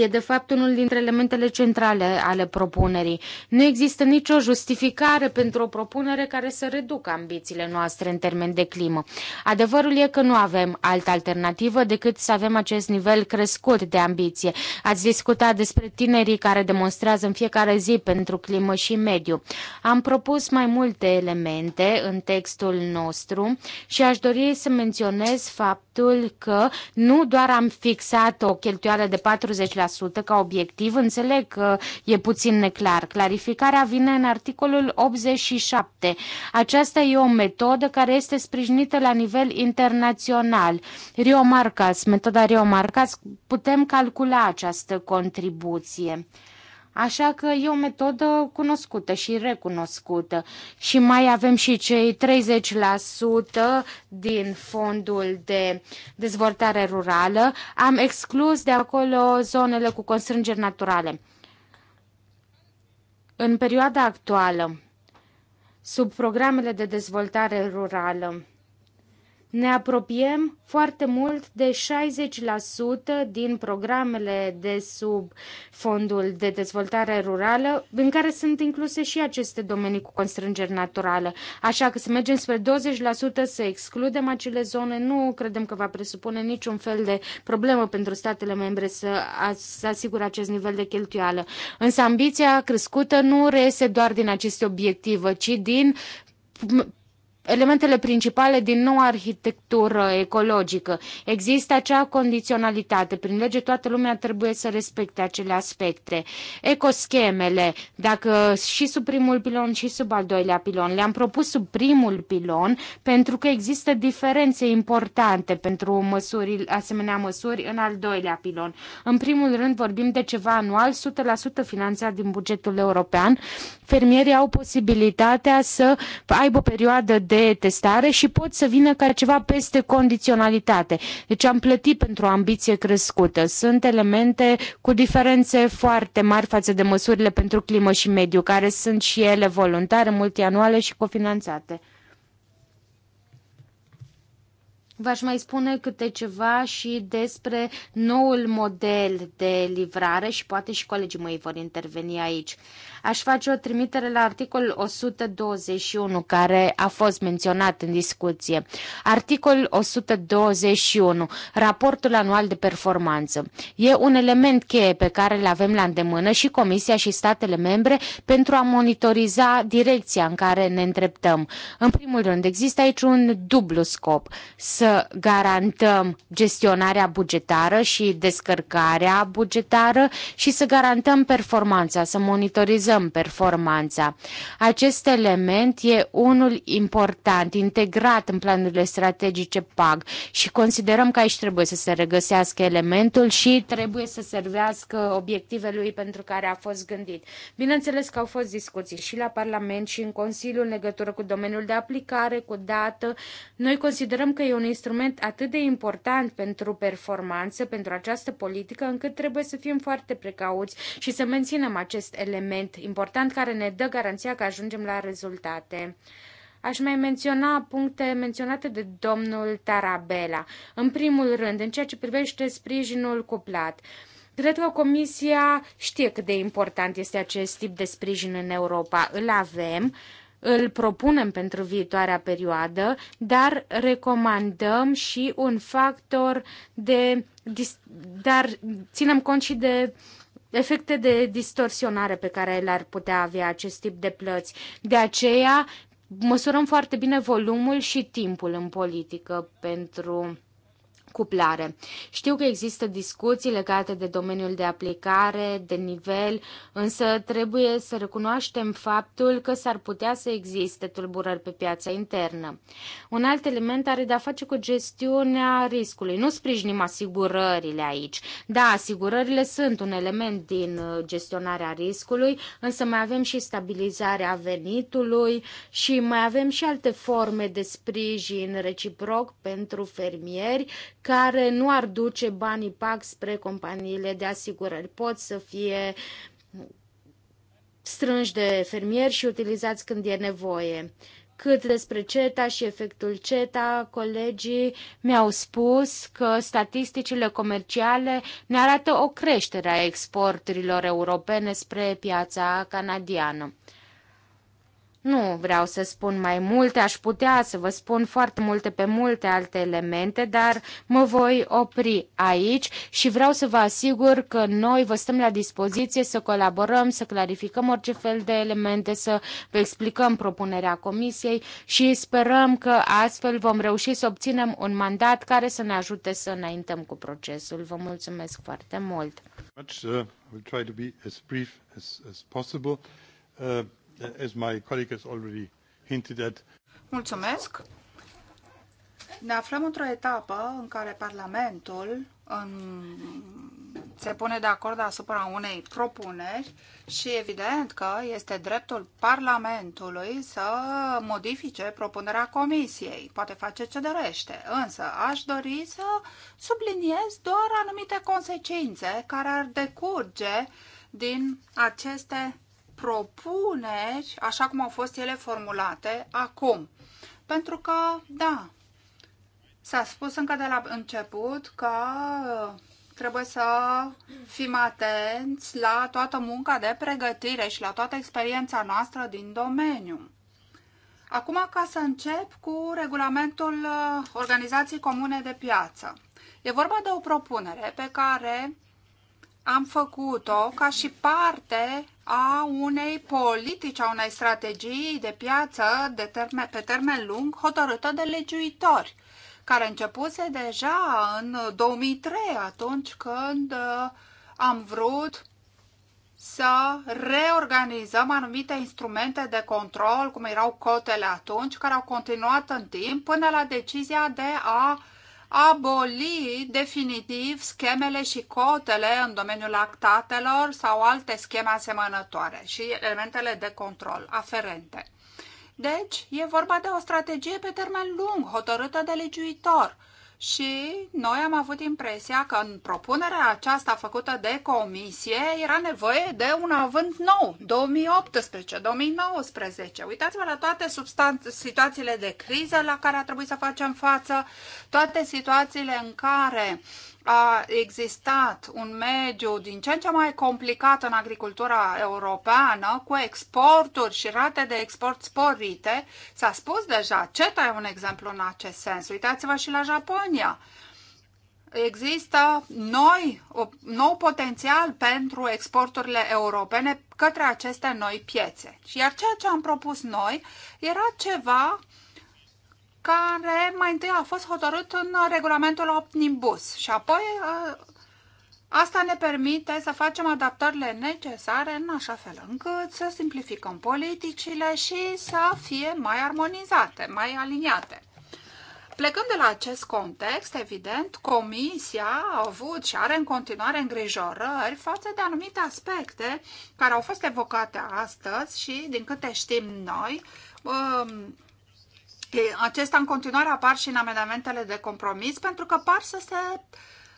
e de fapt unul dintre elementele centrale ale propunerii. Nu există nicio justificare pentru o propunere care să reducă ambițiile noastre în termen de climă. Adevărul e că nu avem altă alternativă decât să avem acest nivel crescut de ambiție. Ați discutat despre tinerii care demonstrează în fiecare zi pentru climă și mediu. Am propus mai multe elemente în textul nostru și aș dori să menționez faptul că nu doar am fixat o cheltuială de 40 ca obiectiv. Înțeleg că e puțin neclar. Clarificarea vine în articolul 87. Aceasta e o metodă care este sprijinită la nivel internațional. Rio Marcas, metoda Rio Marcas, putem calcula această contribuție. Așa că e o metodă cunoscută și recunoscută. Și mai avem și cei 30% din fondul de dezvoltare rurală. Am exclus de acolo zonele cu constrângeri naturale. În perioada actuală, sub programele de dezvoltare rurală, ne apropiem foarte mult de 60% din programele de sub fondul de dezvoltare rurală, în care sunt incluse și aceste domenii cu constrângeri naturale. Așa că să mergem spre 20%, să excludem acele zone, nu credem că va presupune niciun fel de problemă pentru statele membre să, să asigure acest nivel de cheltuială. Însă ambiția crescută nu reiese doar din aceste obiective, ci din elementele principale din noua arhitectură ecologică. Există acea condiționalitate. Prin lege toată lumea trebuie să respecte acele aspecte. Ecoschemele, dacă și sub primul pilon și sub al doilea pilon, le-am propus sub primul pilon pentru că există diferențe importante pentru măsuri, asemenea măsuri în al doilea pilon. În primul rând vorbim de ceva anual, 100% finanțat din bugetul european. Fermierii au posibilitatea să aibă o perioadă de de testare și pot să vină ca ceva peste condiționalitate. Deci am plătit pentru o ambiție crescută. Sunt elemente cu diferențe foarte mari față de măsurile pentru climă și mediu, care sunt și ele voluntare, multianuale și cofinanțate. V-aș mai spune câte ceva și despre noul model de livrare și poate și colegii mei vor interveni aici. Aș face o trimitere la articolul 121 care a fost menționat în discuție. Articolul 121, raportul anual de performanță. E un element cheie pe care îl avem la îndemână și Comisia și statele membre pentru a monitoriza direcția în care ne îndreptăm. În primul rând, există aici un dublu scop, să garantăm gestionarea bugetară și descărcarea bugetară și să garantăm performanța, să monitorizăm analizăm performanța. Acest element e unul important, integrat în planurile strategice PAG și considerăm că aici trebuie să se regăsească elementul și trebuie să servească obiectivelui pentru care a fost gândit. Bineînțeles că au fost discuții și la Parlament și în Consiliu în legătură cu domeniul de aplicare, cu dată. Noi considerăm că e un instrument atât de important pentru performanță, pentru această politică, încât trebuie să fim foarte precauți și să menținem acest element important care ne dă garanția că ajungem la rezultate. Aș mai menționa puncte menționate de domnul Tarabela. În primul rând, în ceea ce privește sprijinul cuplat. Cred că Comisia știe cât de important este acest tip de sprijin în Europa. Îl avem, îl propunem pentru viitoarea perioadă, dar recomandăm și un factor de. dar ținem cont și de efecte de distorsionare pe care le-ar putea avea acest tip de plăți. De aceea măsurăm foarte bine volumul și timpul în politică pentru cuplare. Știu că există discuții legate de domeniul de aplicare, de nivel, însă trebuie să recunoaștem faptul că s-ar putea să existe tulburări pe piața internă. Un alt element are de-a face cu gestiunea riscului. Nu sprijinim asigurările aici. Da, asigurările sunt un element din uh, gestionarea riscului, însă mai avem și stabilizarea venitului și mai avem și alte forme de sprijin reciproc pentru fermieri care nu ar duce banii PAC spre companiile de asigurări. Pot să fie strânși de fermieri și utilizați când e nevoie. Cât despre CETA și efectul CETA, colegii mi-au spus că statisticile comerciale ne arată o creștere a exporturilor europene spre piața canadiană. Nu vreau să spun mai multe, aș putea să vă spun foarte multe pe multe alte elemente, dar mă voi opri aici și vreau să vă asigur că noi vă stăm la dispoziție să colaborăm, să clarificăm orice fel de elemente, să vă explicăm propunerea comisiei și sperăm că astfel vom reuși să obținem un mandat care să ne ajute să înaintăm cu procesul. Vă mulțumesc foarte mult! Much, uh, we'll try to be as brief as, as possible. Uh, as my colleague has already hinted at. Mulțumesc. Ne aflăm într-o etapă în care Parlamentul în... se pune de acord asupra unei propuneri și evident că este dreptul Parlamentului să modifice propunerea Comisiei. Poate face ce dorește, însă aș dori să subliniez doar anumite consecințe care ar decurge din aceste propuneri, așa cum au fost ele formulate acum. Pentru că, da, s-a spus încă de la început că uh, trebuie să fim atenți la toată munca de pregătire și la toată experiența noastră din domeniu. Acum, ca să încep cu regulamentul uh, Organizației Comune de Piață. E vorba de o propunere pe care am făcut-o ca și parte a unei politici, a unei strategii de piață de termen, pe termen lung hotărâtă de legiuitori, care începuse deja în 2003, atunci când uh, am vrut să reorganizăm anumite instrumente de control, cum erau cotele atunci, care au continuat în timp până la decizia de a aboli definitiv schemele și cotele în domeniul lactatelor sau alte scheme asemănătoare și elementele de control aferente. Deci, e vorba de o strategie pe termen lung, hotărâtă de legiuitor, și noi am avut impresia că în propunerea aceasta făcută de comisie era nevoie de un avânt nou, 2018-2019. Uitați-vă la toate situațiile de criză la care a trebuit să facem față, toate situațiile în care uh, a existat un mediu din ce în ce mai complicat în agricultura europeană, cu exporturi și rate de export sporite. S-a spus deja, CETA e un exemplu în acest sens. Uitați-vă și la Japonia. Există noi, nou potențial pentru exporturile europene către aceste noi piețe. Și iar ceea ce am propus noi era ceva care mai întâi a fost hotărât în regulamentul Omnibus și apoi ă, asta ne permite să facem adaptările necesare în așa fel încât să simplificăm politicile și să fie mai armonizate, mai aliniate. Plecând de la acest context, evident, Comisia a avut și are în continuare îngrijorări față de anumite aspecte care au fost evocate astăzi și, din câte știm noi, ă, acestea în continuare apar și în amendamentele de compromis pentru că par să se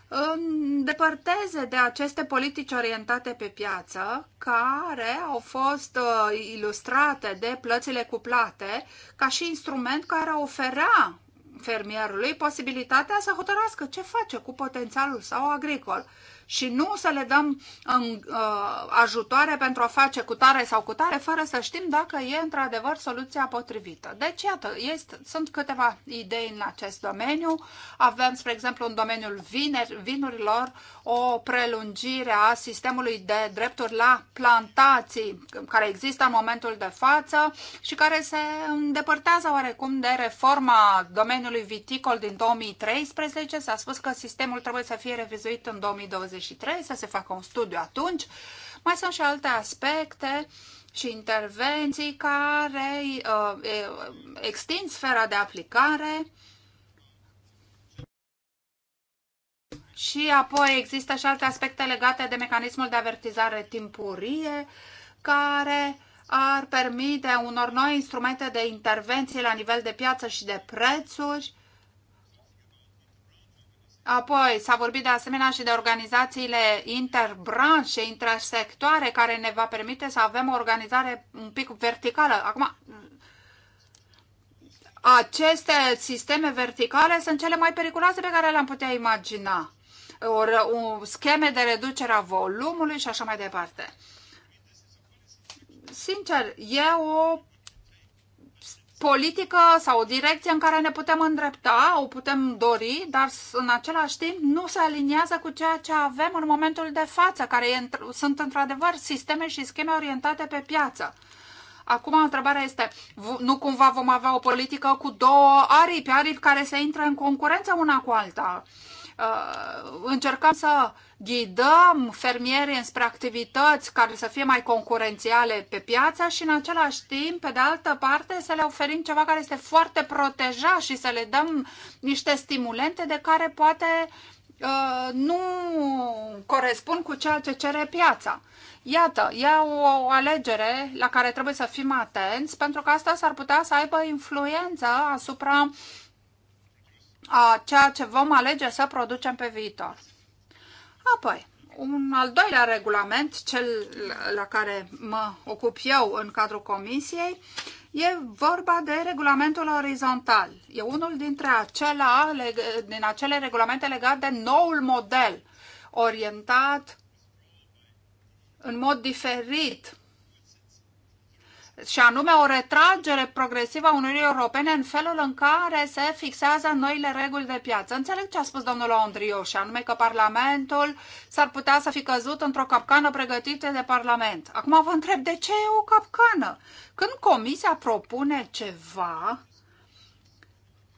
îndepărteze um, de aceste politici orientate pe piață care au fost uh, ilustrate de plățile cuplate ca și instrument care oferea fermierului posibilitatea să hotărască ce face cu potențialul sau agricol și nu să le dăm în, uh, ajutoare pentru a face cu tare sau cu tare, fără să știm dacă e într-adevăr soluția potrivită. Deci, iată, este, sunt câteva idei în acest domeniu. Avem, spre exemplu, în domeniul vineri, vinurilor, o prelungire a sistemului de drepturi la plantații care există în momentul de față și care se îndepărtează oarecum de reforma domeniului viticol din 2013. S-a spus că sistemul trebuie să fie revizuit în 2023, să se facă un studiu atunci. Mai sunt și alte aspecte și intervenții care uh, extind sfera de aplicare Și apoi există și alte aspecte legate de mecanismul de avertizare timpurie, care ar permite unor noi instrumente de intervenție la nivel de piață și de prețuri. Apoi s-a vorbit de asemenea și de organizațiile interbranșe, intersectoare, care ne va permite să avem o organizare un pic verticală. Acum, aceste sisteme verticale sunt cele mai periculoase pe care le-am putea imagina o, o um, scheme de reducere a volumului și așa mai departe. Sincer, e o politică sau o direcție în care ne putem îndrepta, o putem dori, dar în același timp nu se aliniază cu ceea ce avem în momentul de față, care e, sunt într-adevăr sisteme și scheme orientate pe piață. Acum întrebarea este, nu cumva vom avea o politică cu două aripi, aripi care se intră în concurență una cu alta? Uh, Uh, încercăm să ghidăm fermierii înspre activități care să fie mai concurențiale pe piață și în același timp, pe de altă parte, să le oferim ceva care este foarte protejat și să le dăm niște stimulente de care poate uh, nu corespund cu ceea ce cere piața. Iată, e o alegere la care trebuie să fim atenți, pentru că asta s-ar putea să aibă influență asupra uh, a ceea ce vom alege să producem pe viitor. Apoi, un al doilea regulament, cel la care mă ocup eu în cadrul comisiei, e vorba de regulamentul orizontal. E unul dintre acela, din acele regulamente legate de noul model, orientat în mod diferit și anume o retragere progresivă a Uniunii Europene în felul în care se fixează noile reguli de piață. Înțeleg ce a spus domnul Andriu și anume că Parlamentul s-ar putea să fi căzut într-o capcană pregătită de Parlament. Acum vă întreb de ce e o capcană? Când Comisia propune ceva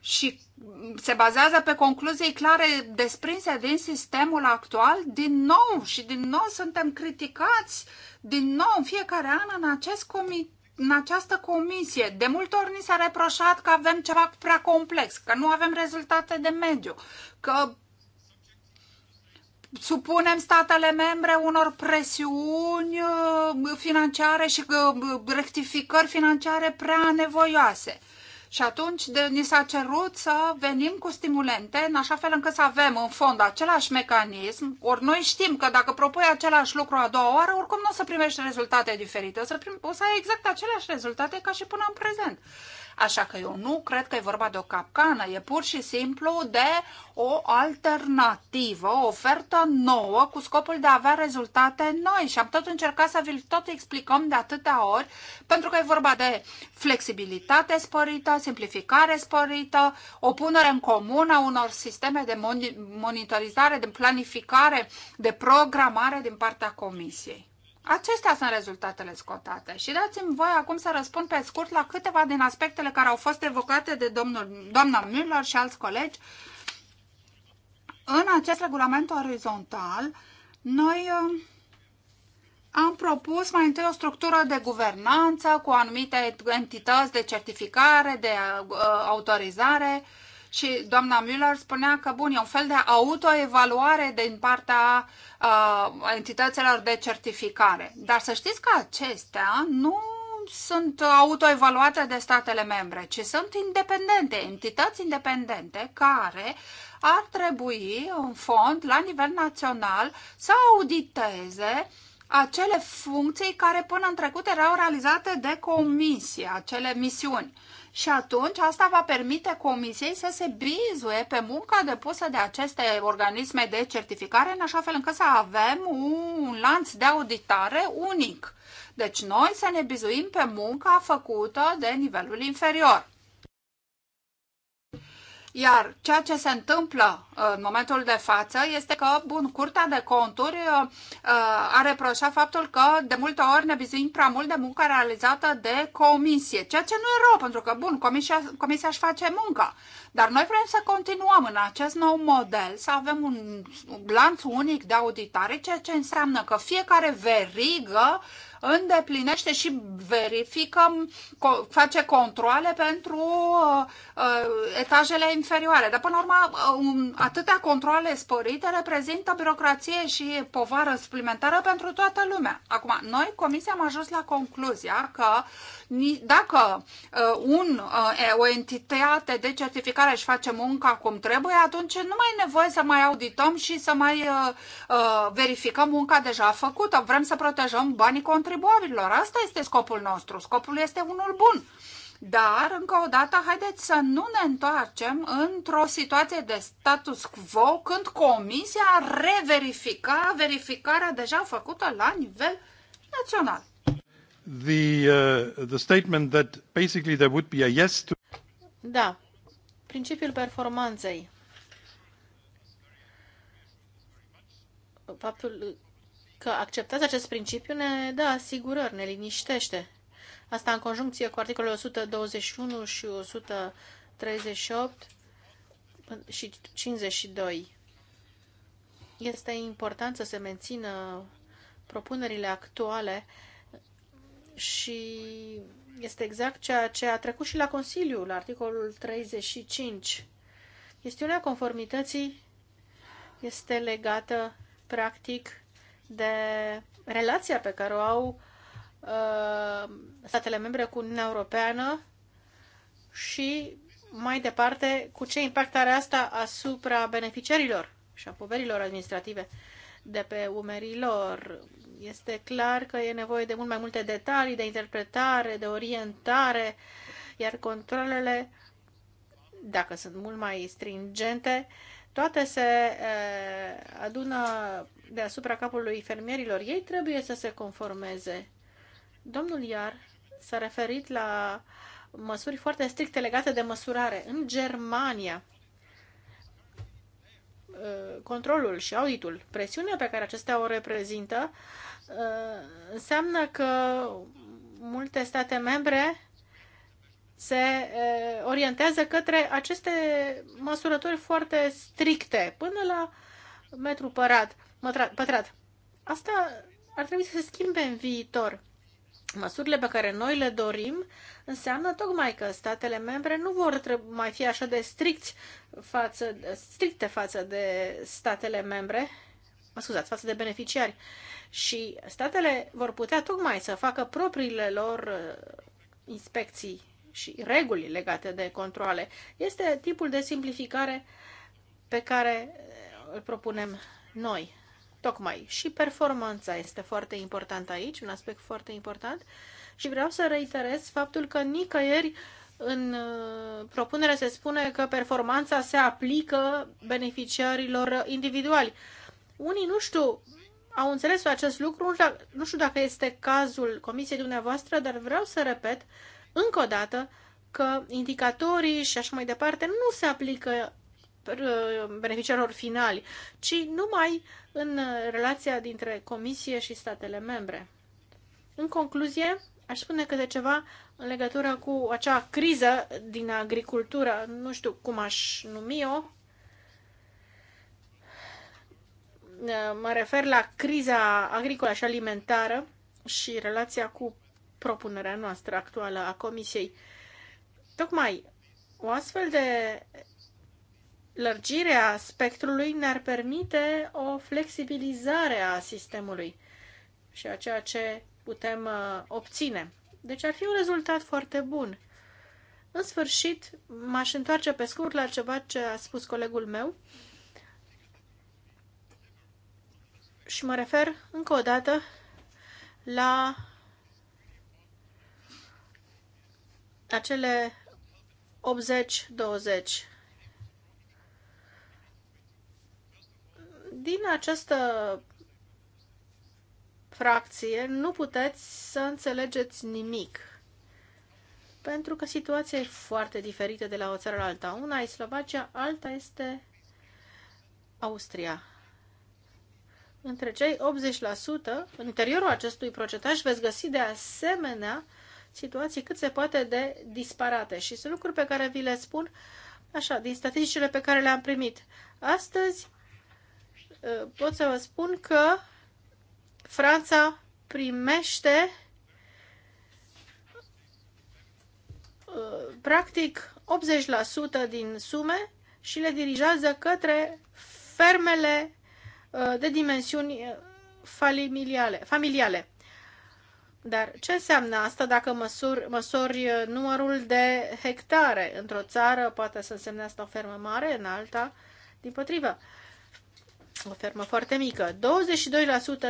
și se bazează pe concluzii clare desprinse din sistemul actual, din nou și din nou suntem criticați din nou în fiecare an în acest comitet în această comisie, de multe ori ni s-a reproșat că avem ceva prea complex, că nu avem rezultate de mediu, că supunem statele membre unor presiuni uh, financiare și uh, rectificări financiare prea nevoioase. Și atunci de, ni s-a cerut să venim cu stimulente în așa fel încât să avem în fond același mecanism, ori noi știm că dacă propui același lucru a doua oară, oricum nu o să primești rezultate diferite, o să, prim, o să ai exact aceleași rezultate ca și până în prezent. Așa că eu nu cred că e vorba de o capcană, e pur și simplu de o alternativă, o ofertă nouă cu scopul de a avea rezultate noi și am tot încercat să vi-l tot explicăm de atâtea ori pentru că e vorba de flexibilitate sporită, simplificare sporită, o punere în comun a unor sisteme de monitorizare, de planificare, de programare din partea Comisiei. Acestea sunt rezultatele scotate și dați-mi voi acum să răspund pe scurt la câteva din aspectele care au fost evocate de domnul, doamna Müller și alți colegi. În acest regulament orizontal, noi uh, am propus mai întâi o structură de guvernanță cu anumite entități de certificare, de uh, autorizare, și doamna Müller spunea că, bun, e un fel de autoevaluare din partea uh, entităților de certificare. Dar să știți că acestea nu sunt autoevaluate de statele membre, ci sunt independente, entități independente care ar trebui, în fond, la nivel național, să auditeze acele funcții care până în trecut erau realizate de comisie, acele misiuni și atunci asta va permite Comisiei să se bizuie pe munca depusă de aceste organisme de certificare, în așa fel încât să avem un lanț de auditare unic. Deci noi să ne bizuim pe munca făcută de nivelul inferior. Iar ceea ce se întâmplă uh, în momentul de față este că, bun, Curtea de Conturi uh, uh, a reproșat faptul că de multe ori ne vizuim prea mult de munca realizată de comisie, ceea ce nu e rău, pentru că, bun, comisia, comisia își face munca. Dar noi vrem să continuăm în acest nou model, să avem un lanț unic de auditare, ceea ce înseamnă că fiecare verigă îndeplinește și verifică, face controle pentru uh, etajele inferioare. Dar până la urmă, uh, atâtea controle sporite reprezintă birocrație și povară suplimentară pentru toată lumea. Acum, noi, Comisia, am ajuns la concluzia că dacă uh, un, uh, o entitate de certificare își face munca cum trebuie, atunci nu mai e nevoie să mai audităm și să mai uh, verificăm munca deja făcută. Vrem să protejăm banii contribuabililor. Asta este scopul nostru. Scopul este unul bun. Dar, încă o dată, haideți să nu ne întoarcem într-o situație de status quo când Comisia reverifica verificarea deja făcută la nivel național the, uh, the statement that basically there would be a yes to... Da, principiul performanței. Faptul că acceptați acest principiu ne dă asigurări, ne liniștește. Asta în conjuncție cu articolele 121 și 138 și 52. Este important să se mențină propunerile actuale uh, și este exact ceea ce a trecut și la Consiliu, la articolul 35. Chestiunea conformității este legată, practic, de relația pe care o au uh, statele membre cu Uniunea Europeană și, mai departe, cu ce impact are asta asupra beneficiarilor și a poverilor administrative de pe umerii lor. Este clar că e nevoie de mult mai multe detalii, de interpretare, de orientare, iar controlele, dacă sunt mult mai stringente, toate se adună deasupra capului fermierilor. Ei trebuie să se conformeze. Domnul Iar s-a referit la măsuri foarte stricte legate de măsurare. În Germania, Uh, controlul și auditul, presiunea pe care acestea o reprezintă, uh, înseamnă că multe state membre se uh, orientează către aceste măsurători foarte stricte, până la metru părat, pătrat. Asta ar trebui să se schimbe în viitor. Măsurile pe care noi le dorim înseamnă tocmai că statele membre nu vor mai fi așa de stricți față, stricte față de statele membre, mă scuzați, față de beneficiari. Și statele vor putea tocmai să facă propriile lor uh, inspecții și reguli legate de controle. Este tipul de simplificare pe care uh, îl propunem noi. Tocmai și performanța este foarte importantă aici, un aspect foarte important și vreau să reiterez faptul că nicăieri în uh, propunere se spune că performanța se aplică beneficiarilor individuali. Unii nu știu, au înțeles acest lucru, nu știu dacă este cazul comisiei dumneavoastră, dar vreau să repet încă o dată că indicatorii și așa mai departe nu se aplică uh, beneficiarilor finali, ci numai în relația dintre Comisie și statele membre. În concluzie, Aș spune câte ceva în legătură cu acea criză din agricultură, nu știu cum aș numi-o. Mă refer la criza agricolă și alimentară și relația cu propunerea noastră actuală a Comisiei. Tocmai o astfel de lărgire a spectrului ne-ar permite o flexibilizare a sistemului și a ceea ce putem uh, obține. Deci ar fi un rezultat foarte bun. În sfârșit, m-aș întoarce pe scurt la ceva ce a spus colegul meu și mă refer încă o dată la acele 80-20. Din această fracție, nu puteți să înțelegeți nimic. Pentru că situația e foarte diferită de la o țară la alta. Una e Slovacia, alta este Austria. Între cei 80%, în interiorul acestui procentaj, veți găsi de asemenea situații cât se poate de disparate. Și sunt lucruri pe care vi le spun așa, din statisticile pe care le-am primit. Astăzi eh, pot să vă spun că Franța primește uh, practic 80% din sume și le dirigează către fermele uh, de dimensiuni uh, familiale. familiale. Dar ce înseamnă asta dacă măsuri, măsori numărul de hectare într-o țară? Poate să însemne asta o fermă mare, în alta, din potrivă o fermă foarte mică.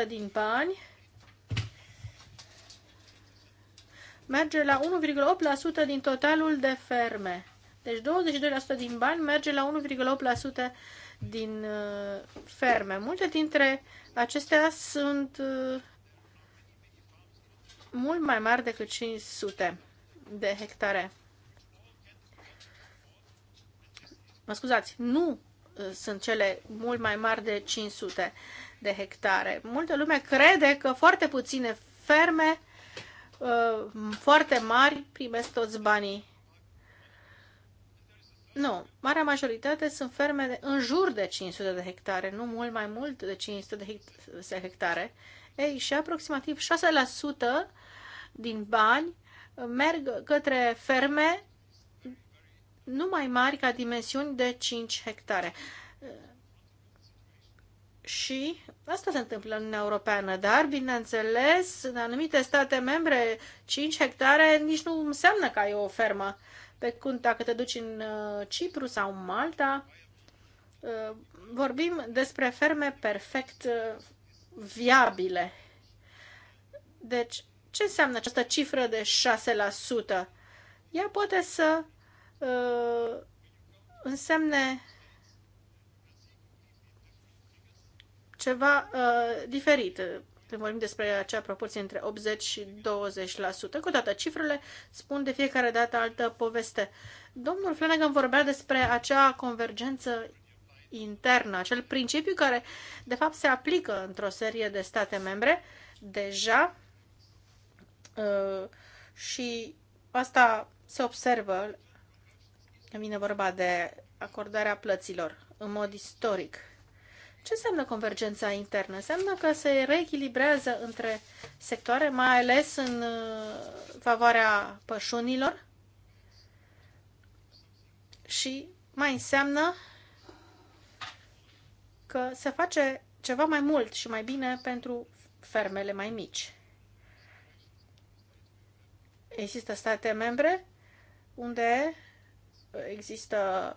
22% din bani merge la 1,8% din totalul de ferme. Deci 22% din bani merge la 1,8% din uh, ferme. Multe dintre acestea sunt uh, mult mai mari decât 500 de hectare. Mă scuzați, nu sunt cele mult mai mari de 500 de hectare. Multă lume crede că foarte puține ferme uh, foarte mari primesc toți banii. Nu, marea majoritate sunt ferme de, în jur de 500 de hectare, nu mult mai mult de 500 de hectare. Ei, și aproximativ 6% din bani merg către ferme nu mai mari ca dimensiuni de 5 hectare. Și asta se întâmplă în Uniunea Europeană, dar, bineînțeles, în anumite state membre, 5 hectare nici nu înseamnă că ai o fermă. Pe când dacă te duci în uh, Cipru sau în Malta, uh, vorbim despre ferme perfect uh, viabile. Deci, ce înseamnă această cifră de 6%? Ea poate să uh, însemne ceva uh, diferit când vorbim despre acea proporție între 80 și 20%. Cu toate cifrele spun de fiecare dată altă poveste. Domnul Flanagan vorbea despre acea convergență internă, acel principiu care de fapt se aplică într-o serie de state membre deja uh, și asta se observă când vine vorba de acordarea plăților în mod istoric, ce înseamnă convergența internă? Înseamnă că se reechilibrează între sectoare, mai ales în uh, favoarea pășunilor și mai înseamnă că se face ceva mai mult și mai bine pentru fermele mai mici. Există state membre unde există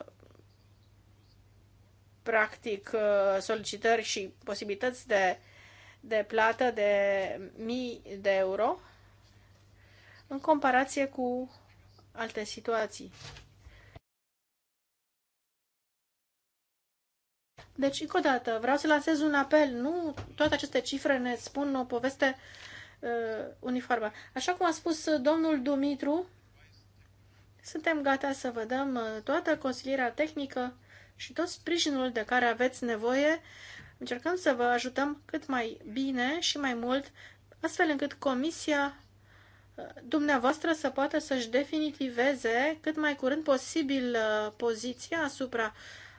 practic uh, solicitări și posibilități de, de plată de mii de euro în comparație cu alte situații. Deci, încă o dată, vreau să lansez un apel. Nu toate aceste cifre ne spun o poveste uh, uniformă. Așa cum a spus domnul Dumitru, suntem gata să vă dăm uh, toată consilierea tehnică și tot sprijinul de care aveți nevoie. Încercăm să vă ajutăm cât mai bine și mai mult, astfel încât comisia uh, dumneavoastră să poată să-și definitiveze cât mai curând posibil uh, poziția asupra,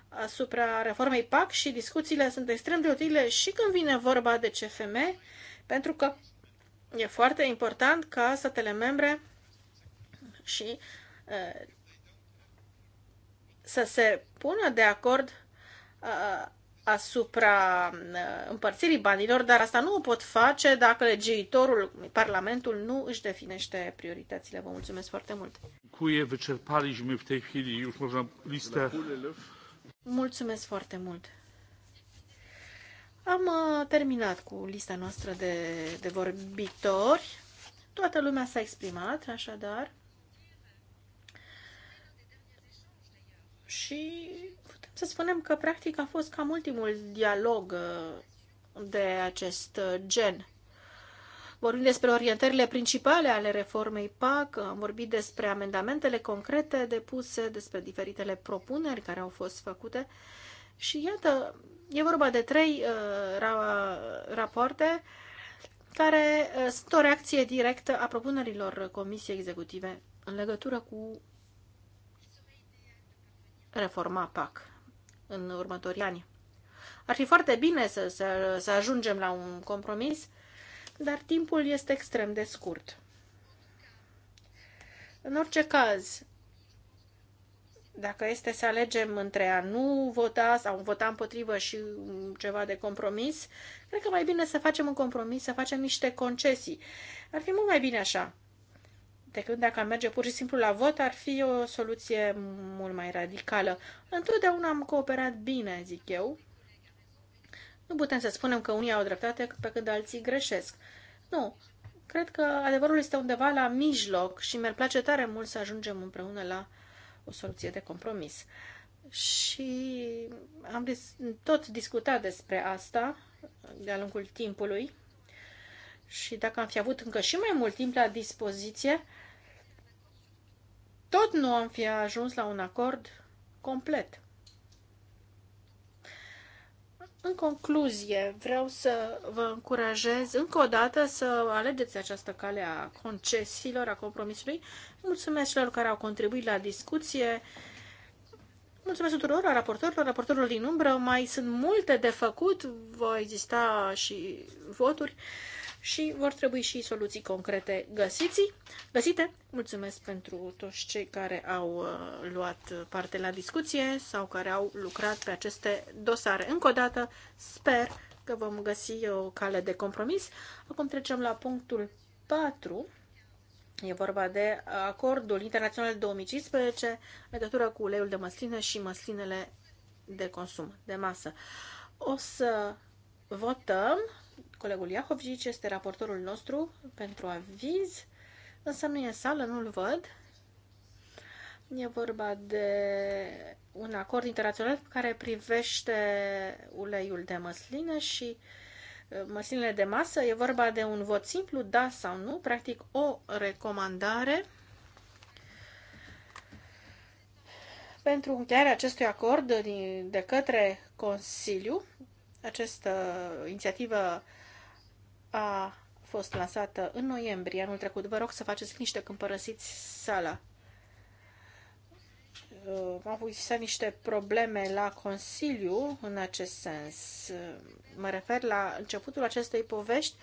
asupra reformei PAC și discuțiile sunt extrem de utile și când vine vorba de CFM, pentru că e foarte important ca statele membre și Uh, să se pună de acord uh, asupra uh, împărțirii banilor, dar asta nu o pot face dacă legiuitorul, Parlamentul, nu își definește prioritățile. Vă mulțumesc foarte mult! Mulțumesc foarte mult! Am terminat cu lista noastră de, de vorbitori. Toată lumea s-a exprimat, așadar. și putem să spunem că practic a fost cam ultimul dialog uh, de acest uh, gen. Vorbim despre orientările principale ale reformei PAC, am vorbit despre amendamentele concrete depuse, despre diferitele propuneri care au fost făcute și iată, e vorba de trei uh, ra- rapoarte care uh, sunt o reacție directă a propunerilor Comisiei Executive în legătură cu reforma PAC în următorii ani. Ar fi foarte bine să, să, să ajungem la un compromis, dar timpul este extrem de scurt. În orice caz, dacă este să alegem între a nu vota sau vota împotrivă și ceva de compromis, cred că mai bine să facem un compromis, să facem niște concesii. Ar fi mult mai bine așa decât dacă am merge pur și simplu la vot, ar fi o soluție mult mai radicală. Întotdeauna am cooperat bine, zic eu. Nu putem să spunem că unii au dreptate pe când alții greșesc. Nu. Cred că adevărul este undeva la mijloc și mi-ar place tare mult să ajungem împreună la o soluție de compromis. Și am tot discutat despre asta de-a lungul timpului și dacă am fi avut încă și mai mult timp la dispoziție, tot nu am fi ajuns la un acord complet. În concluzie, vreau să vă încurajez încă o dată să alegeți această cale a concesiilor, a compromisului. Mulțumesc celor care au contribuit la discuție. Mulțumesc tuturor raportorilor, raportorilor din umbră. Mai sunt multe de făcut, vor exista și voturi și vor trebui și soluții concrete găsiți, găsite. Mulțumesc pentru toți cei care au uh, luat parte la discuție sau care au lucrat pe aceste dosare. Încă o dată, sper că vom găsi o cale de compromis. Acum trecem la punctul 4. E vorba de acordul internațional 2015 în legătură cu uleiul de măsline și măslinele de consum, de masă. O să votăm Colegul Iahovici este raportorul nostru pentru aviz, însă nu e în sală, nu-l văd. E vorba de un acord internațional care privește uleiul de măsline și măslinele de masă. E vorba de un vot simplu, da sau nu, practic o recomandare pentru încheierea acestui acord de către Consiliu. Această inițiativă a fost lansată în noiembrie anul trecut. Vă rog să faceți niște când părăsiți sala. Uh, avut existat niște probleme la Consiliu în acest sens. Uh, mă refer la începutul acestei povești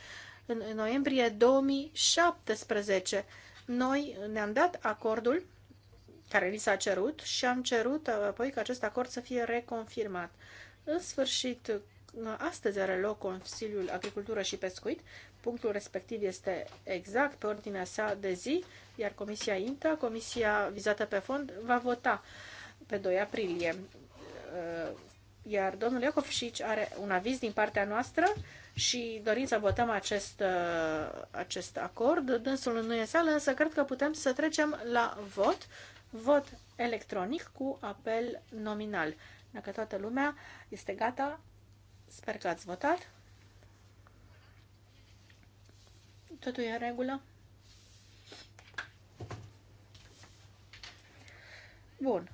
în noiembrie 2017. Noi ne-am dat acordul care ni s-a cerut și am cerut apoi ca acest acord să fie reconfirmat. În sfârșit, astăzi are loc Consiliul Agricultură și Pescuit. Punctul respectiv este exact pe ordinea sa de zi, iar Comisia INTA, comisia vizată pe fond, va vota pe 2 aprilie. Uh, iar domnul Iacovșici are un aviz din partea noastră și dorim să votăm acest, uh, acest acord. Dânsul nu e sală, însă cred că putem să trecem la vot. Vot electronic cu apel nominal. Dacă toată lumea este gata, Sper că ați votat. Totul e în regulă? Bun.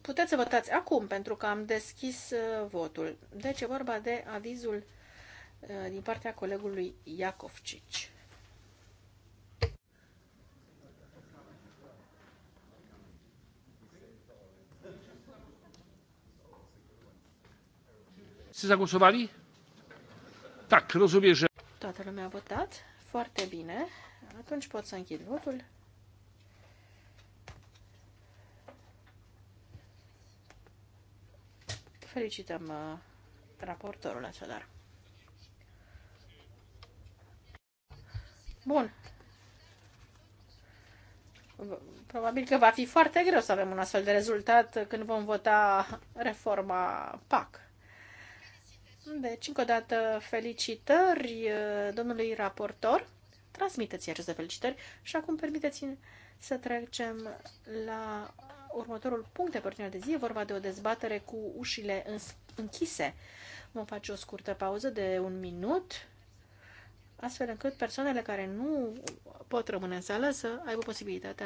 Puteți să votați acum, pentru că am deschis uh, votul. Deci e vorba de avizul uh, din partea colegului Iacovcici. Wszyscy zagłosowali? Tak, rozumiem, że... Toată lumea a votat. Foarte bine. Atunci pot să închid votul. Felicităm uh, raportorul așadar. Bun. Probabil că va fi foarte greu să avem un astfel de rezultat când vom vota reforma PAC. Deci, încă o dată, felicitări uh, domnului raportor. Transmiteți aceste felicitări și acum permiteți-mi să trecem la următorul punct de ordine de zi. E vorba de o dezbatere cu ușile închise. Vom face o scurtă pauză de un minut, astfel încât persoanele care nu pot rămâne în sală să aibă posibilitatea